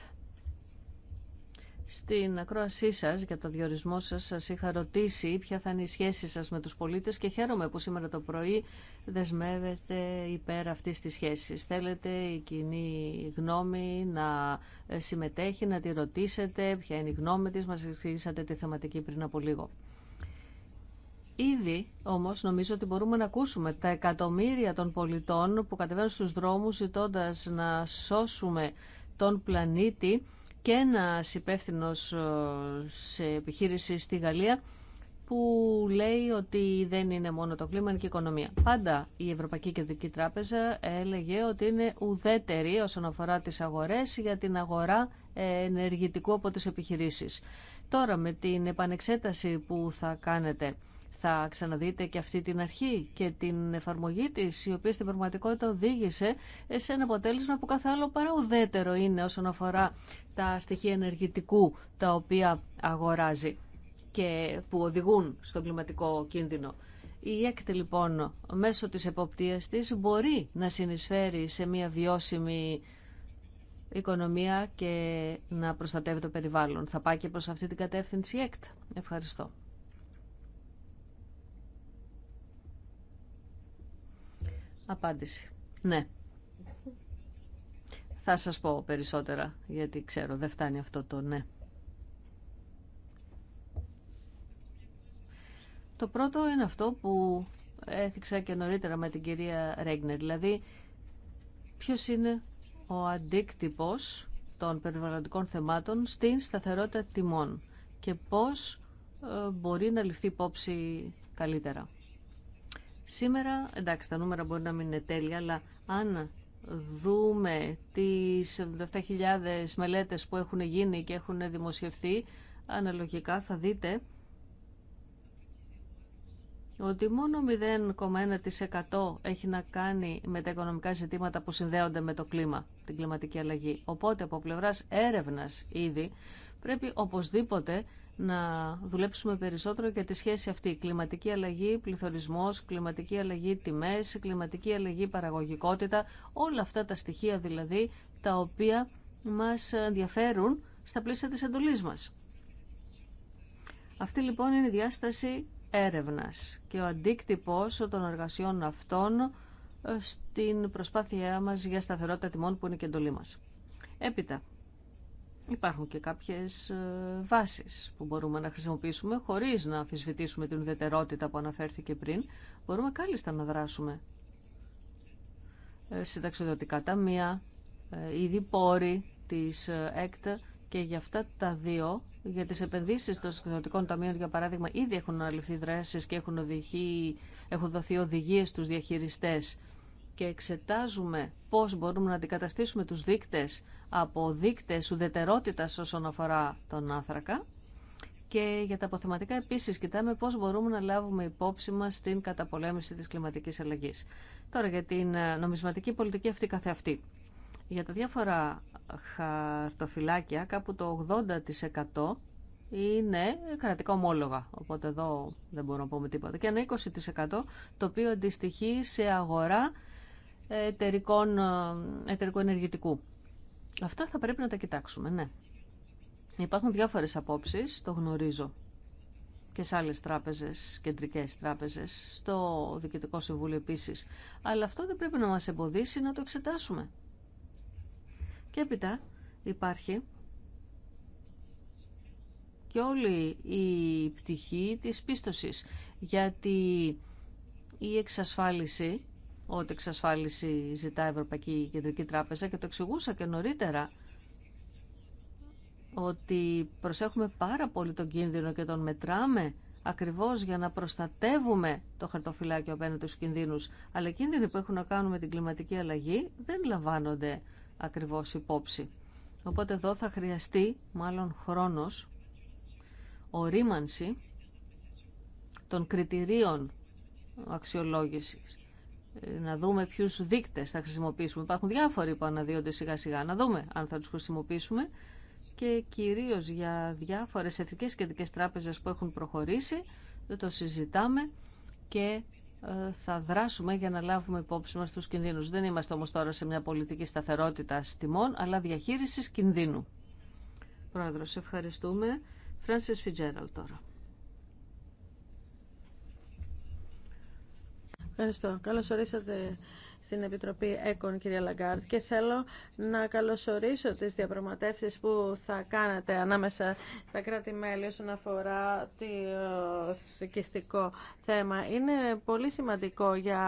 Στην ακρόασή σα για το διορισμό σα, σα είχα ρωτήσει ποια θα είναι η σχέση σα με του πολίτε και χαίρομαι που σήμερα το πρωί δεσμεύετε υπέρ αυτή τη σχέση. Θέλετε η κοινή γνώμη να συμμετέχει, να τη ρωτήσετε ποια είναι η γνώμη τη. Μα εξηγήσατε τη θεματική πριν από λίγο. Ήδη όμως νομίζω ότι μπορούμε να ακούσουμε τα εκατομμύρια των πολιτών που κατεβαίνουν στους δρόμους ζητώντα να σώσουμε τον πλανήτη και ένα υπεύθυνο ε, σε επιχείρηση στη Γαλλία που λέει ότι δεν είναι μόνο το κλίμα, είναι και η οικονομία. Πάντα η Ευρωπαϊκή Κεντρική Τράπεζα έλεγε ότι είναι ουδέτερη όσον αφορά τις αγορές για την αγορά ε, ενεργητικού από τις επιχειρήσεις. Τώρα με την επανεξέταση που θα κάνετε, θα ξαναδείτε και αυτή την αρχή και την εφαρμογή της, η οποία στην πραγματικότητα οδήγησε σε ένα αποτέλεσμα που καθ' άλλο παρά ουδέτερο είναι όσον αφορά τα στοιχεία ενεργητικού τα οποία αγοράζει και που οδηγούν στον κλιματικό κίνδυνο. Η ΕΚΤ λοιπόν μέσω της εποπτείας της μπορεί να συνεισφέρει σε μια βιώσιμη οικονομία και να προστατεύει το περιβάλλον. Θα πάει και προς αυτή την κατεύθυνση η ΕΚΤ. Ευχαριστώ. Απάντηση. Ναι. Θα σας πω περισσότερα, γιατί ξέρω, δεν φτάνει αυτό το ναι. Το πρώτο είναι αυτό που έθιξα και νωρίτερα με την κυρία Ρέγνερ, δηλαδή ποιος είναι ο αντίκτυπος των περιβαλλοντικών θεμάτων στην σταθερότητα τιμών και πώς ε, μπορεί να ληφθεί υπόψη καλύτερα. Σήμερα, εντάξει, τα νούμερα μπορεί να μην είναι τέλεια, αλλά αν δούμε τις 77.000 μελέτες που έχουν γίνει και έχουν δημοσιευθεί, αναλογικά θα δείτε ότι μόνο 0,1% έχει να κάνει με τα οικονομικά ζητήματα που συνδέονται με το κλίμα, την κλιματική αλλαγή. Οπότε από πλευράς έρευνας ήδη Πρέπει οπωσδήποτε να δουλέψουμε περισσότερο για τη σχέση αυτή. Κλιματική αλλαγή, πληθωρισμός, κλιματική αλλαγή τιμές, κλιματική αλλαγή παραγωγικότητα, όλα αυτά τα στοιχεία δηλαδή τα οποία μας ενδιαφέρουν στα πλαίσια της εντολής μας. Αυτή λοιπόν είναι η διάσταση έρευνας και ο αντίκτυπος των εργασιών αυτών ε, στην προσπάθειά μας για σταθερότητα τιμών που είναι και εντολή μας. Έπειτα, Υπάρχουν και κάποιες ε, βάσεις που μπορούμε να χρησιμοποιήσουμε χωρίς να αφισβητήσουμε την ουδετερότητα που αναφέρθηκε πριν. Μπορούμε κάλλιστα να δράσουμε. Ε, συνταξιδοτικά ταμεία, ε, ήδη πόροι της ΕΚΤ και για αυτά τα δύο, για τις επενδύσεις των συνταξιδοτικών ταμείων, για παράδειγμα, ήδη έχουν αναλυφθεί δράσεις και έχουν, έχουν δοθεί οδηγίες στους διαχειριστές και εξετάζουμε πώς μπορούμε να αντικαταστήσουμε τους δείκτες από δείκτες ουδετερότητας όσον αφορά τον άνθρακα και για τα αποθεματικά επίσης κοιτάμε πώς μπορούμε να λάβουμε υπόψη μας την καταπολέμηση της κλιματικής αλλαγής. Τώρα για την ε, νομισματική πολιτική αυτή καθεαυτή. Για τα διάφορα χαρτοφυλάκια κάπου το 80% είναι κρατικά ομόλογα, οπότε εδώ δεν μπορούμε να πούμε τίποτα. Και ένα 20% το οποίο αντιστοιχεί σε αγορά εταιρικών, ε, εταιρικού ενεργητικού. Αυτά θα πρέπει να τα κοιτάξουμε, ναι. Υπάρχουν διάφορες απόψεις, το γνωρίζω και σε άλλες τράπεζες, κεντρικές τράπεζες, στο Διοικητικό Συμβούλιο επίσης. Αλλά αυτό δεν πρέπει να μας εμποδίσει να το εξετάσουμε. Και έπειτα υπάρχει και όλη η πτυχή της πίστοσης, γιατί η εξασφάλιση ότι εξασφάλιση ζητά η Ευρωπαϊκή Κεντρική Τράπεζα και το εξηγούσα και νωρίτερα ότι προσέχουμε πάρα πολύ τον κίνδυνο και τον μετράμε ακριβώς για να προστατεύουμε το χαρτοφυλάκιο απέναντι στους κινδύνους. Αλλά οι κίνδυνοι που έχουν να κάνουν με την κλιματική αλλαγή δεν λαμβάνονται ακριβώς υπόψη. Οπότε εδώ θα χρειαστεί μάλλον χρόνος ορίμανση των κριτηρίων αξιολόγησης να δούμε ποιου δείκτε θα χρησιμοποιήσουμε. Υπάρχουν διάφοροι που αναδύονται σιγά σιγά, να δούμε αν θα τους χρησιμοποιήσουμε και κυρίως για διάφορες και κεντρικέ τράπεζες που έχουν προχωρήσει, το συζητάμε και ε, θα δράσουμε για να λάβουμε υπόψη μας τους κινδύνους. Δεν είμαστε όμως τώρα σε μια πολιτική σταθερότητα τιμών, αλλά διαχείριση κινδύνου. Πρόεδρος, ευχαριστούμε. Φράνσε Φιτζέραλ τώρα. Ευχαριστώ. Καλωσορίσατε στην Επιτροπή ΕΚΟΝ, κυρία Λαγκάρτ, και θέλω να καλωσορίσω τις διαπραγματεύσεις που θα κάνετε ανάμεσα στα κράτη-μέλη όσον αφορά το θεκιστικό θέμα. Είναι πολύ σημαντικό για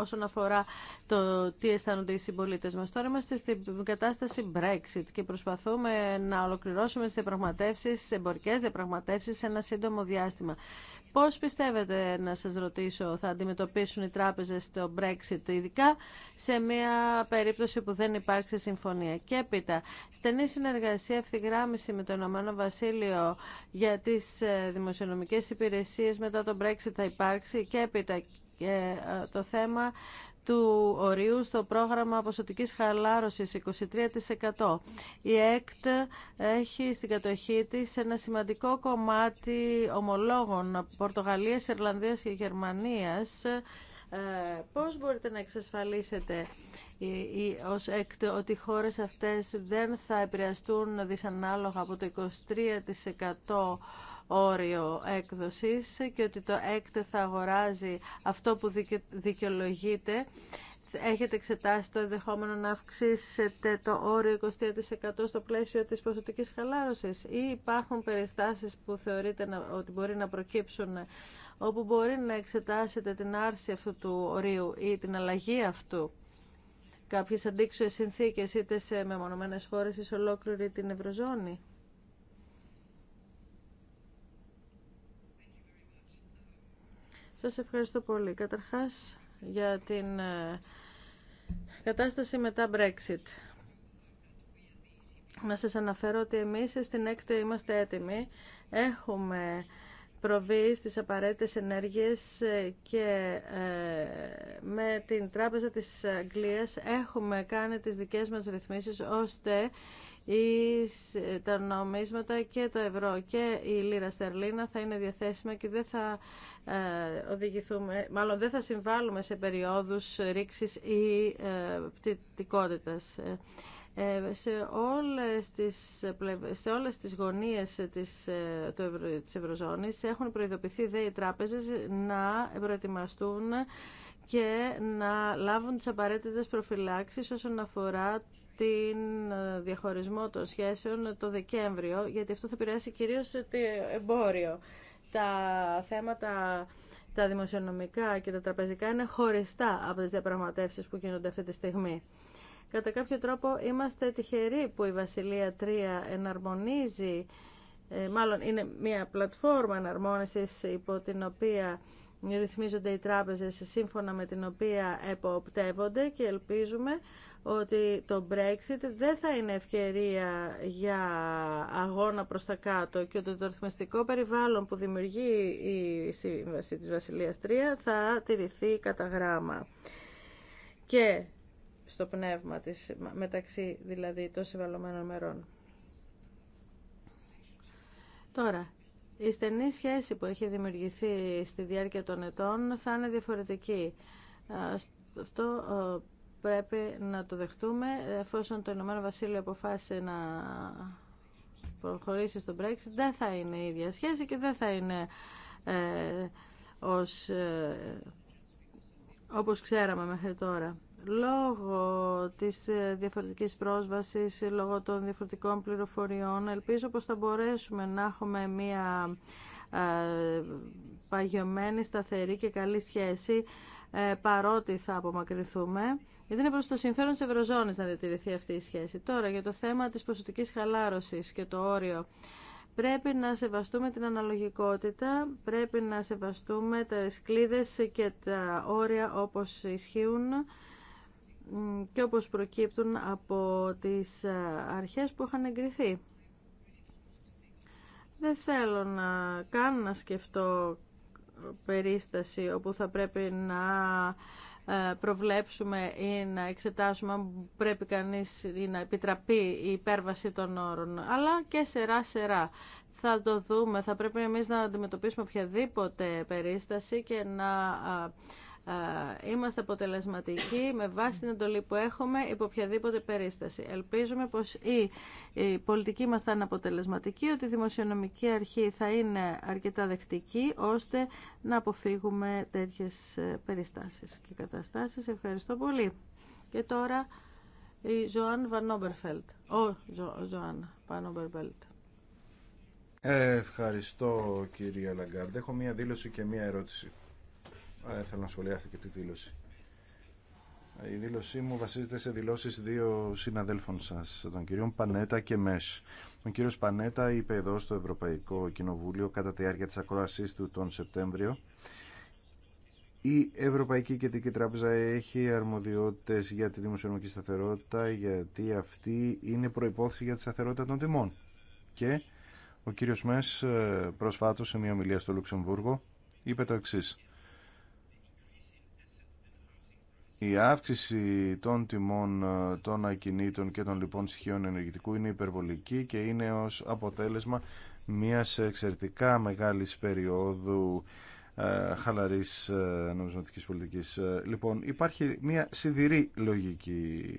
όσον αφορά το τι αισθάνονται οι συμπολίτε μας. Τώρα είμαστε στην κατάσταση Brexit και προσπαθούμε να ολοκληρώσουμε τις διαπραγματεύσεις, εμπορικές διαπραγματεύσεις σε ένα σύντομο διάστημα. Πώς πιστεύετε, να σας ρωτήσω, θα αντιμετωπίσουν οι τράπεζες το Brexit, ειδικά σε μια περίπτωση που δεν υπάρξει συμφωνία. Και έπειτα, στενή συνεργασία ευθυγράμμιση με το Ηνωμένο Βασίλειο για τις ε, δημοσιονομικές υπηρεσίες μετά το Brexit θα υπάρξει. Και έπειτα, και ε, ε, το θέμα του ορίου στο πρόγραμμα ποσοτικής χαλάρωσης 23%. Η ΕΚΤ έχει στην κατοχή της ένα σημαντικό κομμάτι ομολόγων Πορτογαλίας, Ιρλανδίας και Γερμανίας. Ε, πώς μπορείτε να εξασφαλίσετε ως ΕΚΤ ότι οι χώρες αυτές δεν θα επηρεαστούν δυσανάλογα από το 23% όριο έκδοσης και ότι το έκτε θα αγοράζει αυτό που δικαιολογείται. Έχετε εξετάσει το ενδεχόμενο να αυξήσετε το όριο 23% στο πλαίσιο της ποσοτικής χαλάρωσης ή υπάρχουν περιστάσεις που θεωρείτε ότι μπορεί να προκύψουν όπου μπορεί να εξετάσετε την άρση αυτού του ορίου ή την αλλαγή αυτού κάποιες αντίξωες συνθήκες είτε σε μεμονωμένες χώρες ή σε ολόκληρη την Ευρωζώνη. Σας ευχαριστώ πολύ. Καταρχάς για την ε, κατάσταση μετά Brexit. Να σας αναφέρω ότι εμείς στην ΕΚΤΕ είμαστε έτοιμοι. Έχουμε προβεί στις απαραίτητες ενέργειες ε, και ε, με την Τράπεζα της Αγγλίας έχουμε κάνει τις δικές μας ρυθμίσεις ώστε ε, τα νομίσματα και το ευρώ και η λίρα στερλίνα θα είναι διαθέσιμα και δεν θα ε, οδηγηθούμε, μάλλον δεν θα συμβάλλουμε σε περιόδους ρήξης ή ε, πτυτικότητας. σε, όλες τις, σε όλες τις γωνίες της, της Ευρωζώνης έχουν προειδοποιηθεί δε οι τράπεζες να προετοιμαστούν και να λάβουν τις απαραίτητες προφυλάξεις όσον αφορά την ε, διαχωρισμό των σχέσεων το Δεκέμβριο, γιατί αυτό θα επηρεάσει κυρίως το εμπόριο. Τα θέματα τα δημοσιονομικά και τα τραπεζικά είναι χωριστά από τις διαπραγματεύσεις που γίνονται αυτή τη στιγμή. Κατά κάποιο τρόπο είμαστε τυχεροί που η Βασιλεία 3 εναρμονίζει, ε, μάλλον είναι μια πλατφόρμα εναρμόνισης υπό την οποία ρυθμίζονται οι τράπεζες σύμφωνα με την οποία εποπτεύονται και ελπίζουμε ότι το Brexit δεν θα είναι ευκαιρία για αγώνα προς τα κάτω και ότι το ρυθμιστικό περιβάλλον που δημιουργεί η σύμβαση της Βασιλείας 3 θα τηρηθεί κατά γράμμα. Και στο πνεύμα της, μεταξύ δηλαδή των συμβαλωμένων μερών. Τώρα, η στενή σχέση που έχει δημιουργηθεί στη διάρκεια των ετών θα είναι διαφορετική. Αυτό πρέπει να το δεχτούμε εφόσον το Ηνωμένο Βασίλειο αποφάσισε να προχωρήσει στο Brexit δεν θα είναι η ίδια σχέση και δεν θα είναι ε, ε όπως ξέραμε μέχρι τώρα. Λόγω της ε, διαφορετικής πρόσβασης, λόγω των διαφορετικών πληροφοριών, ελπίζω πως θα μπορέσουμε να έχουμε μία ε, παγιωμένη, σταθερή και καλή σχέση ε, παρότι θα απομακρυνθούμε, γιατί είναι προ το συμφέρον τη Ευρωζώνη να διατηρηθεί αυτή η σχέση. Τώρα, για το θέμα της ποσοτικής χαλάρωσης και το όριο πρέπει να σεβαστούμε την αναλογικότητα, πρέπει να σεβαστούμε τα κλίδες και τα όρια όπως ισχύουν και όπως προκύπτουν από τις ε, αρχές που είχαν εγκριθεί. Δεν θέλω να κάνω να σκεφτώ περίσταση όπου θα πρέπει να ε, προβλέψουμε ή να εξετάσουμε αν πρέπει κανείς ή να επιτραπεί η υπέρβαση των όρων, αλλά και σερά-σερά Θα το δούμε, θα πρέπει εμείς να αντιμετωπίσουμε οποιαδήποτε περίσταση και να ε, Είμαστε αποτελεσματικοί με βάση την εντολή που έχουμε υπό οποιαδήποτε περίσταση. Ελπίζουμε πως η, πολιτική μας θα είναι αποτελεσματική, ότι η δημοσιονομική αρχή θα είναι αρκετά δεκτική, ώστε να αποφύγουμε τέτοιες ε, περιστάσεις και καταστάσεις. Ευχαριστώ πολύ. Και τώρα η Ζωάν Βανόμπερφελτ. Ο Ζωάν Βανόμπερφελτ. Ευχαριστώ κυρία Λαγκάρντ. Έχω μία δήλωση και μία ερώτηση ε, θέλω να σχολιάσω και τη δήλωση. Η δήλωσή μου βασίζεται σε δηλώσει δύο συναδέλφων σα, τον κύριο Πανέτα και Μέσ. Ο κύριο Πανέτα είπε εδώ στο Ευρωπαϊκό Κοινοβούλιο κατά τη διάρκεια τη ακροασή του τον Σεπτέμβριο η Ευρωπαϊκή Κεντρική Τράπεζα έχει αρμοδιότητε για τη δημοσιονομική σταθερότητα γιατί αυτή είναι προπόθεση για τη σταθερότητα των τιμών. Και ο κύριος Μέσ ε, προσφάτως σε μια ομιλία στο Λουξεμβούργο είπε το εξή. Η αύξηση των τιμών ε, των ακινήτων και των λοιπόν στοιχείων ενεργητικού είναι υπερβολική και είναι ως αποτέλεσμα μιας εξαιρετικά μεγάλης περίοδου ε, χαλαρής ε, νομισματικής πολιτικής. Λοιπόν, υπάρχει μια σιδηρή λογική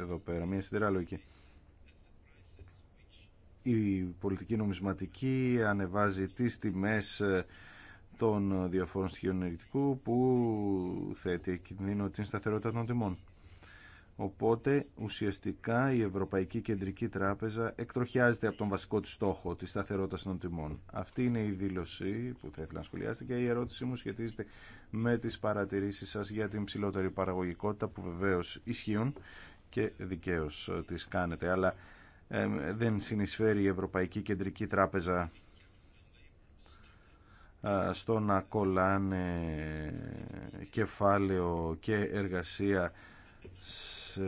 εδώ πέρα, μια σιδηρά λογική. Η πολιτική νομισματική ανεβάζει τις τιμές των διαφόρων στοιχείων ενεργητικού που θέτει κινδύνο την σταθερότητα των τιμών. Οπότε ουσιαστικά η Ευρωπαϊκή Κεντρική Τράπεζα εκτροχιάζεται από τον βασικό τη στόχο τη σταθερότητα των τιμών. Αυτή είναι η δήλωση που θα ήθελα να σχολιάσετε και η ερώτησή μου σχετίζεται με τι παρατηρήσει σα για την ψηλότερη παραγωγικότητα που βεβαίω ισχύουν και δικαίω τις κάνετε. Αλλά δεν συνεισφέρει η Ευρωπαϊκή Κεντρική Τράπεζα στο να κολλάνε κεφάλαιο και εργασία σε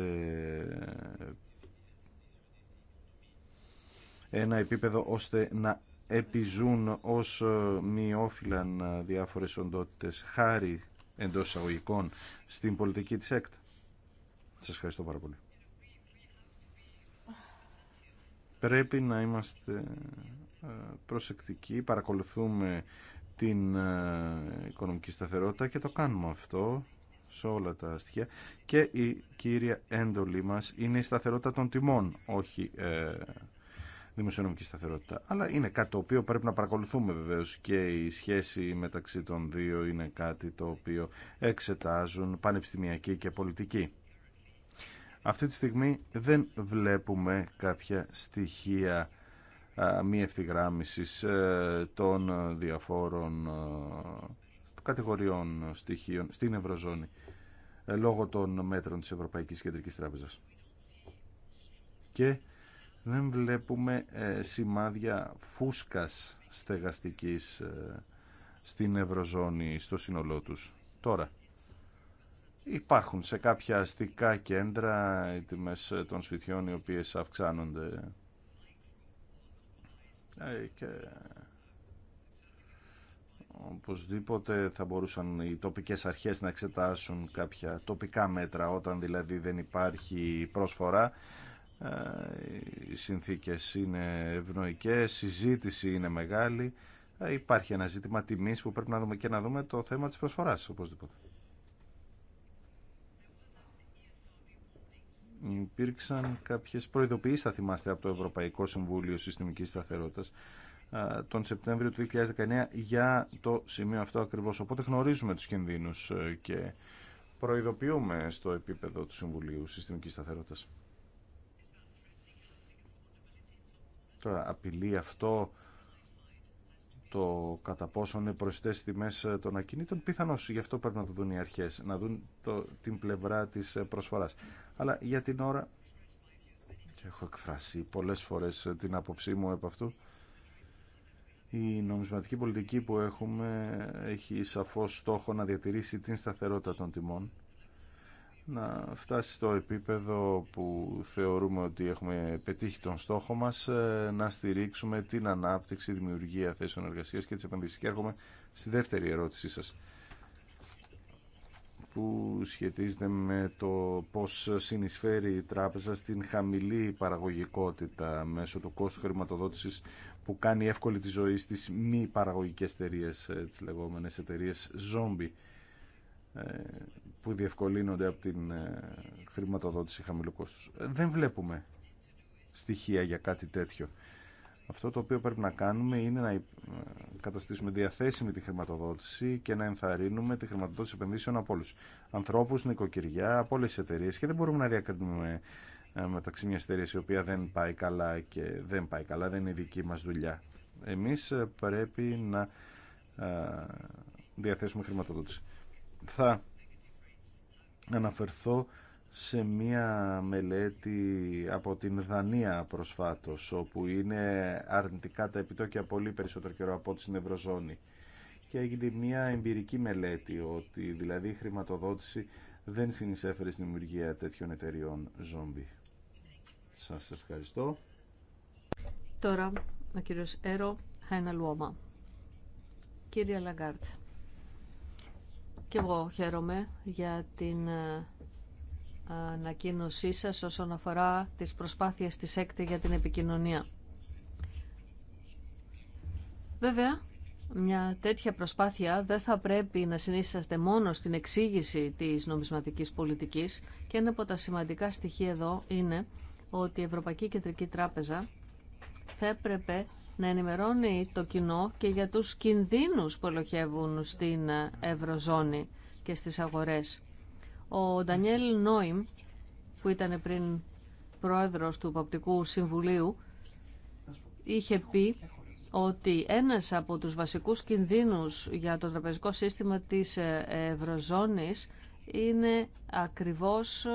ένα επίπεδο ώστε να επιζούν ως όφυλαν διάφορες οντότητες χάρη εντός εισαγωγικών στην πολιτική της ΕΚΤ. Σας ευχαριστώ πάρα πολύ. Πρέπει να είμαστε ε, προσεκτικοί, παρακολουθούμε την ε, οικονομική σταθερότητα και το κάνουμε αυτό σε όλα τα στοιχεία και η κύρια έντολή μας είναι η σταθερότητα των τιμών όχι ε, δημοσιονομική σταθερότητα αλλά είναι κάτι το οποίο πρέπει να παρακολουθούμε βεβαίως και η σχέση μεταξύ των δύο είναι κάτι το οποίο εξετάζουν πανεπιστημιακοί και πολιτικοί αυτή τη στιγμή δεν βλέπουμε κάποια στοιχεία μη ευθυγράμμισης ε, των διαφόρων ε, κατηγοριών στοιχείων στην Ευρωζώνη ε, λόγω των μέτρων της Ευρωπαϊκής Κεντρικής Τράπεζας. Και δεν βλέπουμε σημάδια φούσκας στεγαστικής στην Ευρωζώνη στο σύνολό τους. Τώρα, υπάρχουν σε κάποια αστικά κέντρα οι τιμές των σπιτιών οι οποίες αυξάνονται ε, και οπωσδήποτε θα μπορούσαν οι τοπικές αρχές να εξετάσουν κάποια τοπικά μέτρα όταν δηλαδή δεν υπάρχει πρόσφορα ε, οι συνθήκες είναι ευνοϊκές, συζήτηση είναι μεγάλη ε, υπάρχει ένα ζήτημα τιμής που πρέπει να δούμε και να δούμε το θέμα της προσφοράς οπωσδήποτε. υπήρξαν κάποιες προειδοποιήσεις, θα θυμάστε, από το Ευρωπαϊκό Συμβούλιο Συστημικής Σταθερότητας τον Σεπτέμβριο του 2019 για το σημείο αυτό ακριβώς. Οπότε γνωρίζουμε τους κινδύνους ε, και προειδοποιούμε στο επίπεδο του Συμβουλίου Συστημικής Σταθερότητας. Τώρα, απειλεί αυτό το κατά πόσο είναι προσιτέ τιμέ ε, των ακινήτων. Πιθανώ γι' αυτό πρέπει να το δουν οι αρχέ, να δουν το, την πλευρά τη ε, προσφορά αλλά για την ώρα και έχω εκφράσει πολλές φορές την άποψή μου επ' αυτού η νομισματική πολιτική που έχουμε έχει σαφώς στόχο να διατηρήσει την σταθερότητα των τιμών να φτάσει στο επίπεδο που θεωρούμε ότι έχουμε πετύχει τον στόχο μας ε, να στηρίξουμε την ανάπτυξη, δημιουργία θέσεων εργασίας και τις επενδύσεις. Και έρχομαι στη δεύτερη ερώτησή σας που σχετίζεται με το πώς συνεισφέρει η τράπεζα στην χαμηλή παραγωγικότητα μέσω του κόστου χρηματοδότησης που κάνει εύκολη τη ζωή στις μη παραγωγικές εταιρείε, ε, τις λεγόμενες εταιρείε zombie ε, που διευκολύνονται από την ε, χρηματοδότηση χαμηλού κόστους. Δεν βλέπουμε στοιχεία για κάτι τέτοιο. Αυτό το οποίο πρέπει να κάνουμε είναι να καταστήσουμε διαθέσιμη τη χρηματοδότηση και να ενθαρρύνουμε τη χρηματοδότηση επενδύσεων από όλου. Ανθρώπου, νοικοκυριά, από όλε τι εταιρείε και δεν μπορούμε να διακρίνουμε ε, μεταξύ μια εταιρεία η οποία δεν πάει καλά και δεν πάει καλά, δεν είναι η δική μα δουλειά. Εμεί ε, πρέπει να ε, διαθέσουμε χρηματοδότηση. Θα αναφερθώ σε μία μελέτη από την Δανία προσφάτως, όπου είναι αρνητικά τα επιτόκια πολύ περισσότερο καιρό από ό,τι στην Ευρωζώνη. Και έγινε μία εμπειρική μελέτη, ότι δηλαδή η χρηματοδότηση δεν συνεισέφερε στην δημιουργία τέτοιων εταιριών ζόμπι. Σας ευχαριστώ. Τώρα, ο κύριος Έρο Λουόμα. Κύριε Λαγκάρτ, και εγώ χαίρομαι για την ε, ανακοίνωσή σας όσον αφορά τις προσπάθειες της ΕΚΤΕ για την επικοινωνία. Βέβαια, μια τέτοια προσπάθεια δεν θα πρέπει να συνίσταται μόνο στην εξήγηση της νομισματικής πολιτικής και ένα από τα σημαντικά στοιχεία εδώ είναι ότι η Ευρωπαϊκή Κεντρική Τράπεζα θα έπρεπε να ενημερώνει το κοινό και για τους κινδύνους που ελοχεύουν στην Ευρωζώνη και στις αγορές. Ο Ντανιέλ Νόιμ, που ήταν πριν πρόεδρος του Παπτικού Συμβουλίου, είχε πει ότι ένας από τους βασικούς κινδύνους για το τραπεζικό σύστημα της ε, Ευρωζώνης είναι ακριβώς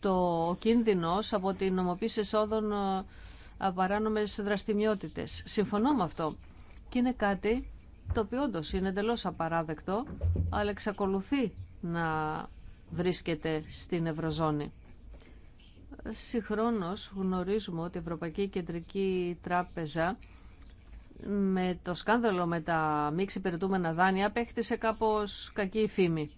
το κίνδυνος από την νομοποίηση εσόδων ε, παράνομες δραστημιότητες. Συμφωνώ με αυτό. Και είναι κάτι το οποίο όντω είναι εντελώ απαράδεκτο, αλλά εξακολουθεί να βρίσκεται στην Ευρωζώνη. Συγχρόνως γνωρίζουμε ότι η Ευρωπαϊκή Κεντρική Τράπεζα με το σκάνδαλο με τα μη ξυπηρετούμενα δάνεια απέκτησε κάπως κακή φήμη.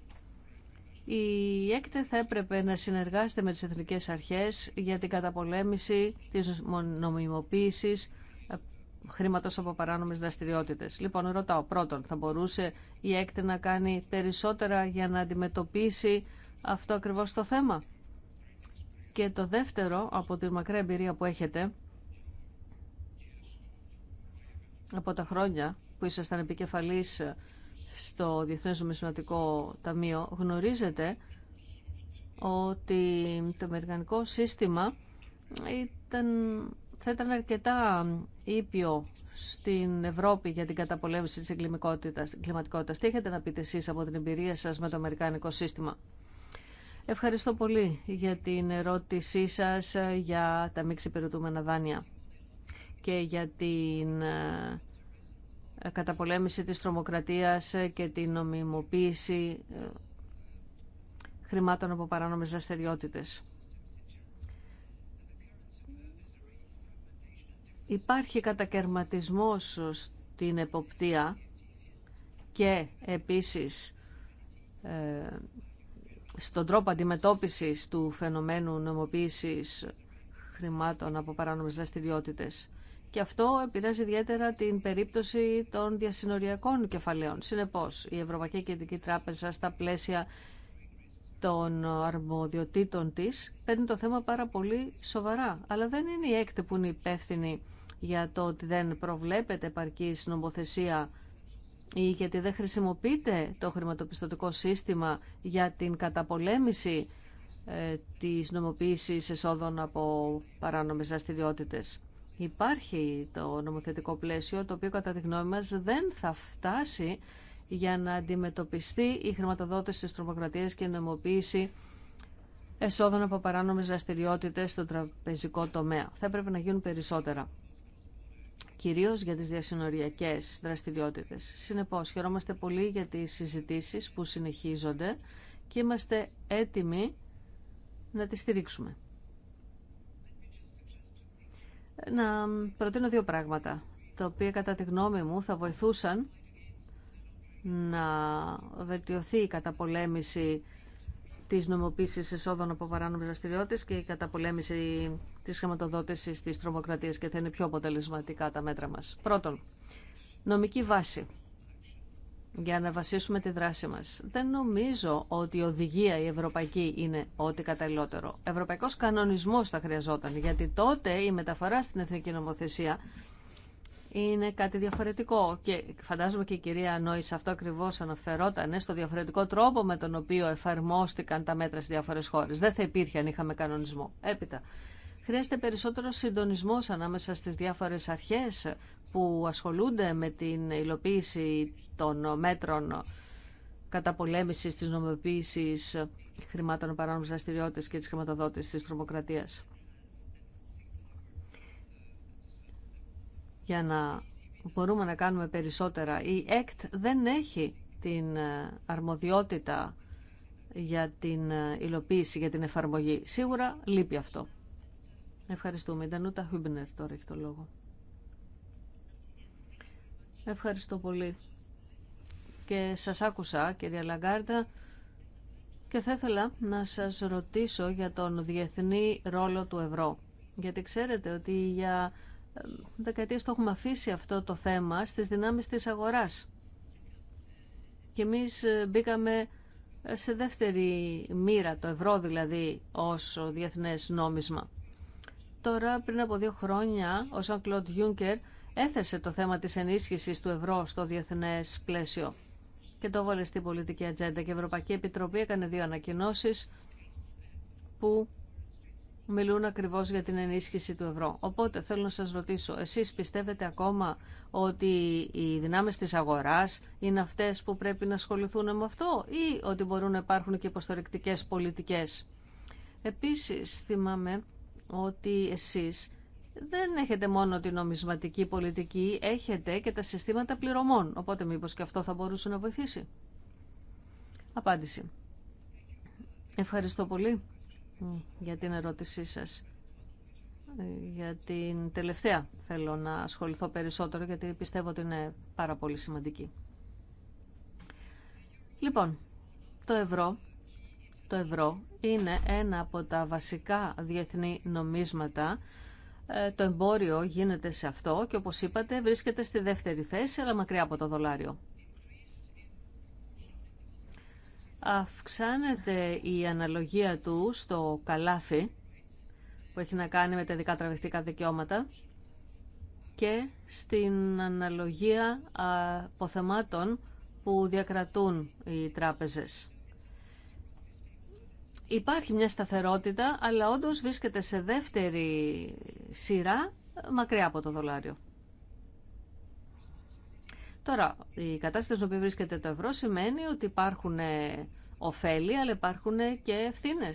Η ΕΚΤΕ θα έπρεπε να συνεργάζεται με τις εθνικές αρχές για την καταπολέμηση της νομιμοποίησης χρήματος από παράνομες δραστηριότητες. Λοιπόν, ρωτάω πρώτον, θα μπορούσε η ΕΚΤ να κάνει περισσότερα για να αντιμετωπίσει αυτό ακριβώς το θέμα. Και το δεύτερο, από τη μακρά εμπειρία που έχετε, από τα χρόνια που ήσασταν επικεφαλής στο Διεθνές Νομισματικό Ταμείο, γνωρίζετε ότι το αμερικανικό σύστημα ήταν, θα ήταν αρκετά ήπιο στην Ευρώπη για την καταπολέμηση της εγκληματικότητας. Τι έχετε να πείτε εσείς από την εμπειρία σας με το Αμερικάνικο σύστημα. Ευχαριστώ πολύ για την ερώτησή σας για τα μη ξεπερωτούμενα δάνεια και για την ε, καταπολέμηση της τρομοκρατίας και την νομιμοποίηση ε, χρημάτων από παράνομες δραστηριότητε. Υπάρχει κατακαιρματισμός στην εποπτεία και επίσης ε, στον τρόπο αντιμετώπισης του φαινομένου νομοποίησης χρημάτων από παράνομες δραστηριότητε. Και αυτό επηρεάζει ιδιαίτερα την περίπτωση των διασυνοριακών κεφαλαίων. Συνεπώς, η Ευρωπαϊκή Κεντρική Τράπεζα στα πλαίσια των αρμοδιοτήτων της παίρνει το θέμα πάρα πολύ σοβαρά. Αλλά δεν είναι η έκτη που είναι υπεύθυνη για το ότι δεν προβλέπεται επαρκή νομοθεσία ή γιατί δεν χρησιμοποιείται το χρηματοπιστωτικό σύστημα για την καταπολέμηση ε, της νομοποίησης εσόδων από παράνομες δραστηριότητε. Υπάρχει το νομοθετικό πλαίσιο το οποίο κατά τη γνώμη μας δεν θα φτάσει για να αντιμετωπιστεί η χρηματοδότηση της τρομοκρατίας και η νομοποίηση εσόδων από παράνομες δραστηριότητε στο τραπεζικό τομέα. Θα πρέπει να γίνουν περισσότερα κυρίως για τι διασυνοριακές δραστηριότητες. Συνεπώ, χαιρόμαστε πολύ για τις συζητήσεις που συνεχίζονται και είμαστε έτοιμοι να τις στηρίξουμε. Να προτείνω δύο πράγματα, τα οποία κατά τη γνώμη μου θα βοηθούσαν να βελτιωθεί η καταπολέμηση της νομοποίησης εσόδων από παράνομες δραστηριότητες και η καταπολέμηση τη χρηματοδότηση τη τρομοκρατία και θα είναι πιο αποτελεσματικά τα μέτρα μα. Πρώτον, νομική βάση για να βασίσουμε τη δράση μα. Δεν νομίζω ότι η οδηγία η ευρωπαϊκή είναι ό,τι καταλληλότερο. Ευρωπαϊκό κανονισμό θα χρειαζόταν, γιατί τότε η μεταφορά στην εθνική νομοθεσία είναι κάτι διαφορετικό και φαντάζομαι και η κυρία Νόη σε αυτό ακριβώ αναφερόταν στο διαφορετικό τρόπο με τον οποίο εφαρμόστηκαν τα μέτρα στι διάφορε χώρε. Δεν θα υπήρχε αν είχαμε κανονισμό. Έπειτα, Χρειάζεται περισσότερο συντονισμό ανάμεσα στις διάφορες αρχές που ασχολούνται με την υλοποίηση των μέτρων καταπολέμησης της νομοποίησης χρημάτων παράνομη δραστηριότητα και της χρηματοδότηση της τρομοκρατίας. Για να μπορούμε να κάνουμε περισσότερα. Η ΕΚΤ δεν έχει την αρμοδιότητα για την υλοποίηση, για την εφαρμογή. Σίγουρα λείπει αυτό. Ευχαριστούμε. Η Ντανούτα Χούμπνερ τώρα έχει το λόγο. Ευχαριστώ πολύ. Και σας άκουσα, κυρία Λαγκάρτα, και θα ήθελα να σας ρωτήσω για τον διεθνή ρόλο του ευρώ. Γιατί ξέρετε ότι για ε, δεκαετίες το έχουμε αφήσει αυτό το θέμα στις δυνάμεις της αγοράς. Και εμείς ε, μπήκαμε ε, σε δεύτερη μοίρα, το ευρώ δηλαδή, ως διεθνές νόμισμα τώρα πριν από δύο χρόνια ο Σαν Κλοντ Γιούγκερ έθεσε το θέμα της ενίσχυσης του ευρώ στο διεθνές πλαίσιο και το έβαλε στην πολιτική ατζέντα και η Ευρωπαϊκή Επιτροπή έκανε δύο ανακοινώσεις που μιλούν ακριβώς για την ενίσχυση του ευρώ. Οπότε θέλω να σας ρωτήσω, εσείς πιστεύετε ακόμα ότι οι δυνάμεις της αγοράς είναι αυτές που πρέπει να ασχοληθούν με αυτό ή ότι μπορούν να υπάρχουν και υποστηρικτικές πολιτικές. Επίσης, θυμάμαι ότι εσείς δεν έχετε μόνο την νομισματική πολιτική, έχετε και τα συστήματα πληρωμών. Οπότε μήπως και αυτό θα μπορούσε να βοηθήσει. Απάντηση. Ευχαριστώ πολύ για την ερώτησή σας. Για την τελευταία θέλω να ασχοληθώ περισσότερο γιατί πιστεύω ότι είναι πάρα πολύ σημαντική. Λοιπόν, το ευρώ το ευρώ είναι ένα από τα βασικά διεθνή νομίσματα. Ε, το εμπόριο γίνεται σε αυτό και όπως είπατε βρίσκεται στη δεύτερη θέση αλλά μακριά από το δολάριο. Αυξάνεται η αναλογία του στο καλάθι που έχει να κάνει με τα ειδικά τραβηχτικά δικαιώματα και στην αναλογία αποθεμάτων που διακρατούν οι τράπεζες. Υπάρχει μια σταθερότητα, αλλά όντω βρίσκεται σε δεύτερη σειρά μακριά από το δολάριο. Τώρα, η κατάσταση στην οποία βρίσκεται το ευρώ σημαίνει ότι υπάρχουν ε, ωφέλη, αλλά υπάρχουν και ευθύνε.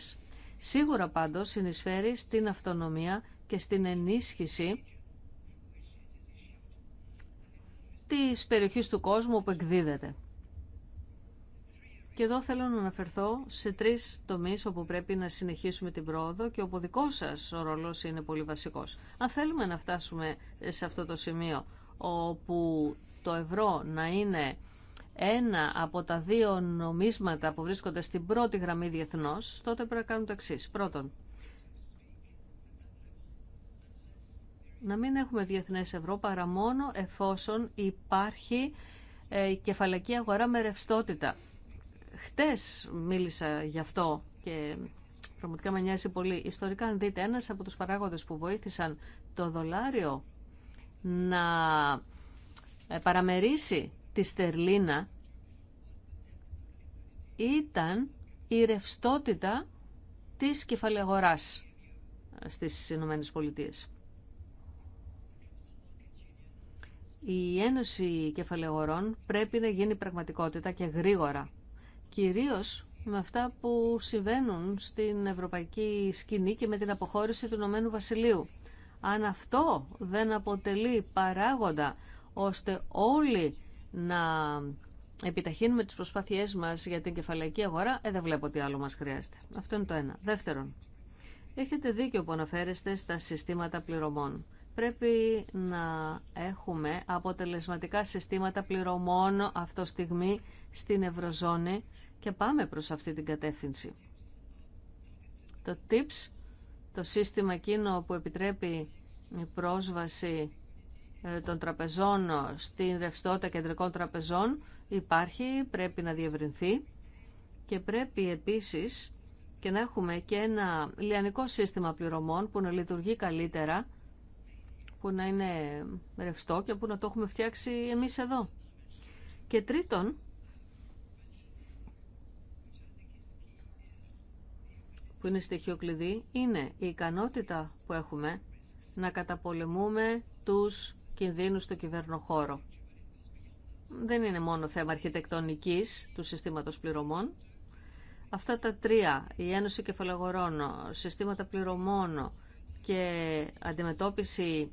Σίγουρα πάντως συνεισφέρει στην αυτονομία και στην ενίσχυση της περιοχής του κόσμου που εκδίδεται. Και εδώ θέλω να αναφερθώ σε τρει τομείς όπου πρέπει να συνεχίσουμε την πρόοδο και όπου ο δικό σας ο ρόλος είναι πολύ βασικός. Αν θέλουμε να φτάσουμε σε αυτό το σημείο όπου το ευρώ να είναι ένα από τα δύο νομίσματα που βρίσκονται στην πρώτη γραμμή διεθνώ, τότε πρέπει να κάνουμε το εξή. Πρώτον, να μην έχουμε διεθνές ευρώ παρά μόνο εφόσον υπάρχει ε, κεφαλακή αγορά με ρευστότητα Χτες μίλησα γι' αυτό και πραγματικά με νοιάζει πολύ. Ιστορικά, αν δείτε, ένας από τους παράγοντες που βοήθησαν το δολάριο να ε, παραμερίσει τη στερλίνα ήταν η ρευστότητα της κεφαλαιαγοράς ε, στις Ηνωμένες Πολιτείες. Η Ένωση Κεφαλαιογορών πρέπει να γίνει πραγματικότητα και γρήγορα κυρίως με αυτά που συμβαίνουν στην ευρωπαϊκή σκηνή και με την αποχώρηση του Ηνωμένου Βασιλείου. Αν αυτό δεν αποτελεί παράγοντα ώστε όλοι να επιταχύνουμε τις προσπάθειές μας για την κεφαλαϊκή αγορά, ε, δεν βλέπω τι άλλο μας χρειάζεται. Αυτό είναι το ένα. Δεύτερον, έχετε δίκιο που αναφέρεστε στα συστήματα πληρωμών. Πρέπει να έχουμε αποτελεσματικά συστήματα πληρωμών αυτό στιγμή στην Ευρωζώνη και πάμε προς αυτή την κατεύθυνση. Το TIPS, το σύστημα εκείνο που επιτρέπει η πρόσβαση ε, των τραπεζών στην ρευστότητα κεντρικών τραπεζών υπάρχει, πρέπει να διευρυνθεί και πρέπει επίσης και να έχουμε και ένα λιανικό σύστημα πληρωμών που να λειτουργεί καλύτερα, που να είναι ρευστό και που να το έχουμε φτιάξει εμείς εδώ. Και τρίτον, που είναι στοιχείο κλειδί είναι η ικανότητα που έχουμε να καταπολεμούμε τους κινδύνους στο κυβερνοχώρο. Δεν είναι μόνο θέμα αρχιτεκτονικής του συστήματος πληρωμών. Αυτά τα τρία, η Ένωση Κεφαλαγορών, συστήματα πληρωμών και αντιμετώπιση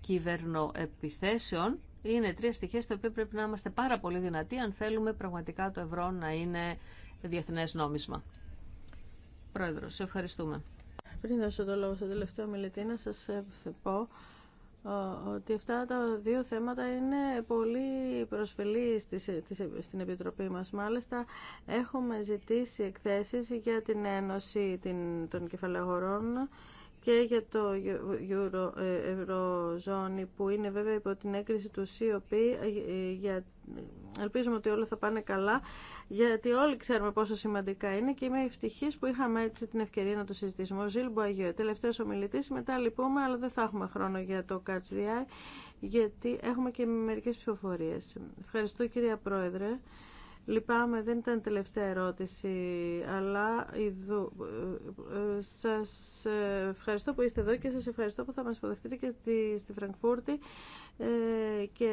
κυβερνοεπιθέσεων, είναι τρία στοιχεία στα οποία πρέπει να είμαστε πάρα πολύ δυνατοί αν θέλουμε πραγματικά το ευρώ να είναι διεθνές νόμισμα ευχαριστούμε. Πριν δώσω το λόγο στον τελευταίο μιλητή, να σας πω ότι αυτά τα δύο θέματα είναι πολύ προσφυλή στην Επιτροπή μας. Μάλιστα, έχουμε ζητήσει εκθέσεις για την Ένωση των Κεφαλαγορών και για το Euro, ε, που είναι βέβαια υπό την έκρηξη του COP ε, για ελπίζουμε ότι όλα θα πάνε καλά γιατί όλοι ξέρουμε πόσο σημαντικά είναι και είμαι ευτυχής που είχαμε έτσι την ευκαιρία να το συζητήσουμε. Ο Ζήλ Μποαγιώ, τελευταίος ομιλητής, μετά λυπούμε αλλά δεν θα έχουμε χρόνο για το Catch the Eye γιατί έχουμε και μερικές ψηφοφορίε. Ευχαριστώ κυρία Πρόεδρε. Λυπάμαι, δεν ήταν τελευταία ερώτηση, αλλά ειδου... Ε, ε, σας ευχαριστώ που είστε εδώ και σας ευχαριστώ που θα μας υποδεχτείτε και στη Φραγκφούρτη. Ε, και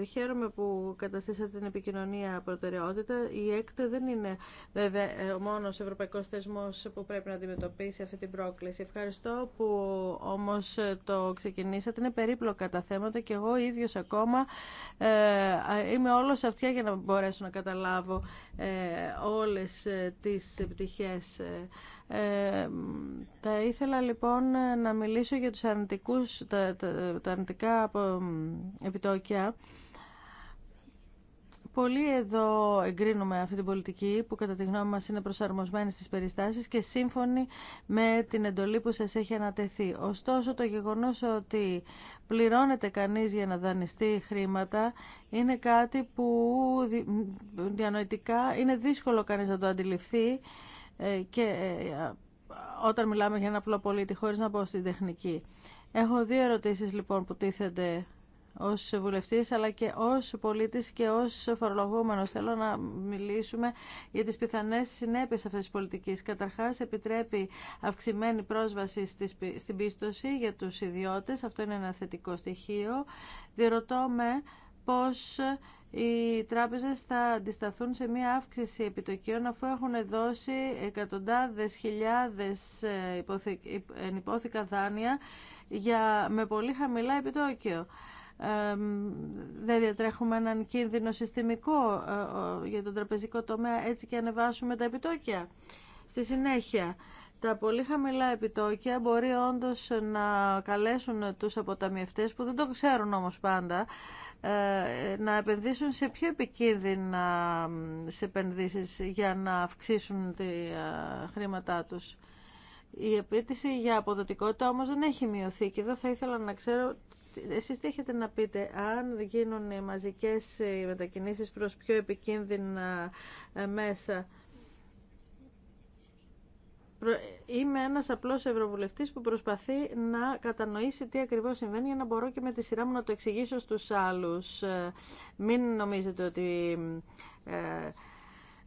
ε, χαίρομαι που καταστήσατε την επικοινωνία προτεραιότητα. Η ΕΚΤ δεν είναι βέβαια ε, ο μόνος ευρωπαϊκός θεσμός που πρέπει να αντιμετωπίσει αυτή την πρόκληση. Ευχαριστώ που όμως το ξεκινήσατε. Είναι περίπλοκα τα θέματα και εγώ ίδιος ακόμα είμαι όλος αυτιά για να μπορέσω να καταλάβω όλες τις επιτυχίες. Ε, θα ήθελα λοιπόν να μιλήσω για τους αρνητικούς, τα, τα, τα αρνητικά επιτόκια. Πολύ εδώ εγκρίνουμε αυτή την πολιτική που κατά τη γνώμη μας είναι προσαρμοσμένη στις περιστάσεις και σύμφωνη με την εντολή που σας έχει ανατεθεί. Ωστόσο το γεγονός ότι πληρώνεται κανείς για να δανειστεί χρήματα είναι κάτι που διανοητικά είναι δύσκολο κανείς να το αντιληφθεί ε, και ε, όταν μιλάμε για ένα απλό πολίτη χωρίς να μπω στην τεχνική. Έχω δύο ερωτήσεις λοιπόν που τίθενται ως βουλευτής αλλά και ως πολίτης και ως φορολογούμενος. Θέλω να μιλήσουμε για τις πιθανές συνέπειες αυτής της πολιτικής. Καταρχάς επιτρέπει αυξημένη πρόσβαση στην πίστοση για τους ιδιώτες. Αυτό είναι ένα θετικό στοιχείο. Διερωτώ με πώς οι τράπεζες θα αντισταθούν σε μία αύξηση επιτοκίων αφού έχουν δώσει εκατοντάδες χιλιάδες ε, ενυπόθηκα δάνεια για, με πολύ χαμηλά επιτόκιο. δεν διατρέχουμε έναν κίνδυνο συστημικό ε, για τον τραπεζικό τομέα έτσι και ανεβάσουμε τα επιτόκια. Στη συνέχεια, τα πολύ χαμηλά επιτόκια μπορεί όντως να καλέσουν τους αποταμιευτές που δεν το ξέρουν όμως πάντα ε, να επενδύσουν σε πιο επικίνδυνα σε επενδύσεις για να αυξήσουν τα ε, χρήματά τους. Η επίτηση για αποδοτικότητα όμως δεν έχει μειωθεί και εδώ θα ήθελα να ξέρω εσείς τι έχετε να πείτε αν γίνουν μαζικές ε, μετακινήσεις προς πιο επικίνδυνα μέσα Είμαι ένας απλός ευρωβουλευτής που προσπαθεί να κατανοήσει τι ακριβώς συμβαίνει για να μπορώ και με τη σειρά μου να το εξηγήσω στους άλλους. Ε, μην νομίζετε ότι ε,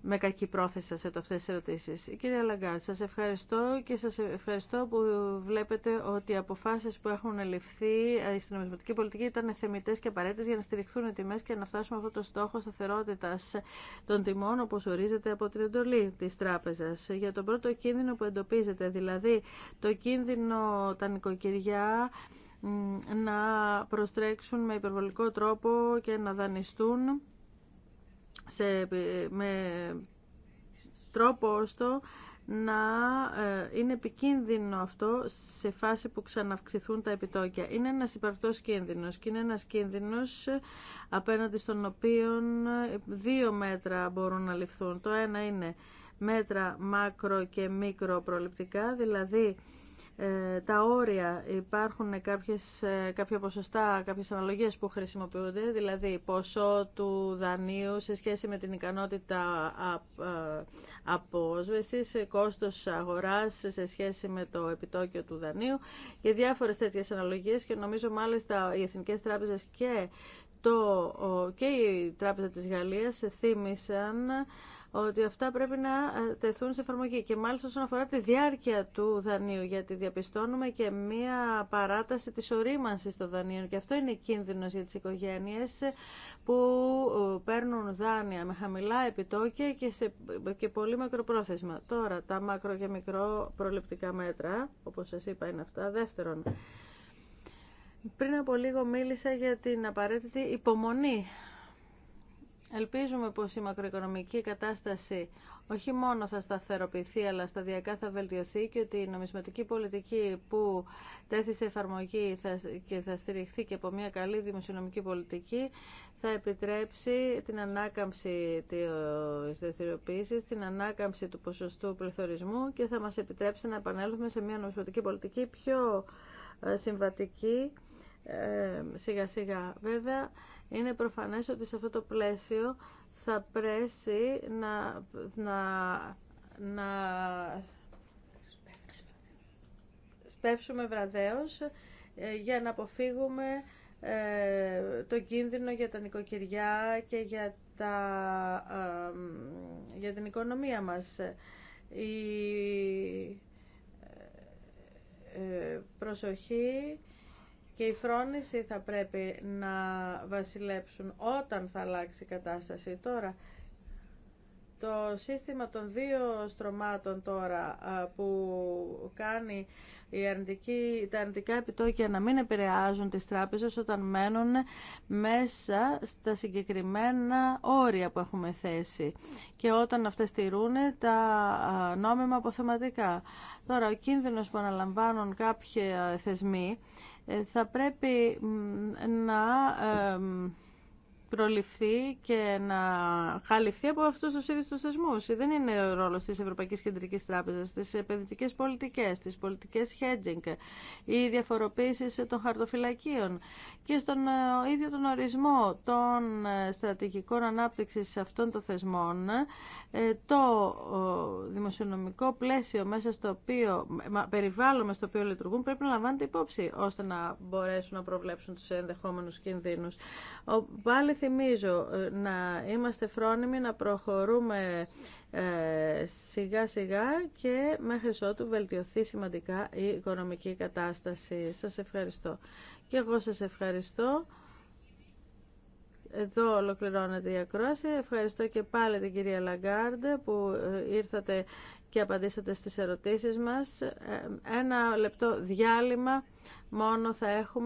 με κακή πρόθεση σε έτω αυτές τις ερωτήσεις. Ε, κύριε Λαγκάρτ, σας ευχαριστώ και σας ευχαριστώ που βλέπετε ότι οι αποφάσεις που έχουν ληφθεί ε, στην νομισματική πολιτική ήταν θεμητές και απαραίτητες για να στηριχθούν οι τιμές και να φτάσουμε αυτό το στόχο σταθερότητας των τιμών όπως ορίζεται από την εντολή της τράπεζας. Για τον πρώτο κίνδυνο που εντοπίζεται, δηλαδή το κίνδυνο τα νοικοκυριά να προστρέξουν με υπερβολικό τρόπο και να δανειστούν σε, με τρόπο ώστε να ε, είναι επικίνδυνο αυτό σε φάση που ξαναυξηθούν τα επιτόκια. Είναι ένας υπαρκτός κίνδυνος και είναι ένας κίνδυνος ε, απέναντι στον οποίο ε, δύο μέτρα μπορούν να ληφθούν. Το ένα είναι μέτρα μακρο και μικροπροληπτικά, δηλαδή ε, τα όρια υπάρχουν κάποιες, ε, κάποια ποσοστά, κάποιες αναλογίες που χρησιμοποιούνται, δηλαδή ποσό του δανείου σε σχέση με την ικανότητα ε, απόσβεσης, κόστος αγοράς σε σχέση με το επιτόκιο του δανείου και διάφορες τέτοιες αναλογίες και νομίζω μάλιστα οι Εθνικές Τράπεζες και, το, και η Τράπεζα της Γαλλίας θύμισαν ότι αυτά πρέπει να ε, τεθούν σε εφαρμογή. Και μάλιστα όσον αφορά τη διάρκεια του δανείου, γιατί διαπιστώνουμε και μία παράταση της ορίμανσης των δανείων. Και αυτό είναι κίνδυνος για τις οικογένειες που ε, παίρνουν δάνεια με χαμηλά επιτόκια και, σε, και πολύ μακροπρόθεσμα. Τώρα, τα μακρο και μικρό προληπτικά μέτρα, όπως σας είπα είναι αυτά. Δεύτερον, πριν από λίγο μίλησα για την απαραίτητη υπομονή Ελπίζουμε πως η μακροοικονομική κατάσταση όχι μόνο θα σταθεροποιηθεί αλλά σταδιακά θα βελτιωθεί και ότι η νομισματική πολιτική που τέθησε εφαρμογή και θα στηριχθεί και από μια καλή δημοσιονομική πολιτική θα επιτρέψει την ανάκαμψη της δραστηριοποίηση, την ανάκαμψη του ποσοστού πληθωρισμού και θα μας επιτρέψει να επανέλθουμε σε μια νομισματική πολιτική πιο ε, συμβατική ε, σιγά σιγά βέβαια είναι προφανές ότι σε αυτό το πλαίσιο θα πρέσει να, να, να σπεύσουμε βραδέως ε, για να αποφύγουμε ε, το κίνδυνο για τα νοικοκυριά και για, για την οικονομία μας. Η ε, προσοχή και η φρόνηση θα πρέπει να βασιλέψουν όταν θα αλλάξει η κατάσταση. Τώρα, το σύστημα των δύο στρωμάτων τώρα που κάνει η αρνητική, τα αρνητικά επιτόκια να μην επηρεάζουν τις τράπεζες όταν μένουν μέσα στα συγκεκριμένα όρια που έχουμε θέσει και όταν αυτές τηρούν τα νόμιμα αποθεματικά. Τώρα, ο κίνδυνος που αναλαμβάνουν κάποιοι θεσμοί ε, θα πρέπει να ε, προληφθεί και να χαλιφθεί από αυτού του ίδιου του θεσμού. Δεν είναι ο ρόλο τη Ευρωπαϊκή Κεντρική Τράπεζα, τι επενδυτικέ πολιτικέ, τι πολιτικέ hedging, οι διαφοροποίηση των χαρτοφυλακίων και στον ε, ίδιο τον ορισμό των ε, στρατηγικών ανάπτυξη αυτών των θεσμών, ε, το δημοσιονομικό πλαίσιο μέσα στο οποίο, περιβάλλον στο οποίο λειτουργούν, πρέπει να λαμβάνεται υπόψη ώστε να μπορέσουν να προβλέψουν του ενδεχόμενου κινδύνου. Πάλι θυμίζω ε, να είμαστε φρόνιμοι, να προχωρούμε ε, σιγά σιγά και μέχρι ότου βελτιωθεί σημαντικά η οικονομική κατάσταση. Σας ευχαριστώ. Και εγώ σας ευχαριστώ. Εδώ ολοκληρώνεται η ακρόαση. Ευχαριστώ και πάλι την κυρία Λαγκάρντε που ε, ήρθατε και απαντήσατε στις ερωτήσεις μας. Ένα λεπτό διάλειμμα μόνο θα έχουμε.